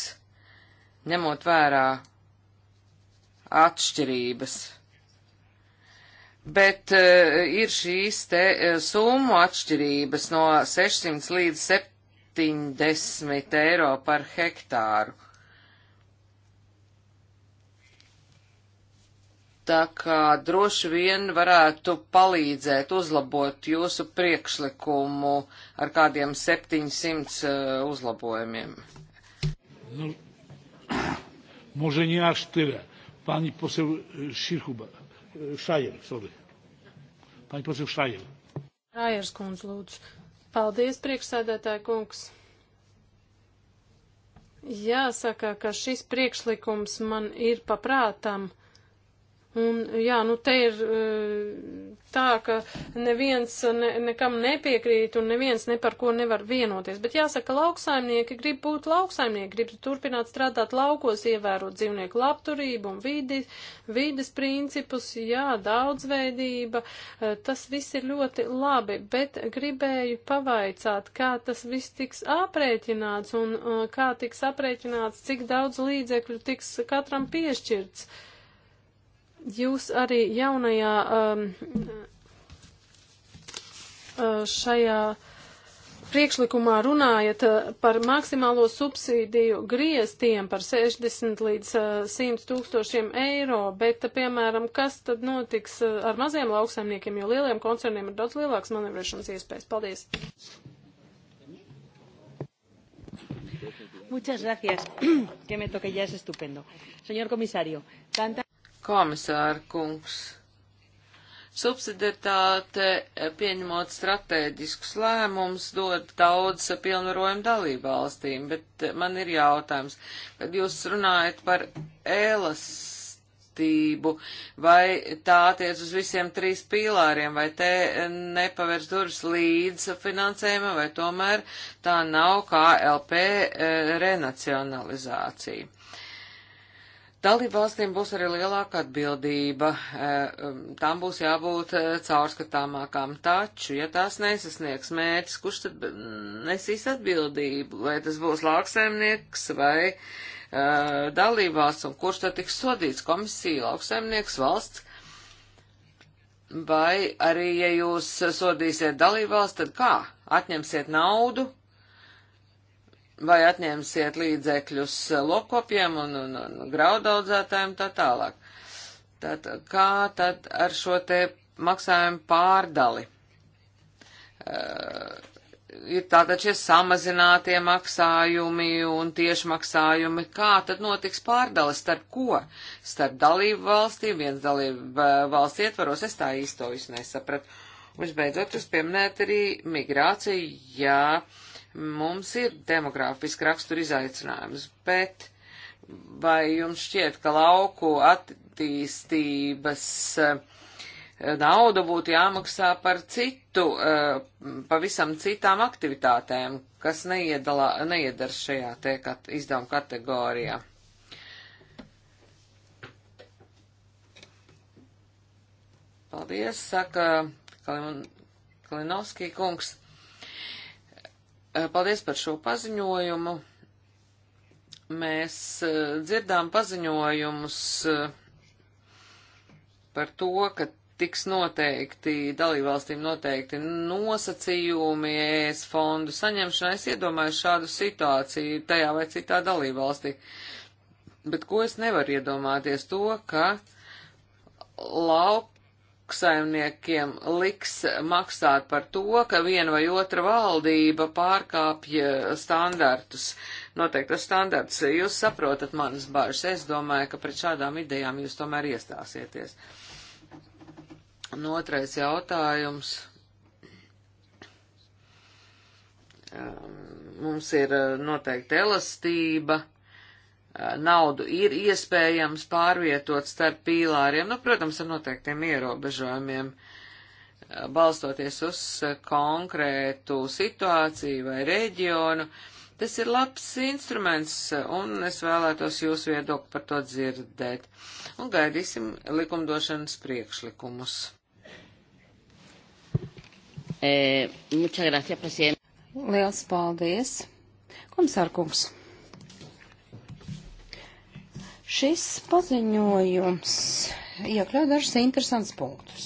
ņemot vērā atšķirības. Bet uh, ir šīs te uh, summu atšķirības no 600 līdz 70 eiro par hektāru. tā kā droši vien varētu palīdzēt uzlabot jūsu priekšlikumu ar kādiem 700 uh, eh, uzlabojumiem. Nu, może nie aż tyle. Pani poseł e, Sirchuba, Šajer, sorry. Pani poseł Šajer. Šajers kundz, lūdzu. Paldies, priekšsēdētāja kungs. Jāsaka, ka šis priekšlikums man ir paprātam. Uh, Un, jā, nu te ir eh, tā, ka neviens ne, nekam nepiekrīt un neviens ne par ko nevar vienoties. Bet jāsaka, lauksaimnieki grib būt lauksaimnieki, grib turpināt strādāt laukos, ievērot dzīvnieku labturību un vidi, vides principus, jā, daudzveidība. Eh, tas viss ir ļoti labi, bet gribēju pavaicāt, kā tas viss tiks aprēķināts un eh, kā tiks aprēķināts, cik daudz līdzekļu tiks katram piešķirts. Uh, Jūs arī jaunajā um, uh, šajā priekšlikumā runājat uh, par maksimālo subsīdiju griestiem par 60 līdz 100 uh, tūkstošiem eiro, bet, piemēram, kas tad notiks ar maziem lauksaimniekiem, jo lieliem koncerniem ir daudz lielāks manevrēšanas iespējas? Paldies! Muchas gracias. que me toque ya es estupendo. Señor comisario, tanta. Komisāra kungs. Subsidiaritāte, pieņemot strateģiskus lēmumus, dod daudz pilnvarojumu dalību valstīm, bet man ir jautājums, kad jūs runājat par elastību, vai tā attiec uz visiem trīs pīlāriem, vai te nepavērs durvis līdz finansējuma, vai tomēr tā nav kā LP eh, renacionalizācija. Dalībvalstīm būs arī lielāka atbildība, tām eh, um, būs jābūt eh, caurskatāmākām, taču, ja tās nesasniegs mērķis, kurš tad mm, nesīs atbildību, vai tas būs lauksaimnieks vai uh, dalībvalsts, un kurš tad tiks sodīts komisija, lauksaimnieks, valsts, vai arī, ja jūs sodīsiet dalībvalsts, tad kā? Atņemsiet naudu, vai atņemsiet līdzekļus lokopiem un, un, un graudaudzētājiem tā tālāk. Tad, kā tad ar šo te maksājumu pārdali? Uh, ir tātad šie samazinātie maksājumi un tieši maksājumi. Kā tad notiks pārdale starp ko? Starp dalību valstīm, viens dalību eh, valsts ietvaros, es tā īsto visu nesapratu. Un visbeidzot, jūs pieminējat arī migrāciju, jā. Ja Mums ir demografiski rakstur izaicinājums, bet vai jums šķiet, ka lauku attīstības eh, nauda būtu jāmaksā par citu, eh, pavisam citām aktivitātēm, kas neiedalā, neiedar šajā te kat, izdevuma kategorijā? Paldies, saka Kalinovskij kungs. Eh, paldies par šo paziņojumu. Mēs eh, dzirdām paziņojumus eh, par to, ka tiks noteikti dalībvalstīm noteikti nosacījumi ES fondu saņemšanai. Es iedomājos šādu situāciju tajā vai citā dalībvalstī. Bet ko es nevaru iedomāties to, ka lauk lauksaimniekiem liks maksāt par to, ka viena vai otra valdība pārkāpja standartus, noteiktos standartus. Jūs saprotat manas bažas. Es domāju, ka pret šādām idejām jūs tomēr iestāsieties. Un otrais jautājums. Ehm, mums ir eh, noteikti elastība naudu ir iespējams pārvietot starp pīlāriem, nu, protams, ar noteiktiem ierobežojumiem, eh, balstoties uz eh, konkrētu situāciju vai reģionu. Tas ir labs instruments, eh, un es vēlētos jūsu viedokli par to dzirdēt. Un gaidīsim likumdošanas priekšlikumus. E, Lielas paldies, komisārkungs! Šis paziņojums iekļauj dažus interesants punktus.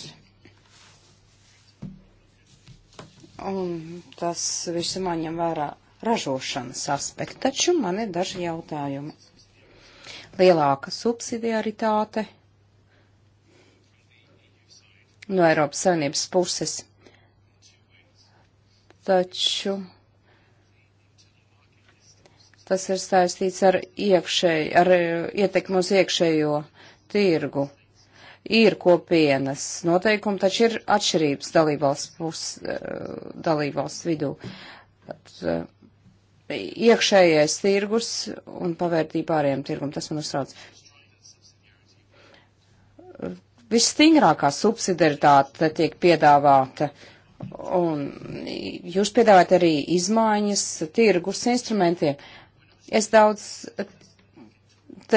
Un tas visumā ņem vērā ražošanas aspektu, taču man ir daži jautājumi. Lielāka subsidiaritāte no Eiropas Savienības puses. Taču tas ir saistīts ar iekšēju, ar eh, ietekmu uz iekšējo tirgu. Ir kopienas noteikumi, taču ir atšķirības dalībvalsts pus, eh, dalībvalsts vidū. Tad, eh, iekšējais tirgus un pavērtība ārējiem tirgum, tas man uztrauc. Visstingrākā subsidiaritāte tiek piedāvāta un jūs piedāvājat arī izmaiņas tirgus instrumentiem. Uh, Es daudz,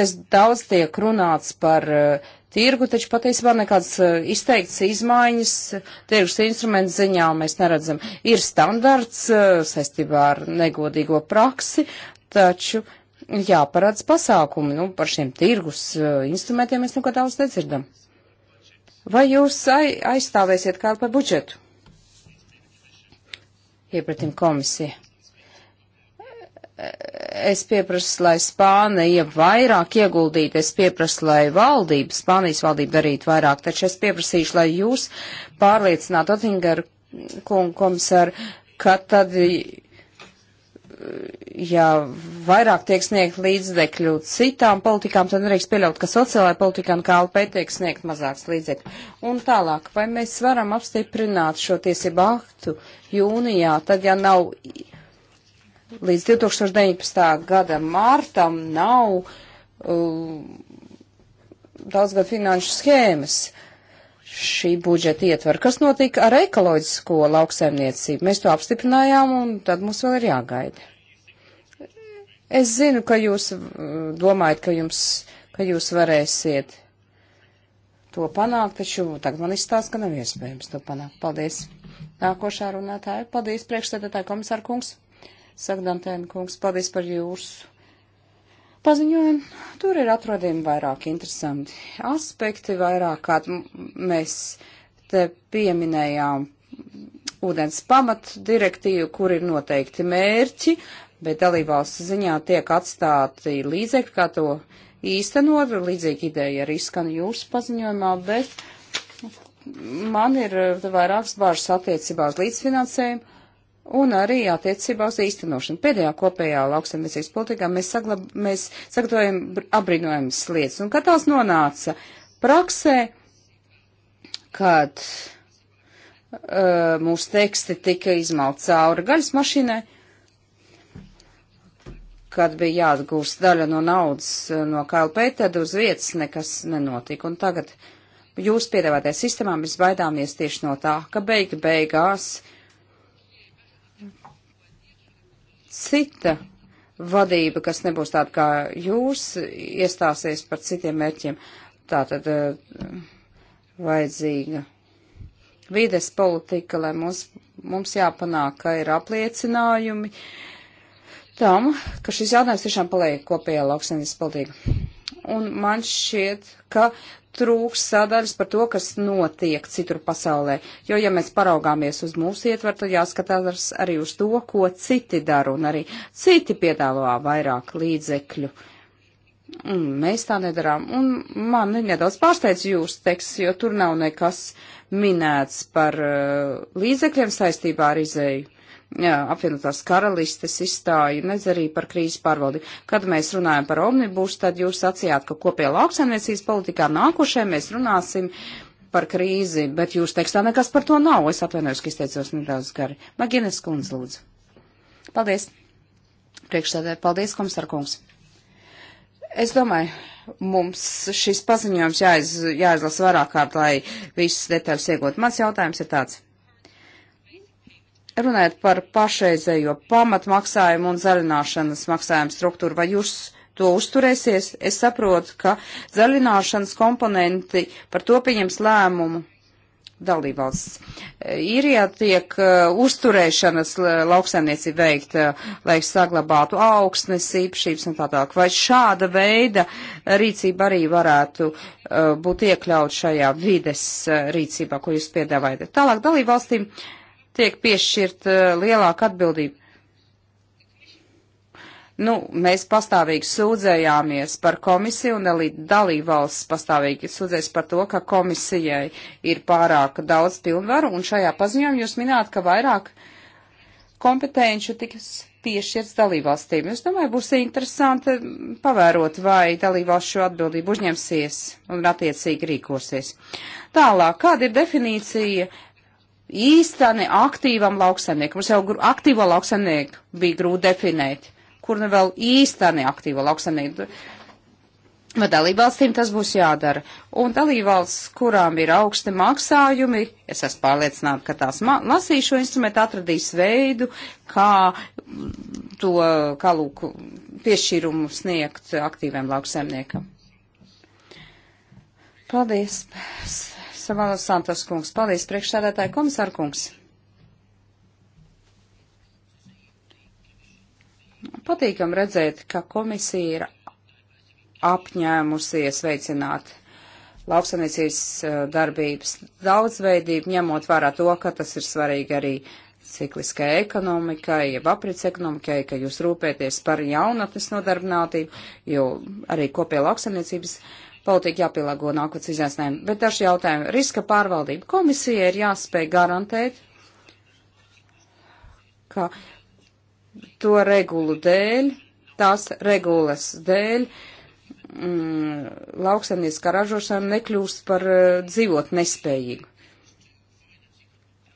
es daudz tiek runāts par uh, tirgu, taču patiesībā nekādas uh, eh, izteikts izmaiņas uh, tirgus instrumentu ziņā mēs neredzam. Ir standarts uh, saistībā ar negodīgo praksi, taču jāparāds pasākumi. Nu, par šiem tirgus uh, instrumentiem mēs nu kā daudz nedzirdam. Vai jūs aizstāvēsiet kādu par budžetu? Iepratim komisiju. Es pieprasu, lai Spānija vairāk ieguldītu, es pieprasu, lai valdība, Spānijas valdība darītu vairāk, taču es pieprasīšu, lai jūs pārliecinātu Otingaru kungu komisāru, ka tad, ja vairāk tiek sniegt līdzekļu citām politikām, tad nedrīkst pieļaut, ka sociālajā politikā un KLP tiek sniegt mazāks līdzekļu. Un tālāk, vai mēs varam apstiprināt šo tiesību aktu jūnijā, tad, ja nav līdz 2019. gada mārtam nav uh, daudzgad finanšu schēmas šī budžeta ietver. Kas notika ar ekoloģisko lauksaimniecību? Mēs to apstiprinājām un tad mums vēl ir jāgaida. Es zinu, ka jūs uh, domājat, ka, jums, ka jūs varēsiet to panākt, taču tagad man izstāsta, ka nav iespējams to panākt. Paldies. Nākošā runātāja. Paldies, priekšsēdētāja komisāra kungs saka Dantēna kungs, paldies par jūsu paziņojumu. Tur ir atrodami vairāk interesanti aspekti, vairāk kā mēs te pieminējām ūdens pamatu direktīvu, kur ir noteikti mērķi, bet dalībvalsts ziņā tiek atstāti līdzekļi, kā to īstenot. Līdzīga ideja arī skan jūsu paziņojumā, bet man ir eh, vairākas bāžas attiecībā uz līdzfinansējumu un arī attiecībā uz īstenošanu. Pēdējā kopējā lauksaimniecības politikā mēs, saglab, mēs sagatavojam abrinojumus lietas, un kad tās nonāca praksē, kad uh, mūsu teksti tika izmalt cauri gaļas mašīnai, kad bija jāatgūst daļa no naudas eh, no KLP, tad uz vietas nekas nenotika, un tagad jūs piedāvātajā sistēmā mēs baidāmies tieši no tā, ka beig beigās, uh, cita vadība, kas nebūs tāda kā jūs, iestāsies par citiem mērķiem. Tā tad eh, vajadzīga vides politika, lai mums, mums jāpanāk, ka ir apliecinājumi tam, ka šis jautājums tiešām paliek kopējā lauksainības politika. Un man šķiet, ka trūks sadaļas par to, kas notiek citur pasaulē. Jo, ja mēs paraugāmies uz mūsu ietvaru, tad jāskatās arī uz to, ko citi dara, un arī citi piedāvā vairāk līdzekļu. Un mēs tā nedarām. Un man nedaudz pārsteidz jūs teksts, jo tur nav nekas minēts par uh, līdzekļiem saistībā ar izēju apvienotās karalistes izstāju, nedz arī par krīzes pārvaldi. Kad mēs runājam par omnibus, tad jūs sacījāt, ka kopējā lauksaimniecības politikā nākošajā mēs runāsim par krīzi, bet jūs tekstā nekas par to nav. Es atvainojos, ka izteicos nedaudz gari. Magines kundze, lūdzu. Paldies. Priekšsēdē, paldies, komisārkungs. Es domāju, mums šis paziņojums jāiz, jāizlas vairāk kārt, lai visas detaļas iegūtu. Mans jautājums ir tāds. Runājot par pašreizējo pamatmaksājumu un zaļināšanas maksājumu struktūru, vai jūs to uzturēsies? Es saprotu, ka zaļināšanas komponenti par to pieņems lēmumu dalībvalsts. Īrijā tiek uh, uzturēšanas lauksaimniecība veikta, uh, lai saglabātu augsnes, īpašības un tā tālāk. Vai šāda veida rīcība arī varētu uh, būt iekļaut šajā vides uh, rīcībā, ko jūs piedāvājat? Tālāk dalībvalstīm. valstīm tiek piešķirt eh, lielāka atbildība. Nu, mēs pastāvīgi sūdzējāmies par komisiju un arī dalībvalsts pastāvīgi sūdzēs par to, ka komisijai ir pārāk daudz pilnvaru, un šajā paziņojumā jūs minējāt, ka vairāk kompetenču tiks piešķirts dalībvalstīm. Es domāju, būs interesanti pavērot, vai dalībvalsts šo atbildību uzņemsies un attiecīgi rīkosies. Tālāk, kāda ir definīcija īstani aktīvam lauksaimniekam. Mums jau aktīvo lauksaimnieku bija grūti definēt, kur nu vēl īstani aktīvo lauksaimnieku. Vai dalībvalstīm tas būs jādara? Un dalībvalsts, kurām ir augsti maksājumi, es esmu pārliecināta, ka tās lasīs šo instrumentu, atradīs veidu, kā to, kā lūk, piešķīrumu sniegt aktīviem lauksaimniekam. Paldies! Savalos Santos kungs. Paldies, priekšsēdētāji komisāra kungs. Patīkam redzēt, ka komisija ir apņēmusies veicināt lauksaimniecības eh, darbības daudzveidību, ņemot vērā to, ka tas ir svarīgi arī cikliskai ekonomikai, jeb aprits ekonomikai, ka jūs rūpēties par jaunatnes nodarbinātību, jo arī kopie lauksaimniecības politika jāpielāgo nākotnes izaicinājumiem. Bet daži jautājumi. Riska pārvaldība komisija ir jāspēj garantēt, ka to regulu dēļ, tās regulas dēļ, mm, lauksaimnieciskā ražošana nekļūst par uh, dzīvot nespējīgu.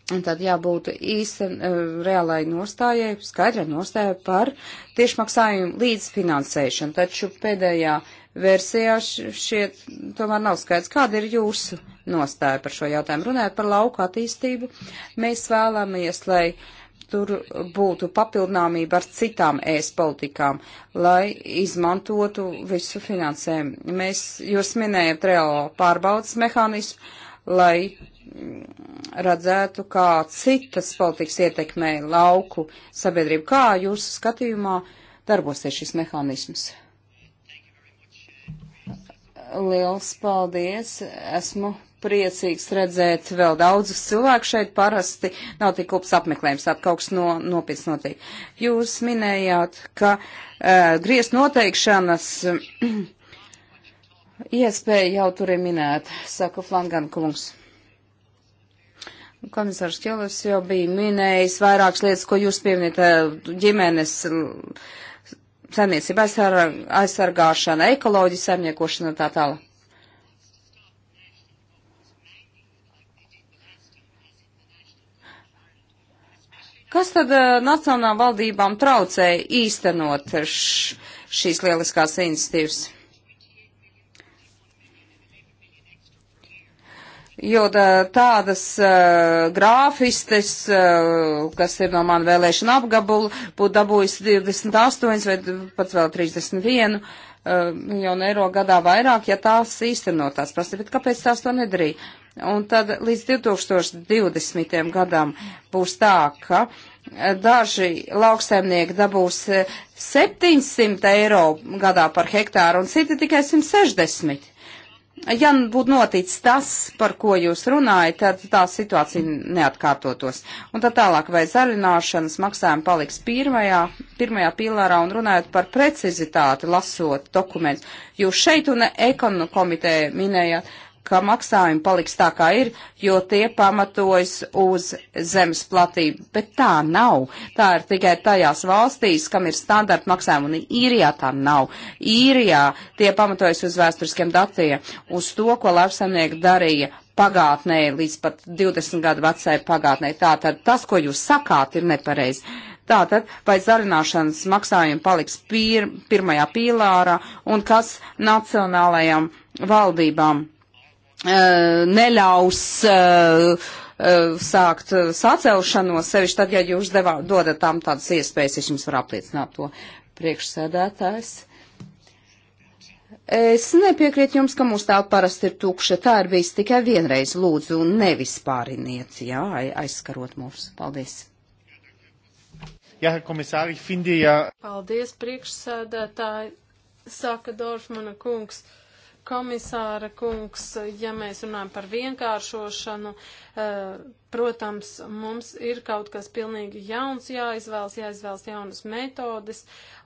Un tad jābūt īsta uh, e, reālai nostājai, skaidrai nostājai par tiešmaksājumu līdzfinansēšanu. Taču pēdējā uh, versijā šiet tomēr nav skaidrs. Kāda ir jūsu nostāja par šo jautājumu? Runājot par lauku attīstību, mēs vēlamies, lai tur būtu papildināmība ar citām ēst politikām, lai izmantotu visu finansējumu. Mēs, jūs minējat reālo pārbaudas mehānismu, lai mm, redzētu, kā citas politikas ietekmē lauku sabiedrību. Kā jūsu skatījumā darbosies šis mehānisms? Liels paldies! Esmu priecīgs redzēt vēl daudzus cilvēkus šeit. Parasti nav tik kops apmeklējums, tad kaut kas no, nopietns notiek. Jūs minējāt, ka uh, griezt noteikšanas uh, iespēja jau tur ir minēta, saka Flangan kungs. Komisārs Kjelis jau bija minējis vairākas lietas, ko jūs pieminat, e, ģimenes saimniecība aizsargāšana, ekoloģija saimniekošana un tā tālāk. Kas tad uh, nacionālām valdībām traucēja īstenot š, šīs lieliskās iniciatīvas? Jo tādas uh, grāfistes, uh, kas ir no man vēlēšana apgabala, būtu dabūjis 28 vai pat vēl 31 eh, miljonu uh, eiro gadā vairāk, ja tās īstenotās prasa, bet kāpēc tās to nedarīja? Un tad līdz 2020. gadam būs tā, ka daži lauksaimnieki dabūs 700 eiro gadā par hektāru un citi tikai 160 ja nu būtu noticis tas, par ko jūs runājat, tad tā situācija neatkārtotos. Un tad tālāk, vai zaļināšanas maksājumi paliks pirmajā, pirmajā pīlārā un runājot par precizitāti, lasot dokumentus. Jūs šeit un ekonomikomitē minējāt ka maksājumi paliks tā kā ir, jo tie pamatojas uz zemes platību. Bet tā nav. Tā ir tikai tajās valstīs, kam ir standarta maksājumi, un īrijā tā nav. Īrijā tie pamatojas uz vēsturiskiem datiem, uz to, ko lauksaimnieki darīja pagātnē, līdz pat 20 gadu vecai pagātnē. Tātad tas, ko jūs sakāt, ir nepareizi. Tātad, vai zarināšanas maksājumi paliks pir, pirmajā pīlārā un kas nacionālajām valdībām Uh, neļaus uh, uh, sākt sacelšanos, sevišķi tad, ja jūs devā, dodat tam tādas iespējas, es jums varu apliecināt to priekšsēdētājs. Es nepiekrītu jums, ka mūsu telpa parasti ir tukša. Tā ir bijis tikai vienreiz, lūdzu, un nevis pāriniet, jā, aizskarot mūs. Paldies. Jā, komisāri, Findija. Paldies, priekšsēdētāji, saka Dorfmana kungs. Uh, komisāra kungs, ja mēs runājam par vienkāršošanu, eh, protams, mums ir kaut kas pilnīgi jauns jāizvēlas, jāizvēlas jaunas metodes,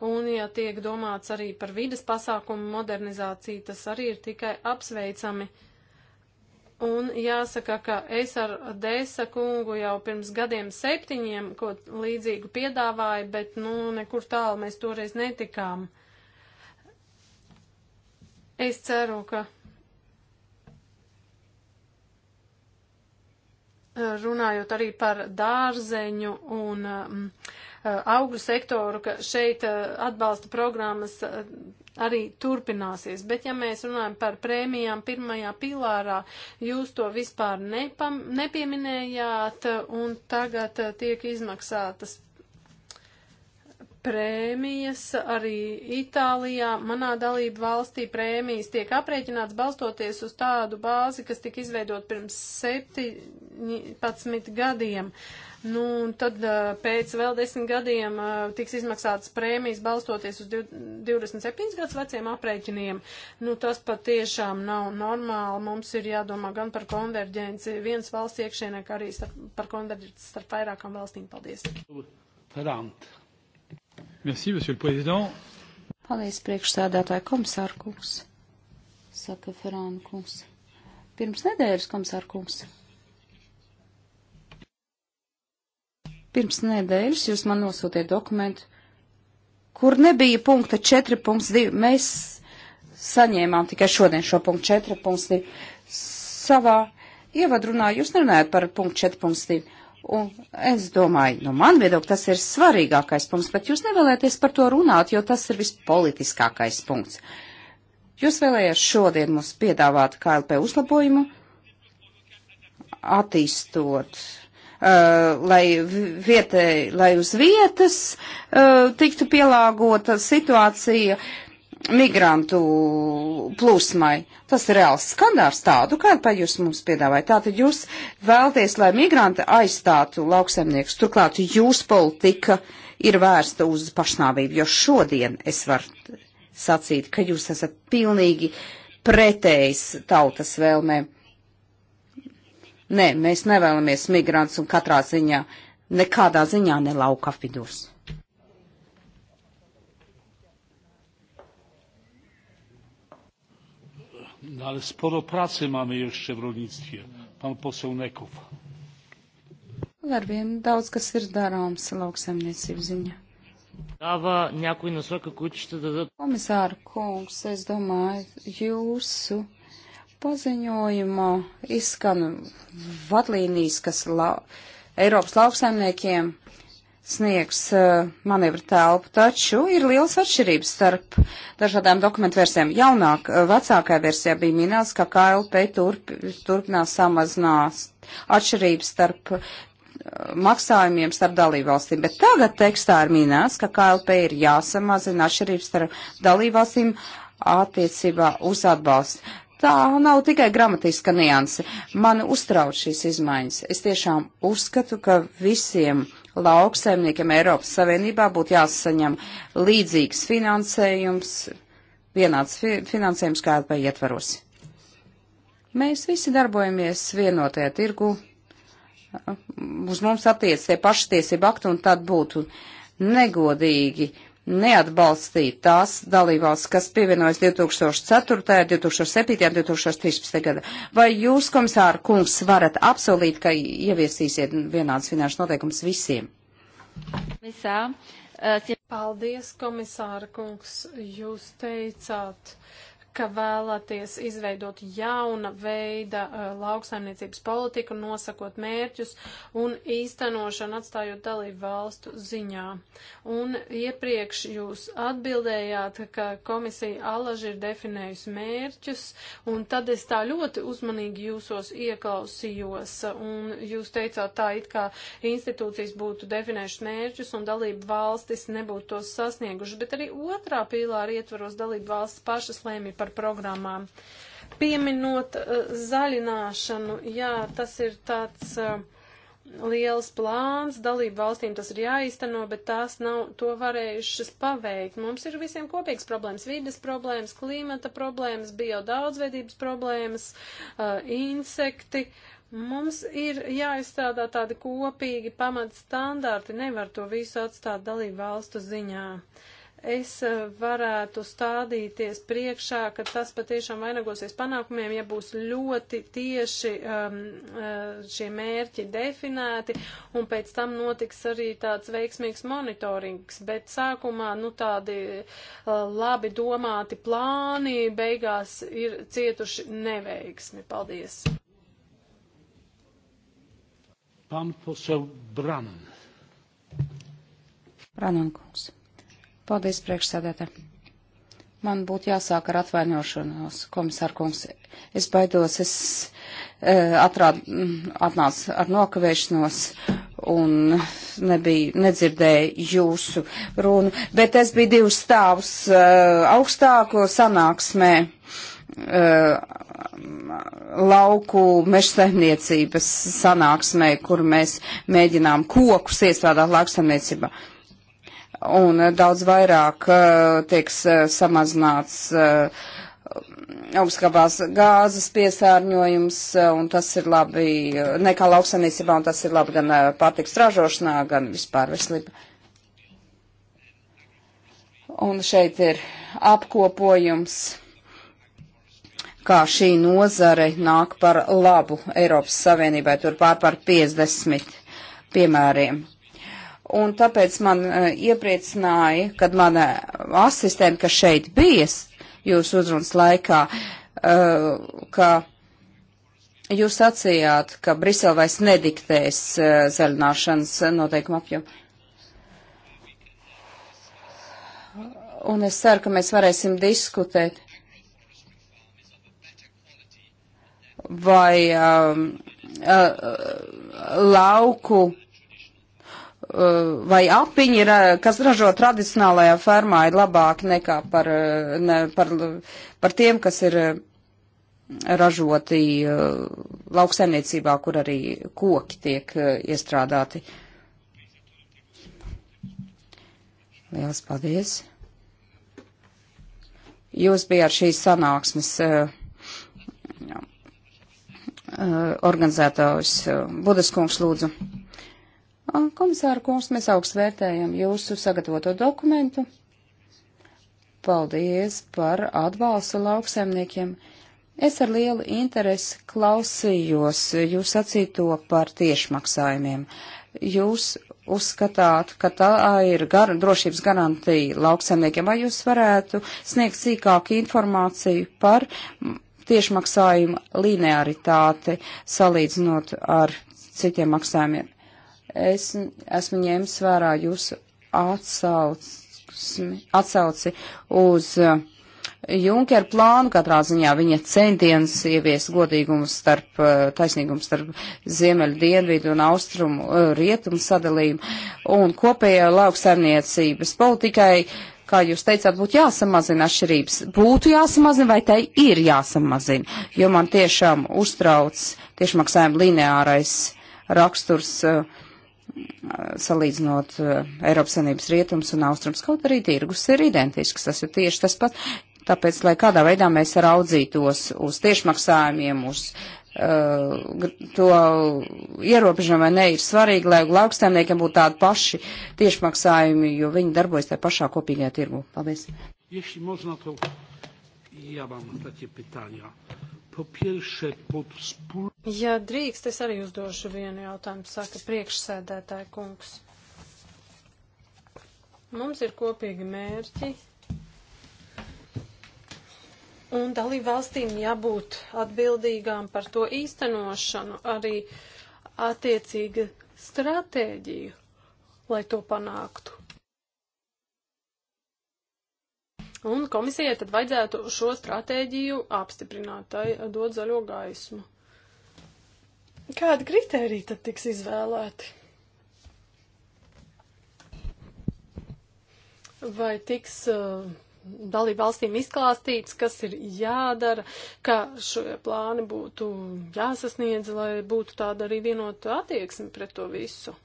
un ja tiek domāts arī par vides pasākumu modernizāciju, tas arī ir tikai apsveicami. Un jāsaka, ka es ar Dēsa kungu jau pirms gadiem septiņiem, ko līdzīgu piedāvāju, bet, nu, nekur tālu mēs toreiz netikām. Uh, Es ceru, ka runājot arī par dārzeņu un um, uh, augļu sektoru, ka šeit uh, atbalsta programmas uh, arī turpināsies. Bet ja mēs runājam par prēmijām pirmajā pilārā, jūs to vispār nepam, nepieminējāt un tagad tiek izmaksātas prēmijas arī Itālijā, manā dalību valstī prēmijas tiek aprēķināts balstoties uz tādu bāzi, kas tika izveidot pirms 17 gadiem. Nu, un tad pēc vēl desmit gadiem tiks izmaksātas prēmijas balstoties uz 27 gadus veciem aprēķiniem. Nu, tas pat tiešām nav normāli. Mums ir jādomā gan par konverģenci viens valsts iekšienē, kā arī starp, par konverģenci starp vairākām valstīm. Paldies! Tarant. Merci, monsieur le président. Paldies, priekšsēdētāji komisāra kungs, saka Ferāna kungs. Pirms nedēļas komisāra kungs. Pirms nedēļas jūs man nosūtiet dokumentu, kur nebija punkta 4.2. Mēs saņēmām tikai šodien šo punktu 4.2. Savā ievadrunā jūs nerunājat par punktu 4.2 Un es domāju, no nu man viedokļa tas ir svarīgākais punkts, bet jūs nevēlēties par to runāt, jo tas ir vispolitiskākais punkts. Jūs vēlējāt šodien mums piedāvāt KLP uzlabojumu, attīstot, uh, lai, vietē, lai uz vietas uh, tiktu pielāgota situācija. Uh, migrantu plūsmai. Tas ir reāls skandārs tādu, kādu pa jūs mums piedāvājat. Tātad jūs vēlties, lai migranti aizstātu lauksemniekus. Turklāt jūs politika ir vērsta uz pašnāvību, jo šodien es varu sacīt, ka jūs esat pilnīgi pretējs tautas vēlmēm. Nē, mēs nevēlamies migrants un katrā ziņā, nekādā ziņā ne lauka apvidos. No ale sporo pracy mamy jeszcze w rolnictwie. Pan poseł Nekow. Vēl ar vienu daudz, kas ir darāms lauksaimniecības ziņā. Dāvā някой насока, които ще дадат. Komisāra kungs, es domāju, jūsu paziņojumā izskan vadlīnijas, kas la Eiropas lauksaimniekiem sniegs eh, manevru telpu, taču ir liels atšķirības starp dažādām dokumentu versijām. Jaunāk, eh, vecākā versijā bija minēts, ka KLP turp, turpinās samazinās atšķirības starp eh, maksājumiem starp dalībvalstīm, bet tagad tekstā ir minēts, ka KLP ir jāsamazina atšķirības starp dalībvalstīm attiecībā uz atbalstu tā nav tikai gramatiska nianse. Man uztrauc šīs izmaiņas. Es tiešām uzskatu, ka visiem lauksaimniekiem Eiropas Savienībā būtu jāsaņem līdzīgs finansējums, vienāds fi finansējums kā LP ietvaros. Mēs visi darbojamies vienotajā tirgu, uz mums attiec tie paši tiesību akti, un tad būtu negodīgi neatbalstīt tās dalībvalsts, kas pievienojas 2004., 2007., 2013. gada. Vai jūs, komisāra kungs, varat apsolīt, ka ieviesīsiet vienādas finanšu noteikumus visiem? Visā. Uh, Paldies, komisāra kungs, jūs teicāt, ka vēlaties izveidot jauna veida uh, lauksaimniecības politiku, nosakot mērķus un īstenošanu atstājot dalību valstu ziņā. Un iepriekš jūs atbildējāt, ka komisija alaži ir definējusi mērķus, un tad es tā ļoti uzmanīgi jūsos ieklausījos, un jūs teicāt tā, it kā institūcijas būtu definējušas mērķus un dalību valstis nebūtu tos sasnieguši, bet arī otrā pīlāra ietvaros dalību valstis pašas lēmīja par programmām. Pieminot eh, zaļināšanu, jā, tas ir tāds eh, liels plāns, dalību valstīm tas ir jāizteno, bet tās nav to varējušas paveikt. Mums ir visiem kopīgs problēmas, vides problēmas, klimata problēmas, biodaudzveidības problēmas, uh, insekti. Mums ir jāizstrādā tādi kopīgi pamatstandarti, nevar to visu atstāt dalību valstu ziņā. Uh, es eh, varētu stādīties priekšā, ka tas patiešām vainagosies panākumiem, ja būs ļoti tieši um, eh, šie mērķi definēti, un pēc tam notiks arī tāds veiksmīgs monitorings. Bet sākumā, nu, tādi uh, labi domāti plāni beigās ir cietuši neveiksmi. Paldies! Pan poseł Branan. Branan kungs. Paldies, priekšsēdētā. Man būtu jāsāk ar atvainošanos, komisārkungs. Es baidos, es e, atrād, mm, atnācu ar nokavēšanos un nebija, nedzirdēju jūsu runu, bet es biju divus stāvus e, augstāko sanāksmē e, lauku mežsaimniecības sanāksmē, kur mēs mēģinām kokus iestrādāt lauksaimniecībā. E, un eh, daudz vairāk eh, tieks eh, samazināts augstskapās gāzes piesārņojums, un tas ir labi nekā lauksanīcībā, un tas ir labi gan pārtiks ražošanā, gan vispār veselībā. Un šeit ir apkopojums, kā šī nozare nāk par labu Eiropas Savienībai, tur pār par 50 piemēriem un tāpēc man e, iepriecināja, kad mana asistenta, kas šeit bija jūsu uzrunas laikā, e, ka jūs sacījāt, ka Brisele vairs nediktēs e, zaļināšanas noteikumu apjomu. Un es ceru, ka mēs varēsim diskutēt, vai um, uh, lauku Eh, vai apiņi, kas ražo tradicionālajā fermā, ir labāk nekā par, eh, ne, par, par tiem, kas ir eh, ražoti lauksaimniecībā, kur arī koki tiek iestrādāti. Lielas paldies! Jūs bijāt šīs sanāksmes organizētājs Budaskungs lūdzu. Komisāra kungs, mēs augstu vērtējam jūsu sagatavoto dokumentu. Paldies par atbalstu lauksaimniekiem. Es ar lielu interesi klausījos jūs sacīto par tiešmaksājumiem. Jūs uzskatāt, ka tā ir gar, drošības garantija lauksaimniekiem, vai jūs varētu sniegt sīkāku informāciju par tiešmaksājumu linearitāti salīdzinot ar citiem maksājumiem. Es esmu ņēmis vērā jūsu atsauci, atsauci uz eh, Junkera plānu, katrā ziņā viņa centiens ievies godīgumu starp, eh, taisnīgumu starp ziemeļu dienvidu un austrumu eh, rietumu sadalījumu, un kopējai lauksaimniecības politikai, kā jūs teicāt, būtu jāsamazina atšķirības. Būtu jāsamazina vai tai ir jāsamazina, jo man tiešām uztrauc tiešmaksājuma lineārais raksturs. Uh, salīdzinot eh, Eiropas Savienības rietums un austrums, kaut arī tirgus ir identisks, tas ir tieši tas pats. Tāpēc, lai kādā veidā mēs raudzītos uz tiešmaksājumiem, uz uh, to ierobežojumu vai ne, ir svarīgi, lai lauksaimniekiem būtu tādi paši tiešmaksājumi, jo viņi darbojas tajā pašā kopīgajā tirgu. Paldies. Jeśli można, to ja mam takie pytania. Ja drīkst, es arī uzdošu vienu jautājumu, saka priekšsēdētāja kungs. Mums ir kopīgi mērķi, un dalību valstīm jābūt atbildīgām par to īstenošanu, arī attiecīga stratēģiju, lai to panāktu. Un komisijai tad vajadzētu šo stratēģiju apstiprināt, tai dot zaļo gaismu. Kādi kriteriji tad tiks izvēlēti? Vai tiks uh, dalību valstīm izklāstīts, kas ir jādara, kā šie plāni būtu jāsasniedz, lai būtu tāda arī vienota attieksme pret to visu?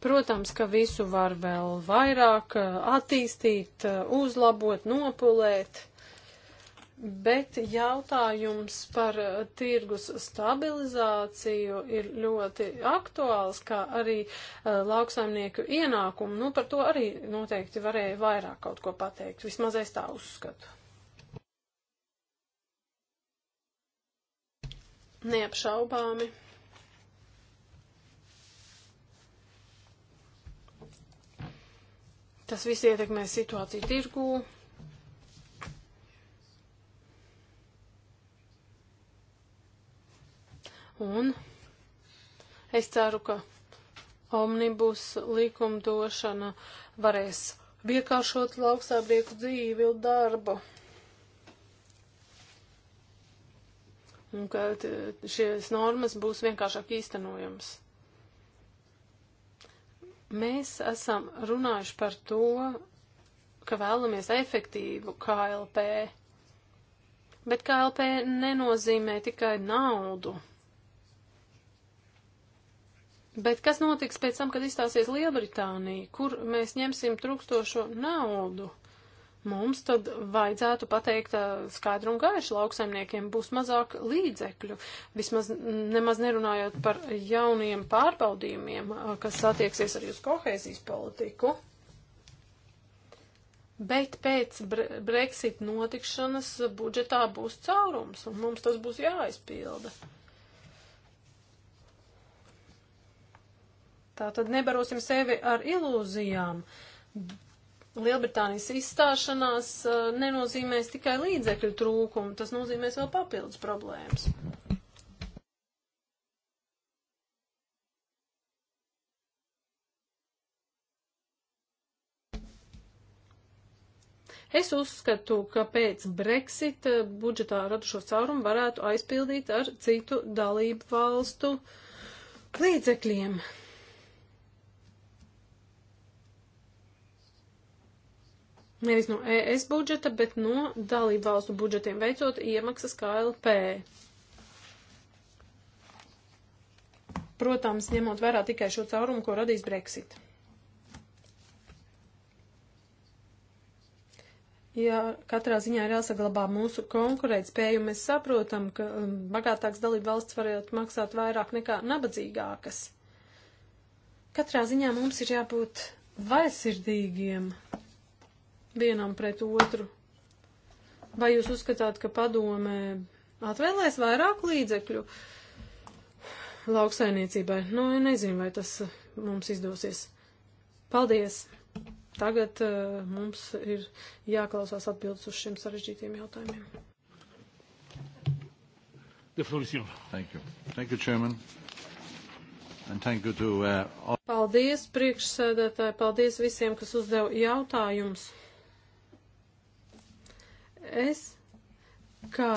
Protams, ka visu var vēl vairāk eh, attīstīt, eh, uzlabot, nopulēt, bet jautājums par eh, tirgus stabilizāciju ir ļoti aktuāls, kā arī lauksaimnieku ienākumu. Nu, par to arī noteikti varēja vairāk kaut ko pateikt. Vismaz es tā uzskatu. Neapšaubāmi. Tas viss ietekmē situāciju tirgū. Un es ceru, ka omnibus likumdošana varēs vienkāršot lauksābrieku dzīvi un darbu. Un ka šīs normas būs vienkāršāk īstenojams. Mēs esam runājuši par to, ka vēlamies efektīvu KLP, bet KLP nenozīmē tikai naudu. Bet kas notiks pēc tam, kad izstāsies Lielbritānija, kur mēs ņemsim trūkstošo naudu? Mums tad vajadzētu pateikt skaidru un gaišu lauksaimniekiem būs mazāk līdzekļu, vismaz nemaz nerunājot par jauniem pārbaudījumiem, kas attieksies arī uz kohēzijas politiku. Bet pēc bre Brexit notikšanas budžetā būs caurums, un mums tas būs jāizpilda. Tā tad nebarosim sevi ar ilūzijām. Lielbritānijas izstāšanās eh, nenozīmēs tikai līdzekļu trūkumu, tas nozīmēs vēl papildus problēmas. Es uzskatu, ka pēc Brexit eh, budžetā radušo caurumu varētu aizpildīt ar citu dalību valstu līdzekļiem. nevis no ES budžeta, bet no dalību valstu budžetiem veicot iemaksas KLP. Protams, ņemot vērā tikai šo caurumu, ko radīs Brexit. Jā, katrā ziņā ir jāsaglabā mūsu konkurētspēju. Mēs saprotam, ka um, bagātāks dalība valsts varētu maksāt vairāk nekā nabadzīgākas. Katrā ziņā mums ir jābūt vaisirdīgiem vienam pret otru. Vai jūs uzskatāt, ka padomē atvēlēs vairāk līdzekļu lauksainiecībai? Nu, nezinu, vai tas uh, mums izdosies. Paldies! Tagad uh, mums ir jāklausās atbildes uz šiem sarežģītiem jautājumiem. The floor is yours. Thank you. Thank you, Chairman. And thank you to, uh, all... Paldies, priekšsēdētāji, paldies visiem, kas uzdeva jautājumus. Es, kā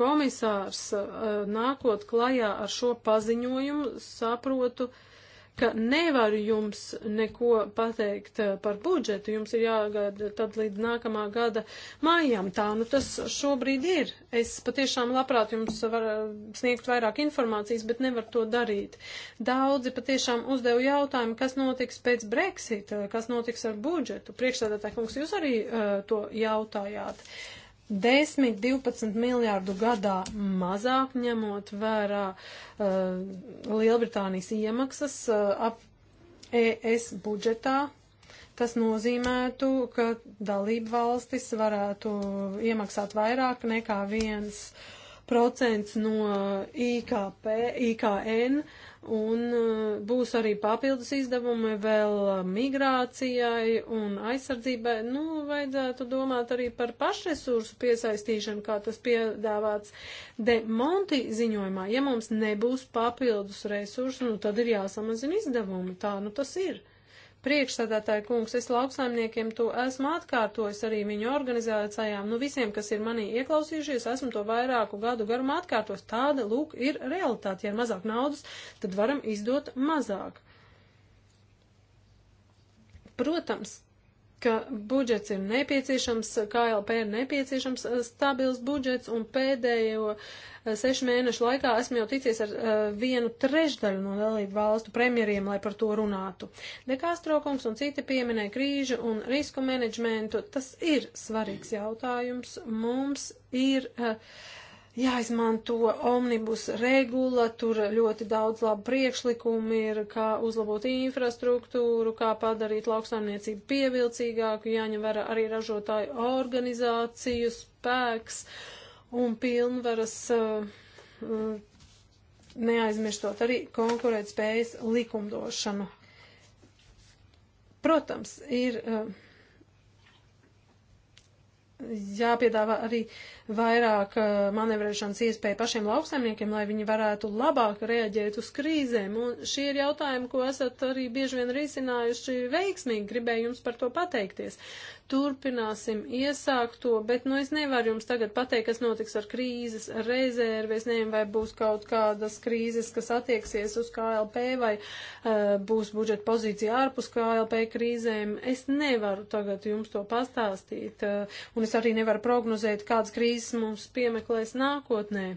komisārs, eh, nākot klajā ar šo paziņojumu, saprotu, uh, ka nevaru jums neko pateikt eh, par budžetu, jums ir jāgaida tad līdz nākamā gada mājām. Tā nu tas šobrīd ir. Es patiešām labprāt jums var eh, sniegt vairāk informācijas, bet nevaru to darīt. Daudzi patiešām uzdevu jautājumu, kas notiks pēc Brexit, eh, kas notiks ar budžetu. Priekšsēdētāji kungs, jūs arī uh, to jautājāt. Uh, 10-12 miljārdu gadā mazāk ņemot vērā uh, Lielbritānijas iemaksas uh, ap ES budžetā. Tas nozīmētu, ka dalība valstis varētu iemaksāt vairāk nekā viens procents no IKP, IKN. Uh, un eh, būs arī papildus izdevumi vēl eh, migrācijai un aizsardzībai. Nu, vajadzētu domāt arī par pašresursu piesaistīšanu, kā tas piedāvāts De Monti ziņojumā. Ja mums nebūs papildus resursu, nu tad ir jāsamazina izdevumi. Tā nu tas ir. Priekšsēdētāji kungs, es lauksaimniekiem to esmu atkārtojis arī viņu organizācijām, nu visiem, kas ir manī ieklausījušies, esmu to vairāku gadu garumā atkārtos. Tāda, lūk, ir realitāte. Ja ir mazāk naudas, tad varam izdot mazāk. Protams, ka budžets ir nepieciešams, KLP ir nepieciešams stabils budžets un pēdējo uh, sešu mēnešu laikā esmu jau ticies ar uh, vienu trešdaļu no dalību valstu premjeriem, lai par to runātu. Dekāstrokungs un citi pieminēja krīžu un risku menedžmentu. Tas ir svarīgs jautājums. Mums ir. Uh, jāizmanto omnibus regula, tur ļoti daudz labu priekšlikumu ir, kā uzlabot infrastruktūru, kā padarīt lauksaimniecību pievilcīgāku, jāņem vērā arī ražotāju organizāciju spēks. Uh, un pilnvaras uh, uh, neaizmirstot arī konkurētspējas likumdošanu. Protams, ir uh, jāpiedāvā arī vairāk manevrēšanas iespēja pašiem lauksaimniekiem, lai viņi varētu labāk reaģēt uz krīzēm. Un šie ir jautājumi, ko esat arī bieži vien risinājuši veiksmīgi, gribēju jums par to pateikties turpināsim iesākto, bet nu es nevaru jums tagad pateikt, kas notiks ar krīzes rezervi, es nezinu, vai būs kaut kādas krīzes, kas attieksies uz KLP, vai uh, būs budžeta pozīcija ārpus KLP krīzēm. Es nevaru tagad jums to pastāstīt, uh, un es arī nevaru prognozēt, kādas krīzes mums piemeklēs nākotnē.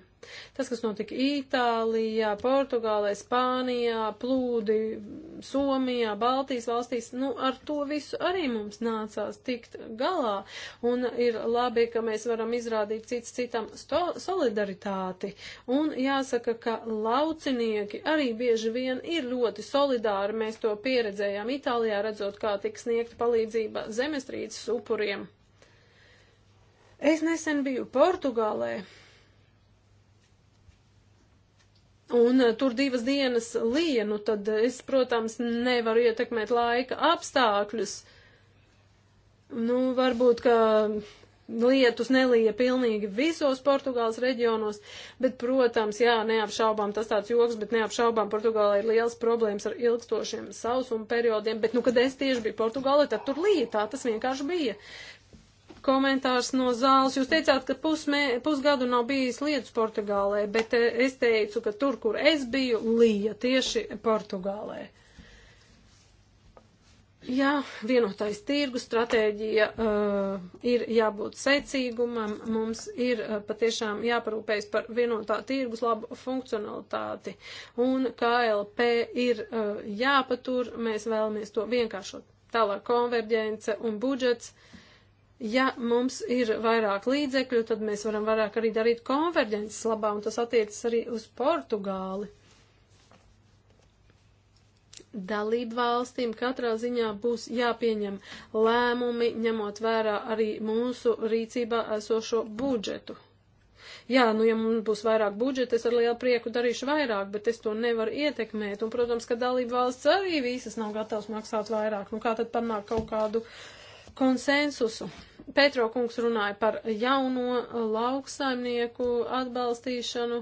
Tas, kas notika Itālijā, Portugālē, Spānijā, plūdi, Somijā, Baltijas valstīs, nu, ar to visu arī mums nācās tikt galā. Un ir labi, ka mēs varam izrādīt cits citam solidaritāti. Un jāsaka, ka laucinieki arī bieži vien ir ļoti solidāri. Mēs to pieredzējām Itālijā, redzot, kā tika sniegta palīdzība zemestrīces upuriem. Es nesen biju Portugālē, Un eh, tur divas dienas lija, nu tad eh, es, protams, nevaru ietekmēt laika apstākļus. Nu, varbūt, ka lietus nelija pilnīgi visos Portugāles reģionos, bet, protams, jā, neapšaubām tas tāds joks, bet neapšaubām Portugālē ir liels problēmas ar ilgstošiem sausuma periodiem, bet, nu, kad es tieši biju Portugālē, tad tur lija, tā tas vienkārši bija komentārs no zāles. Jūs teicāt, ka pusmē, pusgadu nav bijis lietas Portugālē, bet eh, es teicu, ka tur, kur es biju, lija tieši Portugālē. Jā, vienotais tirgu stratēģija uh, ir jābūt secīgumam, mums ir uh, patiešām jāparūpējas par vienotā tirgus labu funkcionalitāti, un KLP ir uh, jāpatur, mēs vēlamies to vienkāršot. Tālāk konverģence un budžets. Uh, ja mums ir vairāk līdzekļu, tad mēs varam vairāk arī darīt konverģences labā, un tas attiecas arī uz Portugāli. Dalību valstīm katrā ziņā būs jāpieņem lēmumi, ņemot vērā arī mūsu rīcībā esošo budžetu. Jā, nu, ja mums būs vairāk budžeta, es ar lielu prieku darīšu vairāk, bet es to nevaru ietekmēt. Un, protams, ka dalība valsts arī visas nav gatavs maksāt vairāk. Nu, kā tad panākt kaut kādu uh, konsensusu. Petro kungs runāja par jauno lauksaimnieku atbalstīšanu.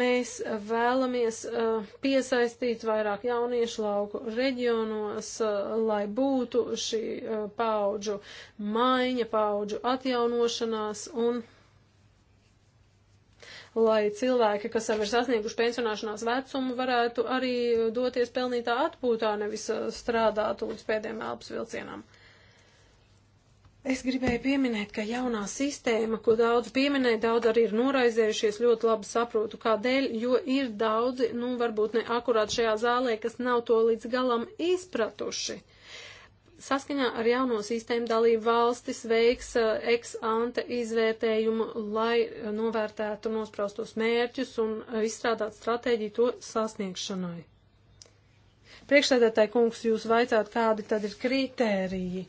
Mēs vēlamies uh, piesaistīt vairāk jauniešu lauku reģionos, uh, lai būtu šī uh, paudžu maiņa, paudžu atjaunošanās un lai cilvēki, kas jau ir sasnieguši pensionāšanās vecumu, varētu arī doties pelnītā atpūtā, nevis uh, strādāt līdz pēdējiem elpas vilcienam. Es gribēju pieminēt, ka jaunā sistēma, ko daudz pieminēja, daudz arī ir noraizējušies, ļoti labi saprotu, kādēļ, jo ir daudzi, nu, varbūt ne akurāt šajā zālē, kas nav to līdz galam izpratuši. Uh, Saskaņā ar jauno sistēmu dalību valstis veiks uh, ex ante izvērtējumu, lai uh, novērtētu nospraustos mērķus un uh, izstrādātu stratēģiju to sasniegšanai. Priekšsēdētāji kungs, jūs vaicāt, kādi tad ir kritēriji?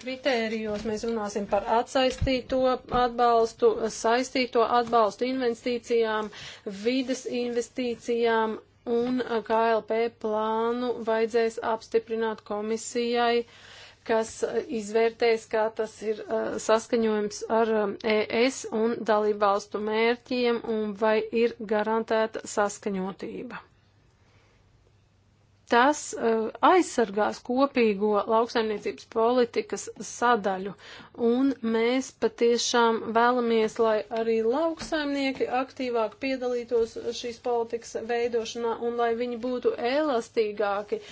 Kritērijos mēs runāsim par atsaistīto atbalstu, saistīto atbalstu investīcijām, vides investīcijām, un KLP plānu vajadzēs apstiprināt komisijai, kas izvērtēs, kā tas ir uh, saskaņojums ar um, ES un dalībvalstu mērķiem un vai ir garantēta saskaņotība tas uh, aizsargās kopīgo lauksaimniecības politikas sadaļu, un mēs patiešām vēlamies, lai arī lauksaimnieki aktīvāk piedalītos šīs politikas veidošanā un lai viņi būtu elastīgāki.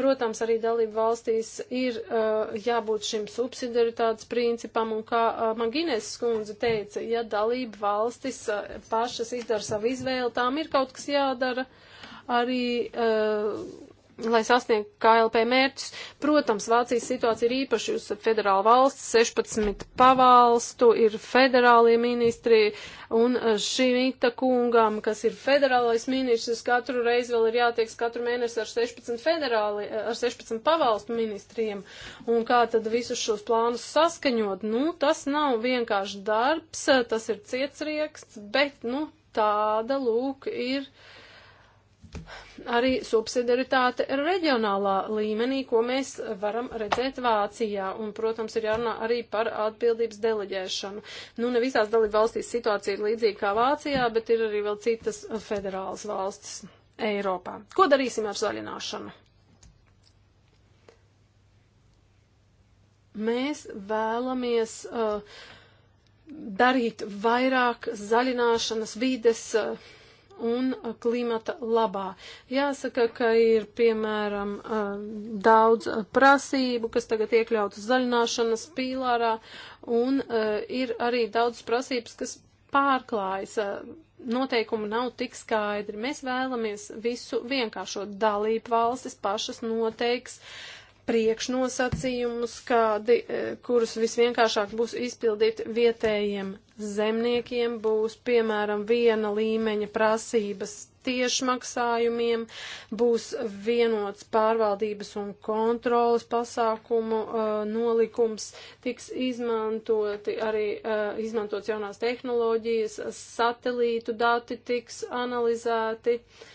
Protams, arī dalību valstīs ir uh, jābūt šim subsidiaritātes principam, un kā uh, e, Magines skundze teica, ja dalību valstis uh, pašas izdara savu izvēli, tām ir kaut kas jādara arī. Uh, lai sasniegtu KLP mērķus. Protams, Vācijas situācija ir īpaši, jūs esat federāla valsts, 16 pavalstu, ir federālie ministri, un e, Šimita kungam, kas ir federālais ministrs, katru reizi vēl ir jātiek katru mēnesi ar 16, federāli, e, ar 16 pavalstu ministriem, un kā tad visus šos plānus saskaņot, nu, tas nav vienkārši darbs, tas ir cietsrieksts, bet, nu, tāda lūk ir. Uh, arī subsidiaritāte reģionālā līmenī, ko mēs varam redzēt Vācijā. Un, protams, ir jārunā arī par atbildības deleģēšanu. Nu, ne visās dalību valstīs situācija ir līdzīga kā Vācijā, bet ir arī vēl citas federālas valstis Eiropā. Ko darīsim ar zaļināšanu? Mēs vēlamies uh, darīt vairāk zaļināšanas vides uh, un klimata labā. Jāsaka, ka ir, piemēram, daudz prasību, kas tagad iekļautas zaļināšanas pīlārā, un ir arī daudz prasības, kas pārklājas. Noteikumi nav tik skaidri. Mēs vēlamies visu vienkāršot. Dalību valstis pašas noteiks uh, priekšnosacījumus, kādi, e, kurus visvienkāršāk būs izpildīt vietējiem zemniekiem, būs piemēram viena līmeņa prasības tiešmaksājumiem, būs vienots pārvaldības un kontrolas pasākumu uh, nolikums, tiks izmantoti arī uh, izmantots jaunās tehnoloģijas, satelītu dati tiks analizēti. Uh,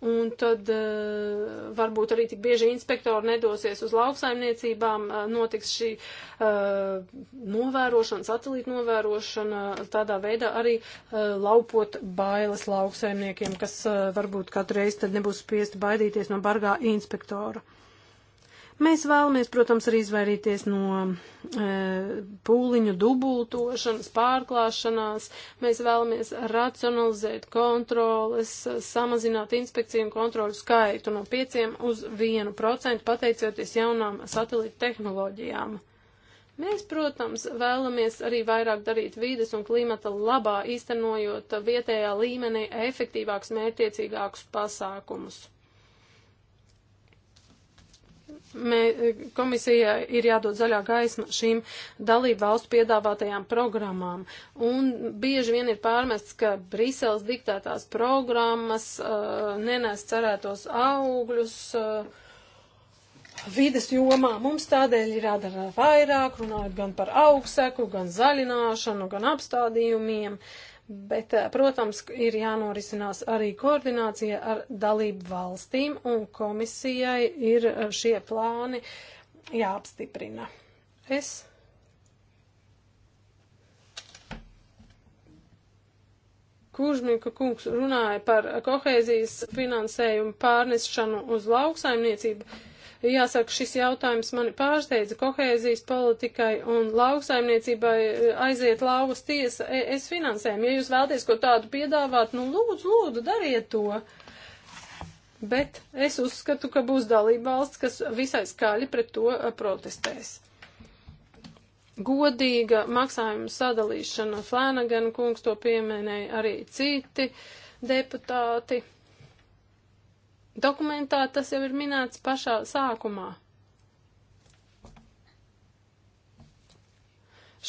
Un tad eh, varbūt arī tik bieži inspektori nedosies uz lauksaimniecībām, eh, notiks šī uh, novērošana, satelīta novērošana, tādā veidā arī uh, laupot bailes lauksaimniekiem, kas uh, varbūt katru reizi tad nebūs spiesti baidīties no bargā inspektora. Mēs vēlamies, protams, arī izvairīties no e, pūliņu dubultošanas, pārklāšanās. Mēs vēlamies racionalizēt kontroles, samazināt inspekciju un kontroļu skaitu no 5 uz 1%, pateicoties jaunām satelīta tehnoloģijām. Mēs, protams, vēlamies arī vairāk darīt vīdes un klimata labā, īstenojot vietējā līmenī efektīvākus, mērķiecīgākus pasākumus. Mē, komisija ir jādod zaļā gaisma šīm dalību valstu piedāvātajām programmām. Un bieži vien ir pārmests, ka Briseles diktētās programmas uh, nenes cerētos augļus. Uh, Vides jomā mums tādēļ ir jādara vairāk, runājot gan par augseku, gan zaļināšanu, gan apstādījumiem. Uh, Bet, eh, protams, ir jānorisinās arī koordinācija ar dalību valstīm, un komisijai ir eh, šie plāni jāapstiprina. Es Kužmika kungs runāja par kohēzijas finansējumu pārnešanu uz lauksaimniecību. Uh, Jāsaka, šis jautājums mani pārsteidza kohēzijas politikai un lauksaimniecībai eh, aiziet lauvas tiesa e, es finansēm. Ja jūs vēlties ko tādu piedāvāt, nu lūdzu, lūdzu, dariet to. Bet es uzskatu, ka būs dalība valsts, kas visai skaļi pret to eh, protestēs godīga maksājuma sadalīšana. Flanagan kungs to pieminēja arī citi deputāti. Dokumentā tas jau ir minēts pašā sākumā.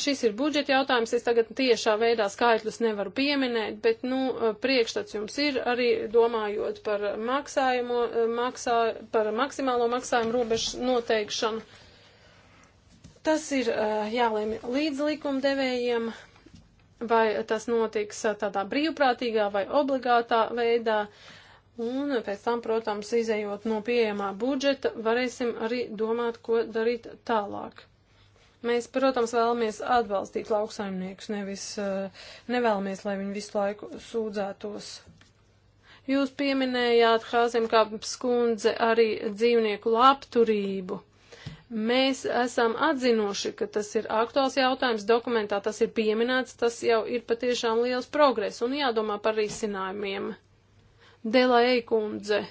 Šis ir budžeta jautājums, es tagad tiešā veidā skaitļus nevaru pieminēt, bet, nu, priekšstats jums ir arī domājot par maksājumu, maksā, par maksimālo maksājumu robežu noteikšanu. Tas ir eh, jālēma līdz likumdevējiem, vai tas notiks eh, tādā brīvprātīgā vai obligātā veidā. Uh, Un pēc tam, protams, izējot no pieejamā budžeta, varēsim arī domāt, ko darīt tālāk. Mēs, protams, vēlamies atbalstīt lauksaimniekus, nevis eh, nevēlamies, lai viņi visu laiku sūdzētos. Jūs pieminējāt, Hāzemkāpes kundze, arī dzīvnieku labturību. Mēs esam atzinoši, ka tas ir aktuāls jautājums, dokumentā tas ir pieminēts, tas jau ir patiešām liels progress un jādomā par risinājumiem. Delaei kundze.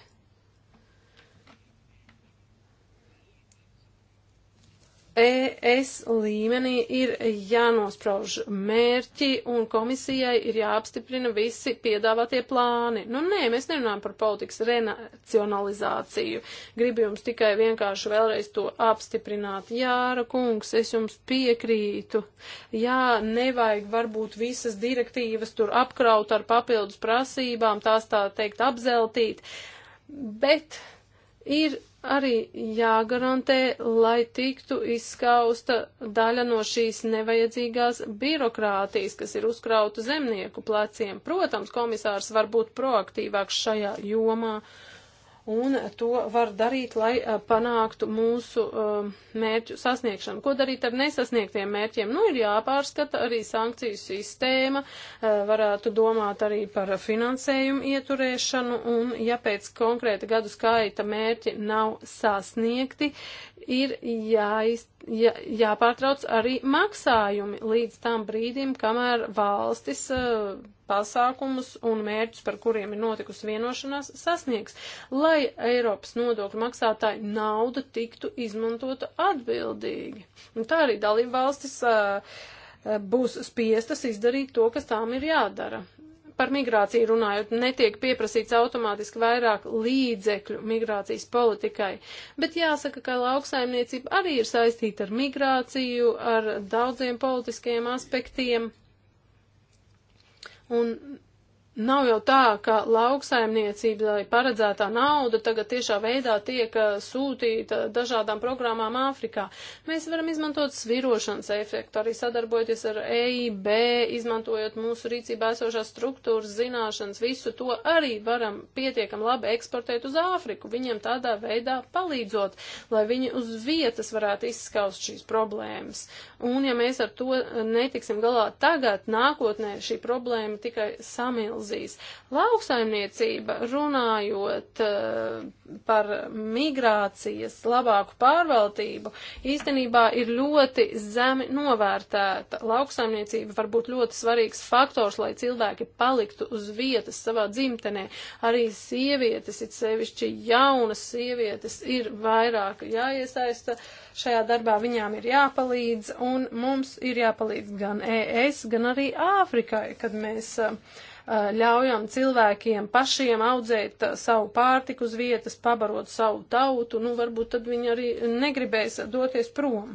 ES līmenī ir jānosprauž mērķi un komisijai ir jāapstiprina visi piedāvātie plāni. Nu, nē, mēs nerunājam par politikas renacionalizāciju. Gribu jums tikai vienkārši vēlreiz to apstiprināt. Jāra kungs, es jums piekrītu. Jā, nevajag varbūt visas direktīvas tur apkraut ar papildus prasībām, tās tā teikt apzeltīt, bet ir arī jāgarantē, lai tiktu izskausta daļa no šīs nevajadzīgās birokrātijas, kas ir uzkrauta zemnieku pleciem. Protams, komisārs var būt proaktīvāks šajā jomā. Uh, un to var darīt, lai eh, panāktu mūsu eh, mērķu sasniegšanu. Ko darīt ar nesasniegtiem mērķiem? Nu, ir jāpārskata arī sankciju sistēma, eh, varētu domāt arī par finansējumu ieturēšanu, un ja pēc konkrēta gadu skaita mērķi nav sasniegti, ir jāiz, jā, jāpārtrauc arī maksājumi līdz tam brīdim, kamēr valstis pasākumus un mērķus, par kuriem ir notikusi vienošanās, sasniegs, lai Eiropas nodokļu maksātāju nauda tiktu izmantota atbildīgi. Un tā arī dalība valstis uh, būs spiestas izdarīt to, kas tām ir jādara. Par migrāciju runājot, netiek pieprasīts automātiski vairāk līdzekļu migrācijas politikai, bet jāsaka, ka lauksaimniecība arī ir saistīta ar migrāciju, ar daudziem politiskajiem aspektiem. Un nav jau tā, ka lauksaimniecībai paredzētā nauda tagad tiešā veidā tiek uh, sūtīta dažādām programmām Āfrikā. Mēs varam izmantot svirošanas efektu, arī sadarbojoties ar EIB, izmantojot mūsu rīcībā esošās struktūras zināšanas, visu to arī varam pietiekam labi eksportēt uz Āfriku, viņiem tādā veidā palīdzot, lai viņi uz vietas varētu izskaust šīs problēmas. Un ja mēs ar to netiksim galā tagad, nākotnē šī problēma tikai samilzīs. Lauksaimniecība runājot eh, par migrācijas labāku pārvaldību īstenībā ir ļoti zemi novērtēta. Lauksaimniecība var būt ļoti svarīgs faktors, lai cilvēki paliktu uz vietas savā dzimtenē. Arī sievietes, it sevišķi jaunas sievietes, ir vairāk jāiesaista šajā darbā, viņām ir jāpalīdz, un mums ir jāpalīdz gan ES, gan arī Āfrikai, kad mēs uh, Eh, ļaujam cilvēkiem pašiem audzēt eh, savu pārtiku uz vietas, pabarot savu tautu, nu varbūt tad viņi arī negribēs doties prom.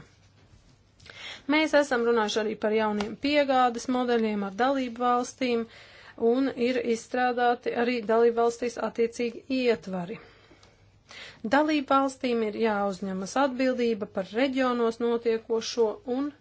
Mēs esam runājuši arī par jauniem piegādes modeļiem ar dalību valstīm un ir izstrādāti arī dalību valstīs attiecīgi ietvari. Dalību valstīm ir jāuzņemas atbildība par reģionos notiekošo un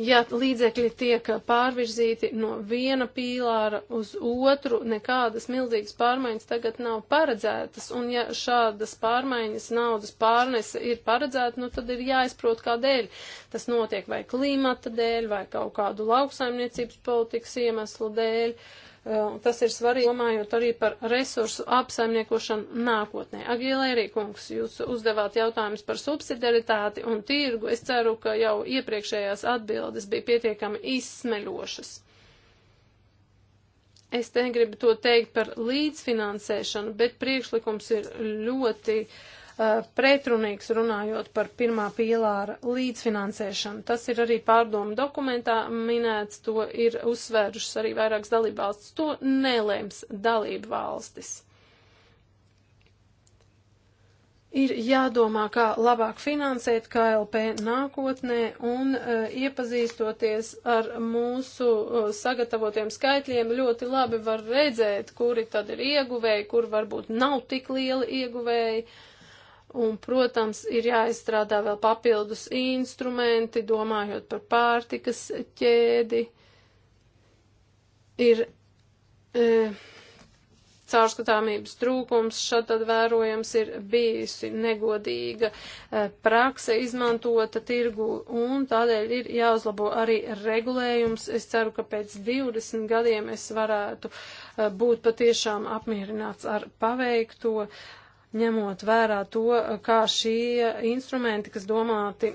ja līdzekļi tiek pārvirzīti no viena pīlāra uz otru, nekādas milzīgas pārmaiņas tagad nav paredzētas, un ja šādas pārmaiņas naudas pārnese ir paredzēta, nu tad ir jāizprot, kādēļ tas notiek, vai klimata dēļ, vai kaut kādu lauksaimniecības politikas iemeslu dēļ. Uh, Eh, tas ir svarīgi, domājot arī par resursu apsaimniekošanu nākotnē. Agilērī, kungs, jūs uzdevāt jautājumus par subsidiaritāti un tirgu. Es ceru, ka jau iepriekšējās atbildes bija pietiekami izsmeļošas. Es te gribu to teikt par līdzfinansēšanu, bet priekšlikums ir ļoti uh, Eh, pretrunīgs runājot par pirmā pīlāra līdzfinansēšanu. Tas ir arī pārdomu dokumentā minēts, to ir uzsvērušas arī vairākas dalībvalstis. To nelēms dalību valstis. Ir jādomā, kā labāk finansēt KLP nākotnē un e, iepazīstoties ar mūsu e, sagatavotiem skaitļiem, ļoti labi var redzēt, kuri tad ir ieguvēji, kur varbūt nav tik lieli ieguvēji. E, Un, protams, ir jāizstrādā vēl papildus instrumenti, domājot par pārtikas ķēdi. Ir e, caurskatāmības trūkums, šad tad vērojams ir bijusi negodīga e, prakse izmantota tirgu, un tādēļ ir jāuzlabo arī regulējums. Es ceru, ka pēc 20 gadiem es varētu e, būt patiešām apmierināts ar paveikto. E, ņemot vērā to, kā šie instrumenti, kas domāti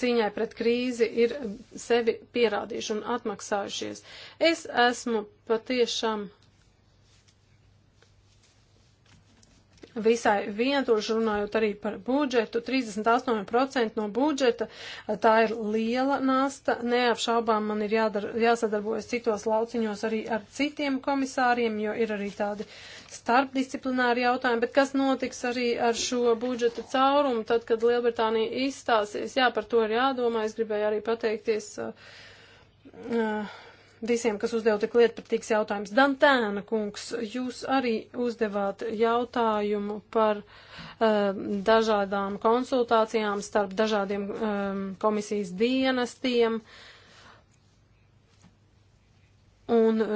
cīņai pret krīzi, ir sevi pierādījuši un atmaksājušies. Es esmu patiešām visai vienkārši runājot arī par budžetu. 38% no budžeta tā ir liela nasta. Neapšaubām man ir jādara, jāsadarbojas citos lauciņos arī ar citiem komisāriem, jo ir arī tādi uh, starpdisciplināri jautājumi, bet kas notiks arī ar šo budžeta caurumu, tad, kad Lielbritānija izstāsies? Jā, par to ir jādomā. Es gribēju arī pateikties uh, uh visiem, kas uzdeva tik lietpratīgs jautājums. Dantēna kungs, jūs arī uzdevāt jautājumu par uh, dažādām konsultācijām starp dažādiem um, komisijas dienestiem. Uh, Un e,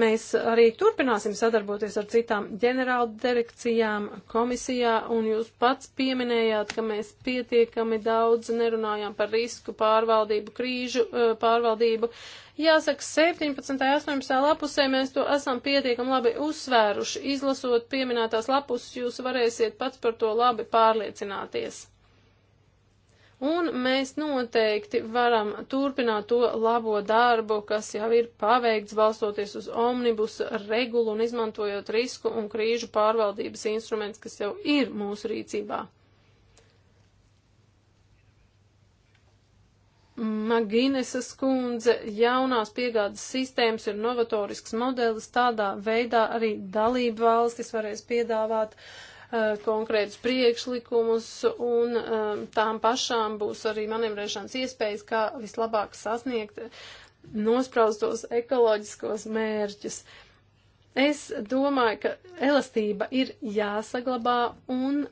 mēs arī turpināsim sadarboties ar citām ģenerāla direkcijām komisijā, un jūs pats pieminējāt, ka mēs pietiekami daudz nerunājām par risku pārvaldību, krīžu e, pārvaldību. Jāsaka, 17. un 18. lapusē mēs to esam pietiekami labi uzsvēruši. Izlasot pieminētās lapus, jūs varēsiet pats par to labi pārliecināties. Un mēs noteikti varam turpināt to labo darbu, kas jau ir paveikts, balstoties uz omnibus regulu un izmantojot risku un krīžu pārvaldības instruments, kas jau ir mūsu rīcībā. Maginesas kundze jaunās piegādes sistēmas ir novatorisks modelis, tādā veidā arī dalību valstis varēs piedāvāt uh, Uh, konkrētus priekšlikumus, un um, tām pašām būs arī manevrēšanas iespējas, kā vislabāk sasniegt nospraustos ekoloģiskos mērķus. Es domāju, ka elastība ir jāsaglabā un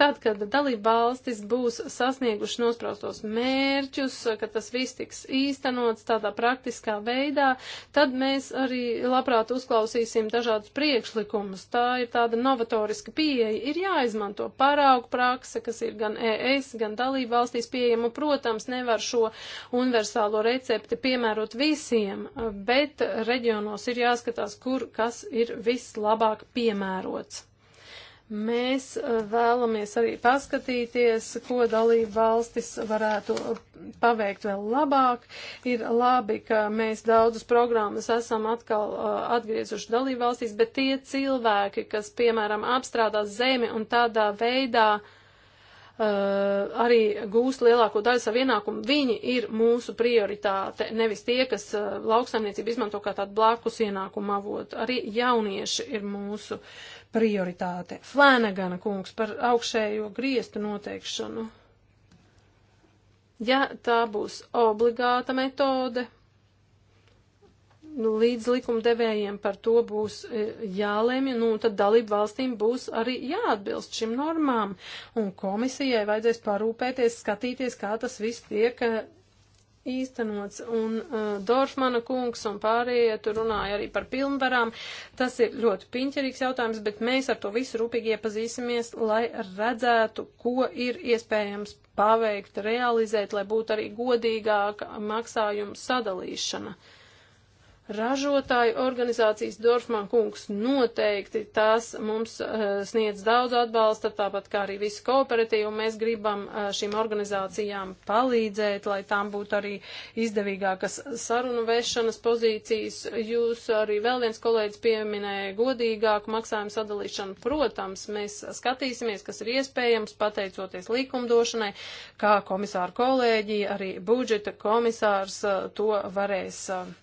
Tad, kad dalība valstis būs sasnieguši nospraustos mērķus, kad tas viss tiks īstenots tādā praktiskā veidā, tad mēs arī labprāt uzklausīsim dažādus priekšlikumus. Tā ir tāda novatoriska pieeja. Ir jāizmanto paraugu prakse, kas ir gan ES, gan dalība valstīs pieejama. Protams, nevar šo universālo recepti piemērot visiem, bet reģionos ir jāskatās, kur kas ir vislabāk piemērots. Mēs eh, vēlamies arī paskatīties, ko dalību valstis varētu eh, paveikt vēl labāk. Ir labi, ka mēs daudzas programmas esam atkal uh, atgriezuši dalību valstīs, bet tie cilvēki, kas, piemēram, apstrādās zemi un tādā veidā uh, Eh, arī gūst lielāko daļu savu ienākumu, viņi ir mūsu prioritāte, nevis tie, kas eh, lauksaimniecību izmanto kā tādu blākus ienākumu avotu. Arī jaunieši ir mūsu prioritāte. Flēnegana kungs par augšējo griestu noteikšanu. Ja tā būs obligāta metode, Nu, līdz likumdevējiem par to būs e, jālēmj, nu, tad dalību valstīm būs arī jāatbilst šim normām, un komisijai vajadzēs parūpēties, skatīties, kā tas viss tiek e, īstenots, un uh, Dorfmana kungs un pārējie tur runāja arī par pilnvarām. Tas ir ļoti piņķerīgs jautājums, bet mēs ar to visu rūpīgi iepazīsimies, lai redzētu, ko ir iespējams paveikt, realizēt, lai būtu arī godīgāka maksājuma sadalīšana. Uh, Ražotāju organizācijas Dorfman kungs noteikti tās mums uh, sniedz daudz atbalsta, tāpat kā arī visi kooperatīvi, un mēs gribam uh, šīm organizācijām palīdzēt, lai tām būtu arī izdevīgākas sarunu vešanas pozīcijas. Jūs arī vēl viens kolēģis pieminēja godīgāku maksājumu sadalīšanu. Protams, mēs skatīsimies, kas ir iespējams, pateicoties likumdošanai, kā komisāra kolēģi, arī budžeta komisārs uh, to varēs. Uh,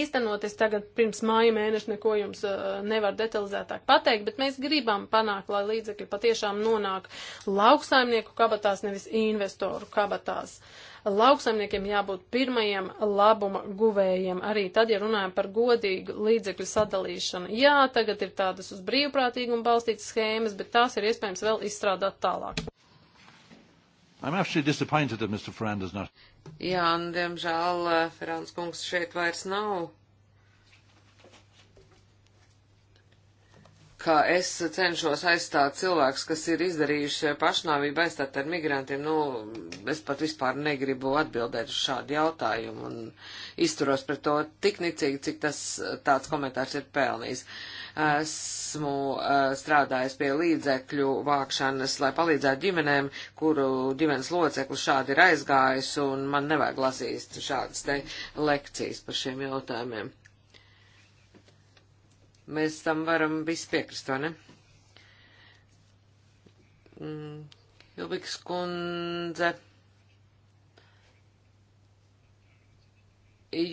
Īstenot es tagad pirms māja mēneša neko jums uh, nevaru detalizētāk pateikt, bet mēs gribam panākt, lai līdzekļi patiešām nonāk lauksaimnieku kabatās, nevis investoru kabatās. Lauksaimniekiem jābūt pirmajiem labuma guvējiem, arī tad, ja runājam par godīgu līdzekļu sadalīšanu. Jā, tagad ir tādas uz brīvprātīgumu balstītas schēmas, bet tās ir iespējams vēl izstrādāt tālāk. I'm actually disappointed that Mr. Ferrand is not. Jā, un diemžēl uh, Ferrands kungs šeit vairs nav. Kā es cenšos aizstāt cilvēkus, kas ir izdarījuši pašnāvību aizstāt ar migrantiem, nu, es pat vispār negribu atbildēt uz šādu jautājumu un izturos pret to tik nicīgi, cik tas eh, tāds komentārs ir pelnījis. Uh, Esmu eh, strādājis pie līdzekļu vākšanas, lai palīdzētu ģimenēm, kuru ģimenes loceklis šādi ir aizgājis, un man nevajag lasīt šādas te lekcijas par šiem jautājumiem. Mēs tam varam visi piekrist, vai ne? Mm, Jubiks kundze.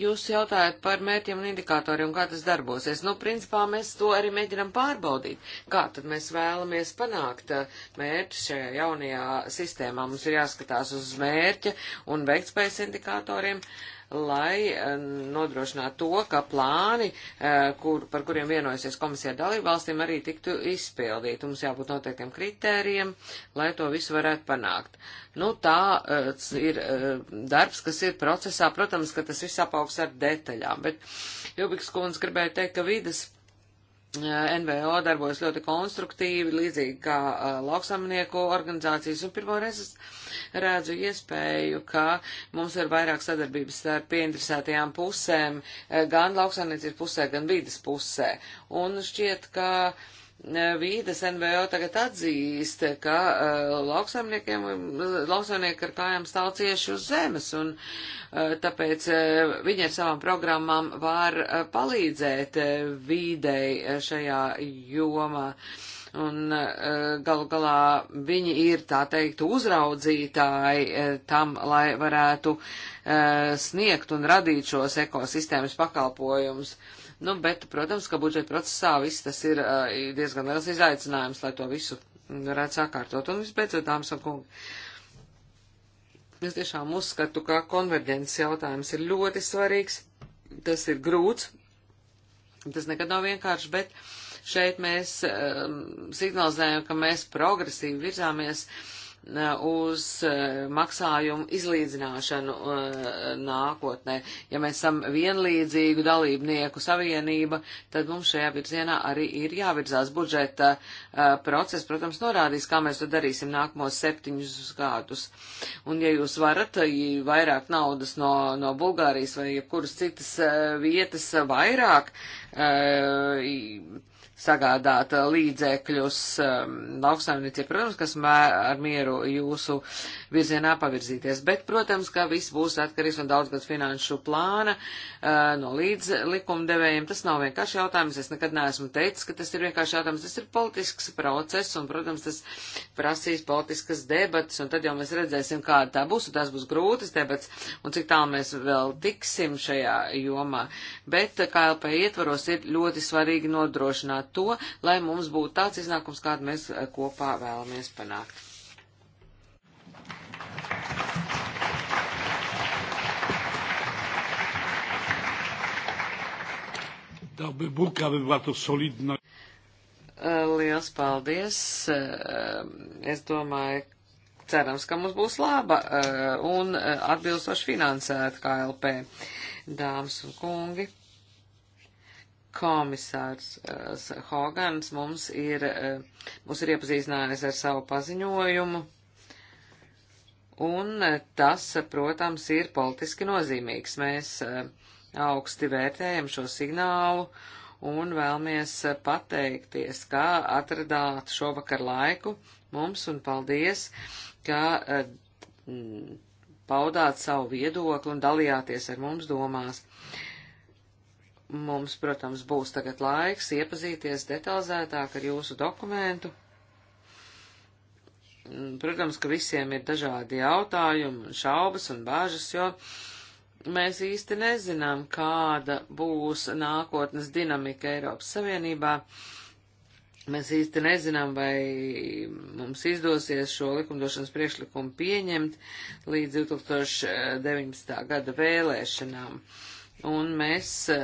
Jūs jautājat par mērķiem un indikatoriem, kā tas darbosies. Nu, principā mēs to arī mēģinam pārbaudīt. Kā tad mēs vēlamies panākt uh, mērķus šajā jaunajā sistēmā? Mums ir jāskatās uz mērķa un veiktspējas indikatoriem. Uh, lai eh, nodrošinātu to, ka plāni, eh, kur, par kuriem vienojusies komisija dalībvalstīm, arī tiktu izpildīti. Mums jābūt noteiktiem kritērijiem, lai to visu varētu panākt. Nu, tā eh, ir darbs, kas ir procesā. Protams, ka tas viss apaugs ar detaļām, bet Jubiks kundze gribēja teikt, ka vidas NVO darbojas ļoti konstruktīvi, līdzīgi kā uh, lauksamnieku organizācijas, un pirmoreiz es redzu iespēju, ka mums ir vairāk sadarbības ar pieinteresētajām pusēm, gan lauksamniecības pusē, gan vidas pusē, un šķiet, ka uh, Vīdas NVO tagad atzīst, ka uh, lauksaimnieki ar kājām stāv cieši uz zemes, un uh, tāpēc uh, eh, viņi ar savām programmām var uh, palīdzēt uh, vīdei uh, šajā jomā. Un uh, galu galā viņi ir, tā teikt, uzraudzītāji uh, tam, lai varētu uh, sniegt un radīt šos ekosistēmas pakalpojumus. Uh, Nu, bet, protams, ka budžeta procesā viss tas ir uh, diezgan liels izaicinājums, lai to visu varētu sakārtot. Un visbeidzot, dāmas un kungi, es tiešām uzskatu, ka konverģences jautājums ir ļoti svarīgs. Tas ir grūts, tas nekad nav vienkārši, bet šeit mēs um, signalizējam, ka mēs progresīvi virzāmies. Uh, uz eh, maksājumu izlīdzināšanu eh, nākotnē. Ja mēs esam vienlīdzīgu dalībnieku savienība, tad mums šajā virzienā arī ir jāvirzās budžeta eh, process, protams, norādīs, kā mēs to darīsim nākamos septiņus gadus. Un ja jūs varat vairāk naudas no, no Bulgārijas vai jebkuras citas vietas vairāk, sagādāt uh, līdzekļus um, lauksaimniecībai, protams, kas ar mieru jūsu virzienā pavirzīties. Bet, protams, ka viss būs atkarīgs no daudzgad finanšu plāna, uh, no līdzlikumdevējiem. Tas nav vienkārši jautājums. Es nekad neesmu teicis, ka tas ir vienkārši jautājums. Tas ir politisks process, un, protams, tas prasīs politiskas debatas, un tad jau mēs redzēsim, kāda tā būs, un tās būs grūtas debatas, un cik tālu mēs vēl tiksim šajā jomā. Bet uh, KLP ietvaros ir ļoti svarīgi nodrošināt to, lai mums būtu tāds iznākums, kādu mēs eh, kopā vēlamies panākt. Dałby Bóg, aby była to solidna. Eh, liels paldies! Eh, es domāju, cerams, ka mums būs laba un atbilstoši finansēta KLP. Dāmas un kungi! komisārs eh, Hogans mums ir, eh, mums ir iepazīstinājis ar savu paziņojumu, un eh, tas, protams, ir politiski nozīmīgs. Mēs augsti vērtējam šo signālu un vēlamies pateikties, kā atradāt šovakar laiku mums, un paldies, ka paudāt savu viedokli un dalījāties ar mums domās. Uh, Mums, protams, būs tagad laiks iepazīties detalizētāk ar jūsu dokumentu. Protams, ka visiem ir dažādi jautājumi, šaubas un bāžas, jo mēs īsti nezinām, kāda būs nākotnes dinamika Eiropas Savienībā. Mēs īsti nezinām, vai mums izdosies šo likumdošanas priekšlikumu pieņemt līdz 2019. gada vēlēšanām un mēs e,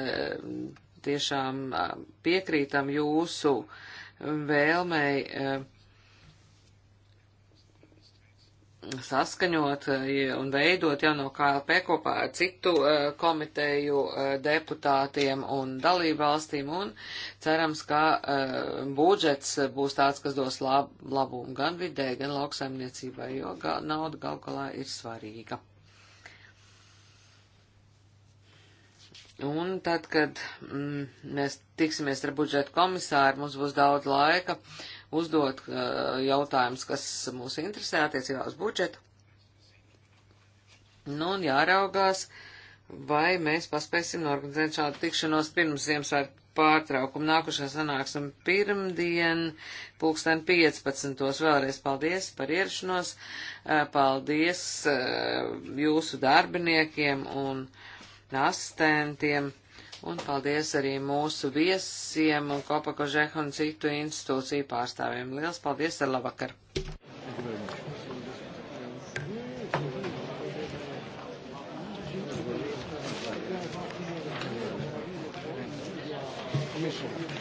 tiešām e, piekrītam jūsu vēlmei e, saskaņot un veidot jau no KLP kopā ar citu komiteju deputātiem un dalību valstīm, un cerams, ka budžets būs tāds, kas dos lab, labumu gan vidē, gan lauksaimniecībai, jo nauda gal galā ir svarīga. Un tad, kad mm, mēs tiksimies ar budžetu komisāru, mums būs daudz laika uzdot uh, jautājumus, kas mūs interesē attiecībā uz budžetu. Nu, un jāraugās, vai mēs paspēsim norganizēt šādu tikšanos pirms Ziemassvētku pārtraukumu. Nākošā sanāksim pirmdien, pulksten 15. Vēlreiz paldies par ierašanos, uh, paldies uh, jūsu darbiniekiem un asistentiem. Un paldies arī mūsu viesiem un Kopako Žehu un citu institūciju pārstāvjiem. Liels paldies ar labvakar! Commission.